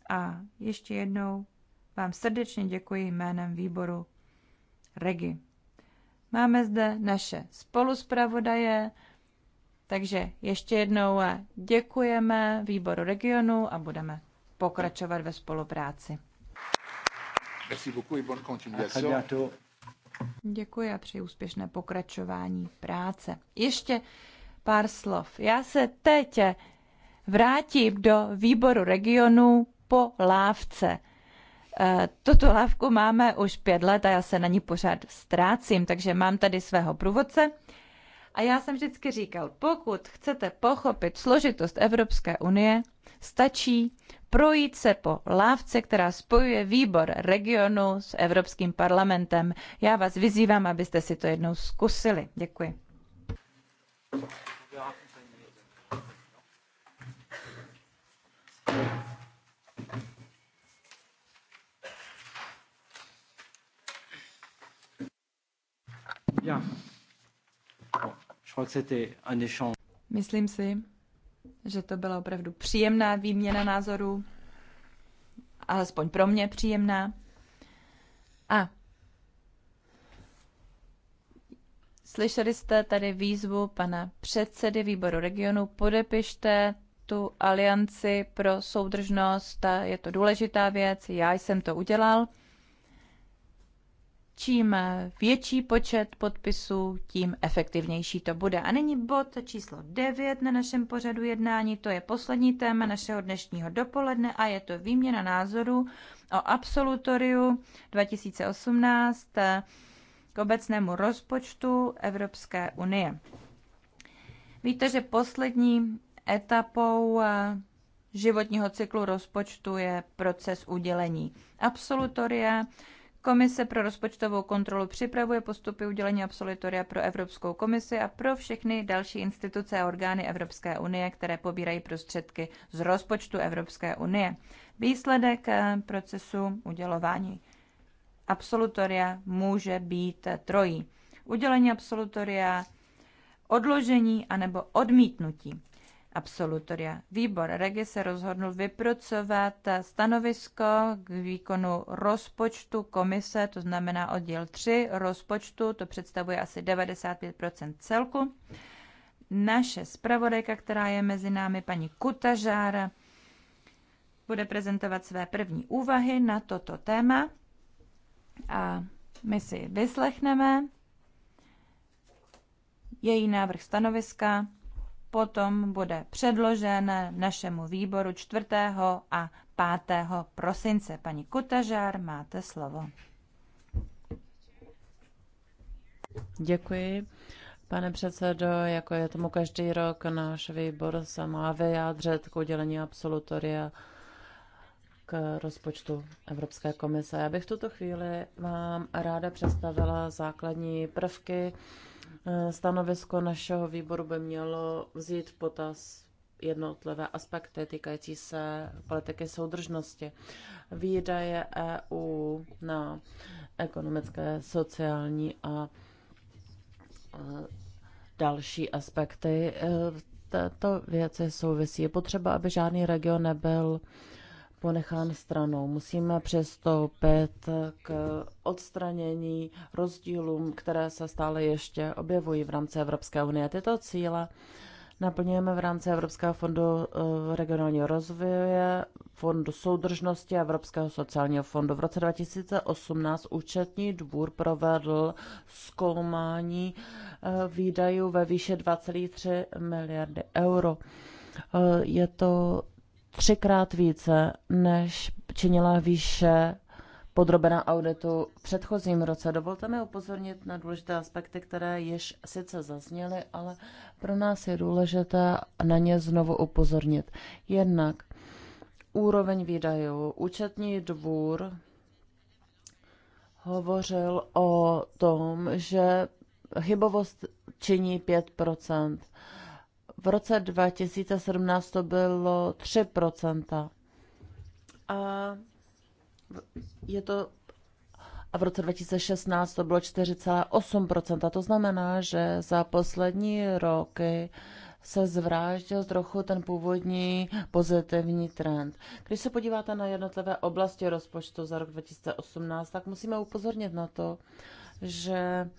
a ještě jednou vám srdečně děkuji jménem výboru Regi. Máme zde naše spoluspravodaje, takže ještě jednou děkujeme výboru regionu a budeme pokračovat ve spolupráci. Děkuji a přeji úspěšné pokračování práce. Ještě pár slov. Já se teď vrátím do výboru regionu po lávce. E, tuto lávku máme už pět let a já se na ní pořád ztrácím, takže mám tady svého průvodce. A já jsem vždycky říkal, pokud chcete pochopit složitost Evropské unie, stačí projít se po lávce, která spojuje výbor regionu s Evropským parlamentem. Já vás vyzývám, abyste si to jednou zkusili. Děkuji. Thank you. Myslím si, že to byla opravdu příjemná výměna názorů, alespoň pro mě příjemná. A slyšeli jste tady výzvu pana předsedy výboru regionu, podepište tu alianci pro soudržnost, je to důležitá věc, já jsem to udělal. Čím větší počet podpisů, tím efektivnější to bude. A nyní bod číslo 9 na našem pořadu jednání, to je poslední téma našeho dnešního dopoledne a je to výměna názoru o absolutoriu 2018 k obecnému rozpočtu Evropské unie. Víte, že poslední etapou eh, životního cyklu rozpočtu je proces udělení absolutoria Komise pro rozpočtovou kontrolu připravuje postupy udělení absolutoria pro Evropskou komisi a pro všechny další instituce a orgány Evropské unie, které pobírají prostředky z rozpočtu Evropské unie. Výsledek eh, procesu udělování absolutoria může být trojí. Udělení absolutoria, odložení anebo odmítnutí absolutoria. Výbor Regi se rozhodl vypracovat stanovisko k výkonu rozpočtu komise, to znamená oddíl 3 rozpočtu, to představuje asi 95 celku. Naše zpravodajka, která je mezi námi, paní Kutažára, bude prezentovat své první úvahy na toto téma a my si vyslechneme její návrh stanoviska potom bude předložen našemu výboru 4. a 5. prosince. Paní Kutažár, máte slovo. Děkuji. Pane předsedo, jako je tomu každý rok, náš výbor se má vyjádřit k udělení absolutoria k rozpočtu Evropské komise. Já bych v tuto chvíli vám ráda představila základní prvky Eh, stanovisko našeho výboru by mělo vzít v potaz jednotlivé aspekty týkající se politiky soudržnosti. Výdaje EU na ekonomické, sociální a eh, další aspekty Tato eh, této věci souvisí. Je potřeba, aby žádný region nebyl ponechán stranou. Musíme přistoupit k odstranění rozdílům, které se stále ještě objevují v rámci Evropské unie. Tyto cíle naplňujeme v rámci Evropského fondu eh, regionálního rozvoje, fondu soudržnosti a Evropského sociálního fondu. V roce 2018 účetní dvůr provedl zkoumání eh, výdajů ve výše 2,3 miliardy euro. Eh, je to třikrát více, než činila výše podrobená auditu v předchozím roce. Dovolte mi upozornit na důležité aspekty, které již sice zazněly, ale pro nás je důležité na ně znovu upozornit. Jednak úroveň výdajů. Účetní dvůr hovořil o tom, že chybovost činí 5 v roce 2017 to bylo 3%. A je to a v roce 2016 to bylo 4,8%. To znamená, že za poslední roky se zvráždil trochu ten původní pozitivní trend. Když se podíváte na jednotlivé oblasti rozpočtu za rok 2018, tak musíme upozornit na to, že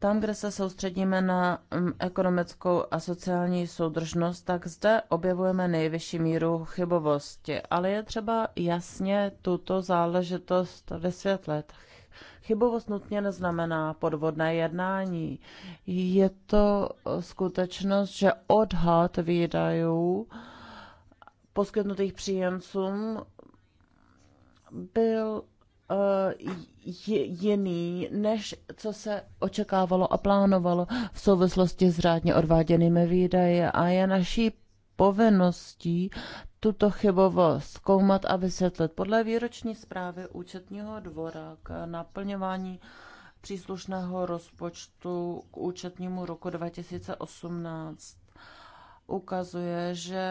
tam, kde se soustředíme na mm, ekonomickou a sociální soudržnost, tak zde objevujeme nejvyšší míru chybovosti. Ale je třeba jasně tuto záležitost vysvětlit. Chybovost nutně neznamená podvodné jednání. Je to skutečnost, že odhad výdajů poskytnutých příjemcům byl Eh, jiný, než co se očekávalo a plánovalo v souvislosti s řádně odváděnými výdaje a je naší povinností tuto chybovost zkoumat a vysvětlit. Podle výroční zprávy účetního dvora k naplňování příslušného rozpočtu k účetnímu roku 2018 ukazuje, že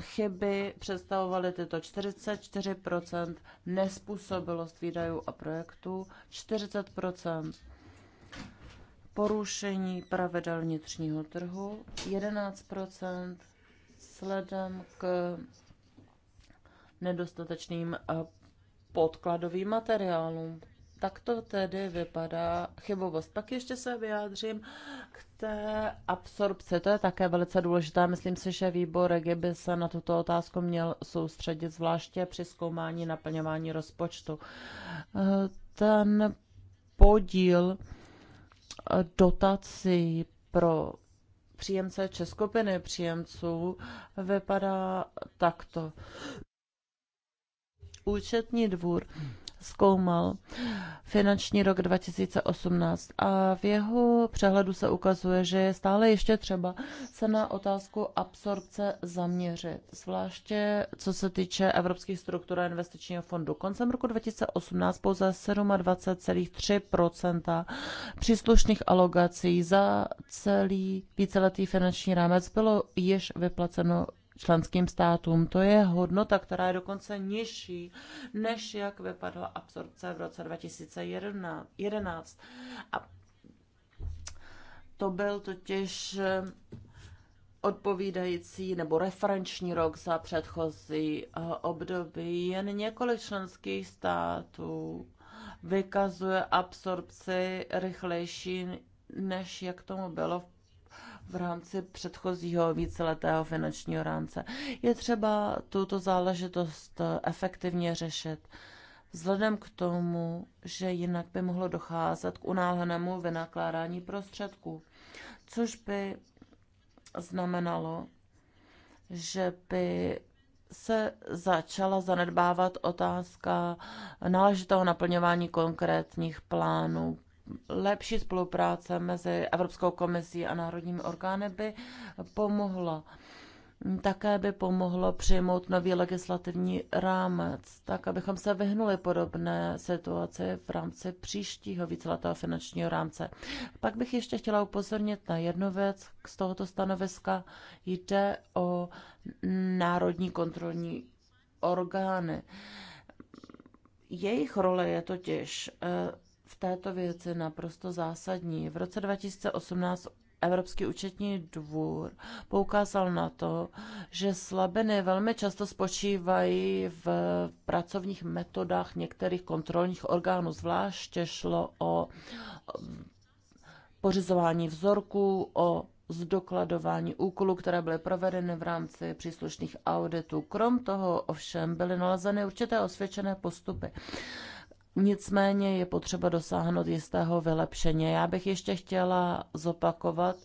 chyby představovaly tyto 44% nespůsobilost výdajů a projektů, 40% porušení pravidel vnitřního trhu, 11% sledem k nedostatečným eh, podkladovým materiálům. Tak to tedy vypadá chybovost. Pak ještě se vyjádřím k absorpce, to je také velice důležité. Myslím si, že výbor Regi by se na tuto otázku měl soustředit, zvláště při zkoumání naplňování rozpočtu. Ten podíl dotací pro příjemce Českopiny příjemců vypadá takto. Účetní dvůr zkoumal finanční rok 2018 a v jeho přehledu se ukazuje, že je stále ještě třeba se na otázku absorpce zaměřit, zvláště co se týče Evropských struktur a investičního fondu. Koncem roku 2018 pouze 27,3 příslušných alokací za celý víceletý finanční rámec bylo již vyplaceno členským státům. To je hodnota, která je dokonce nižší, než jak vypadla absorpce v roce 2011. A to byl totiž eh, odpovídající nebo referenční rok za předchozí eh, období. Jen několik členských států vykazuje absorpci rychlejší, než jak tomu bylo v v rámci předchozího víceletého finančního rámce. Je třeba tuto záležitost eh, efektivně řešit. Vzhledem k tomu, že jinak by mohlo docházet k unáhlenému vynakládání prostředků, což by znamenalo, že by se začala zanedbávat otázka náležitého naplňování konkrétních plánů lepší spolupráce mezi Evropskou komisí a národními orgány by pomohla. Také by pomohlo přijmout nový legislativní rámec, tak abychom se vyhnuli podobné situaci v rámci příštího víceletého finančního rámce. Pak bych ještě chtěla upozornit na jednu věc z tohoto stanoviska. Jde o národní kontrolní orgány. Jejich role je totiž eh, v této věci naprosto zásadní. V roce 2018 Evropský účetní dvůr poukázal na to, že slabiny velmi často spočívají v pracovních metodách některých kontrolních orgánů. Zvláště šlo o pořizování vzorků, o zdokladování úkolů, které byly provedeny v rámci příslušných auditů. Krom toho ovšem byly nalezeny určité osvědčené postupy. Nicméně je potřeba dosáhnout jistého vylepšení. Já bych ještě chtěla zopakovat,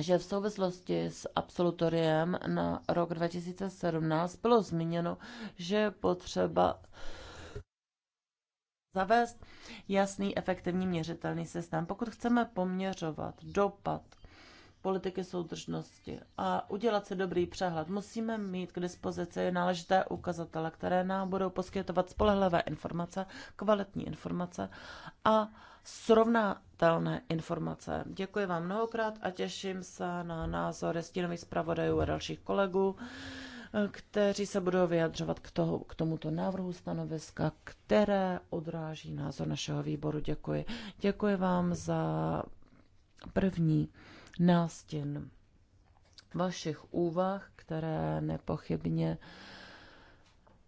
že v souvislosti s absolutoriem na rok 2017 bylo zmíněno, že je potřeba zavést jasný, efektivní, měřitelný systém. Pokud chceme poměřovat dopad politiky soudržnosti a udělat si dobrý přehled. Musíme mít k dispozici náležité ukazatele, které nám budou poskytovat spolehlivé informace, kvalitní informace a srovnatelné informace. Děkuji vám mnohokrát a těším se na názory stínových zpravodajů a dalších kolegů, kteří se budou vyjadřovat k, toho, k tomuto návrhu stanoviska, které odráží názor našeho výboru. Děkuji. Děkuji vám za první nástěn vašich úvah, které nepochybně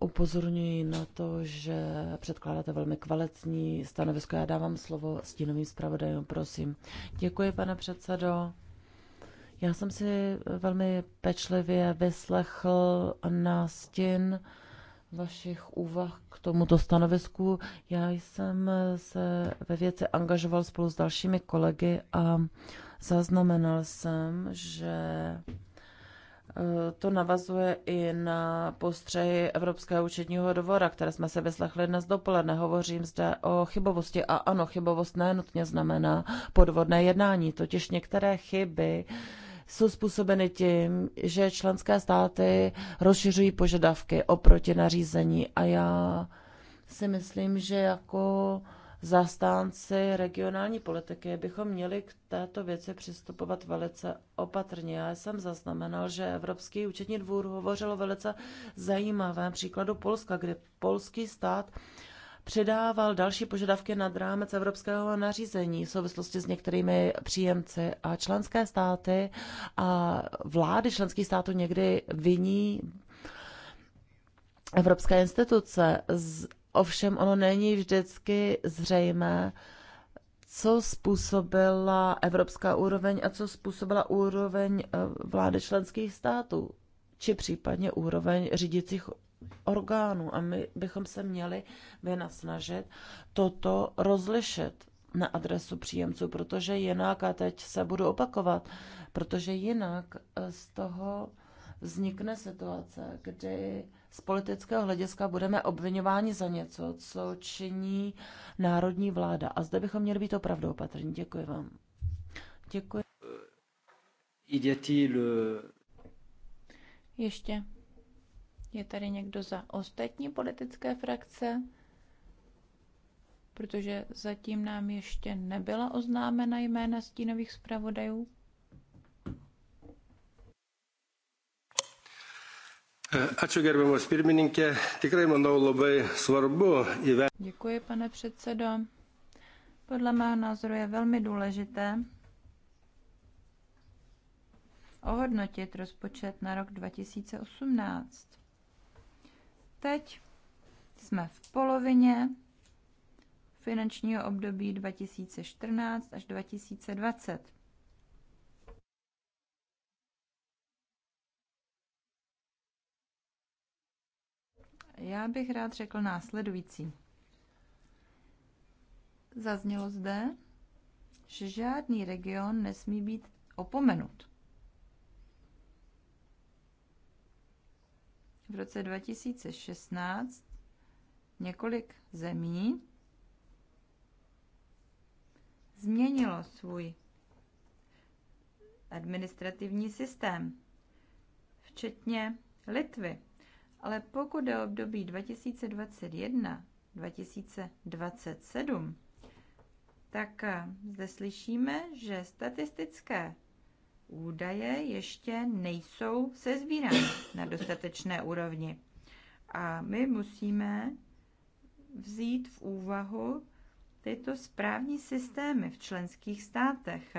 upozorňuji na to, že předkládáte velmi kvalitní stanovisko. Já dávám slovo stínovým zpravodajům, prosím. Děkuji, pane předsedo. Já jsem si velmi pečlivě vyslechl nástin vašich úvah k tomuto stanovisku. Já jsem se ve věci angažoval spolu s dalšími kolegy a Zaznamenal jsem, že eh, to navazuje i na postřehy Evropského účetního dvora, které jsme se vyslechli dnes dopoledne. Hovořím zde o chybovosti. A ano, chybovost nenutně znamená podvodné jednání, totiž některé chyby jsou způsobeny tím, že členské státy rozšiřují požadavky oproti nařízení. A já si myslím, že jako zastánci regionální politiky bychom měli k této věci přistupovat velice opatrně. Já jsem zaznamenal, že Evropský účetní dvůr hovořil o velice zajímavém příkladu Polska, kdy polský stát předával další požadavky nad rámec evropského nařízení v souvislosti s některými příjemci a členské státy a vlády členských států někdy viní evropské instituce Ovšem ono není vždycky zřejmé, co způsobila evropská úroveň a co způsobila úroveň eh, vlády členských států, či případně úroveň řídicích orgánů. A my bychom se měli vynasnažit toto rozlišit na adresu příjemců, protože jinak, a teď se budu opakovat, protože jinak eh, z toho vznikne situace, kdy z politického hlediska budeme obvinováni za něco, co činí národní vláda. A zde bychom měli být opravdu opatrní. Děkuji vám. Děkuji. Uh, ještě. Je tady někdo za ostatní politické frakce? Protože zatím nám ještě nebyla oznámena jména stínových zpravodajů. Děkuji, pane předsedo. Podle mého názoru je velmi důležité ohodnotit rozpočet na rok 2018. Teď jsme v polovině finančního období 2014 až 2020. Já bych rád řekl následující. Zaznělo zde, že žádný region nesmí být opomenut. V roce 2016 několik zemí změnilo svůj administrativní systém, včetně Litvy. Ale pokud je období 2021-2027, tak eh, zde slyšíme, že statistické údaje ještě nejsou sezbírány na dostatečné úrovni. A my musíme vzít v úvahu tyto správní systémy v členských státech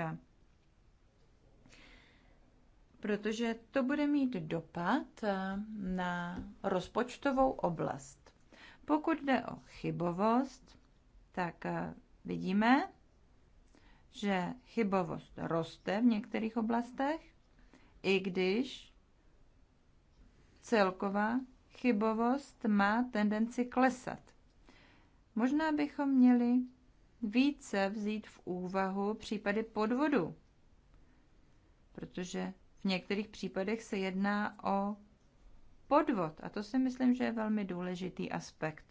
protože to bude mít dopad eh, na rozpočtovou oblast. Pokud jde o chybovost, tak eh, vidíme, že chybovost roste v některých oblastech, i když celková chybovost má tendenci klesat. Možná bychom měli více vzít v úvahu případy podvodu, protože některých případech se jedná o podvod. A to si myslím, že je velmi důležitý aspekt.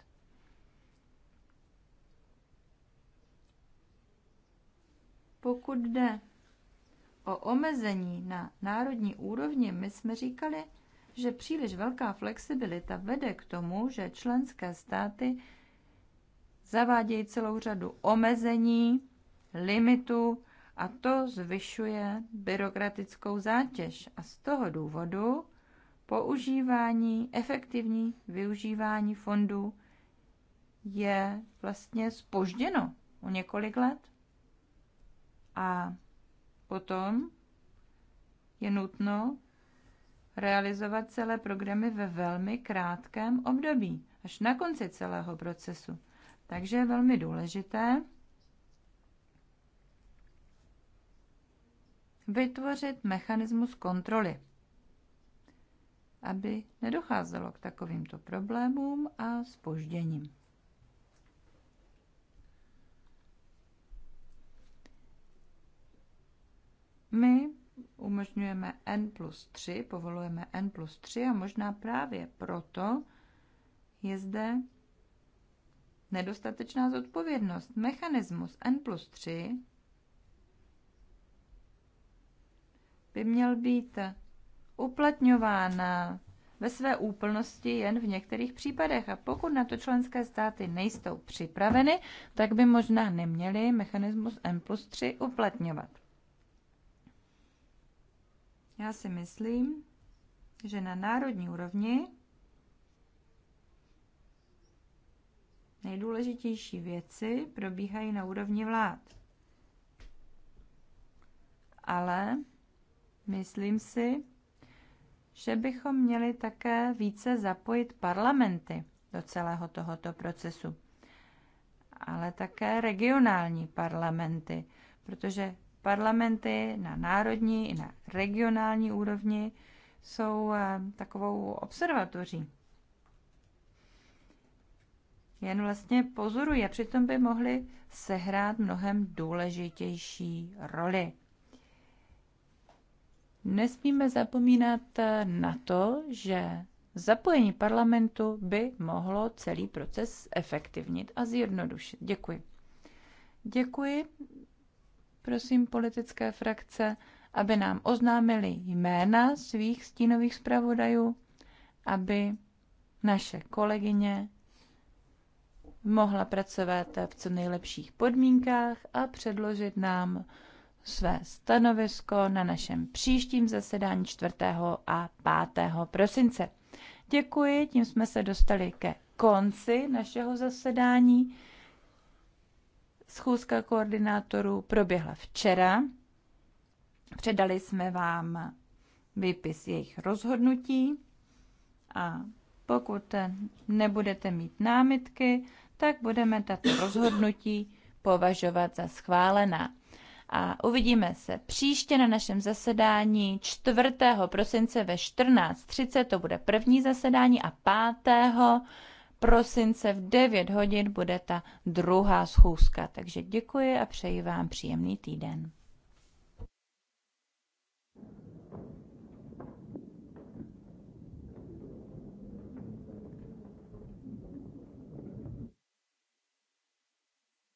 Pokud jde o omezení na národní úrovni, my jsme říkali, že příliš velká flexibilita vede k tomu, že členské státy zavádějí celou řadu omezení, limitů, a to zvyšuje byrokratickou zátěž a z toho důvodu používání, efektivní využívání fondů je vlastně spožděno o několik let. A potom je nutno realizovat celé programy ve velmi krátkém období, až na konci celého procesu. Takže je velmi důležité, vytvořit mechanismus kontroly, aby nedocházelo k takovýmto problémům a spožděním. My umožňujeme N plus 3, povolujeme N plus 3 a možná právě proto je zde nedostatečná zodpovědnost. Mechanismus N plus 3 by měl být uplatňován ve své úplnosti jen v některých případech. A pokud na to členské státy nejsou připraveny, tak by možná neměli mechanismus M plus 3 uplatňovat. Já si myslím, že na národní úrovni nejdůležitější věci probíhají na úrovni vlád. Ale Myslím si, že bychom měli také více zapojit parlamenty do celého tohoto procesu, ale také regionální parlamenty, protože parlamenty na národní i na regionální úrovni jsou eh, takovou observatoří. Jen vlastně pozorují a přitom by mohli sehrát mnohem důležitější roli. Nesmíme zapomínat na to, že zapojení parlamentu by mohlo celý proces efektivnit a zjednodušit. Děkuji. Děkuji. Prosím politické frakce, aby nám oznámili jména svých stínových zpravodajů, aby naše kolegyně mohla pracovat v co nejlepších podmínkách a předložit nám své stanovisko na našem příštím zasedání 4. a 5. prosince. Děkuji, tím jsme se dostali ke konci našeho zasedání. Schůzka koordinátorů proběhla včera. Předali jsme vám výpis jejich rozhodnutí a pokud nebudete mít námitky, tak budeme tato rozhodnutí považovat za schválená a uvidíme se příště na našem zasedání 4. prosince ve 14.30, to bude první zasedání a 5. prosince v 9 hodin bude ta druhá schůzka. Takže děkuji a přeji vám příjemný týden.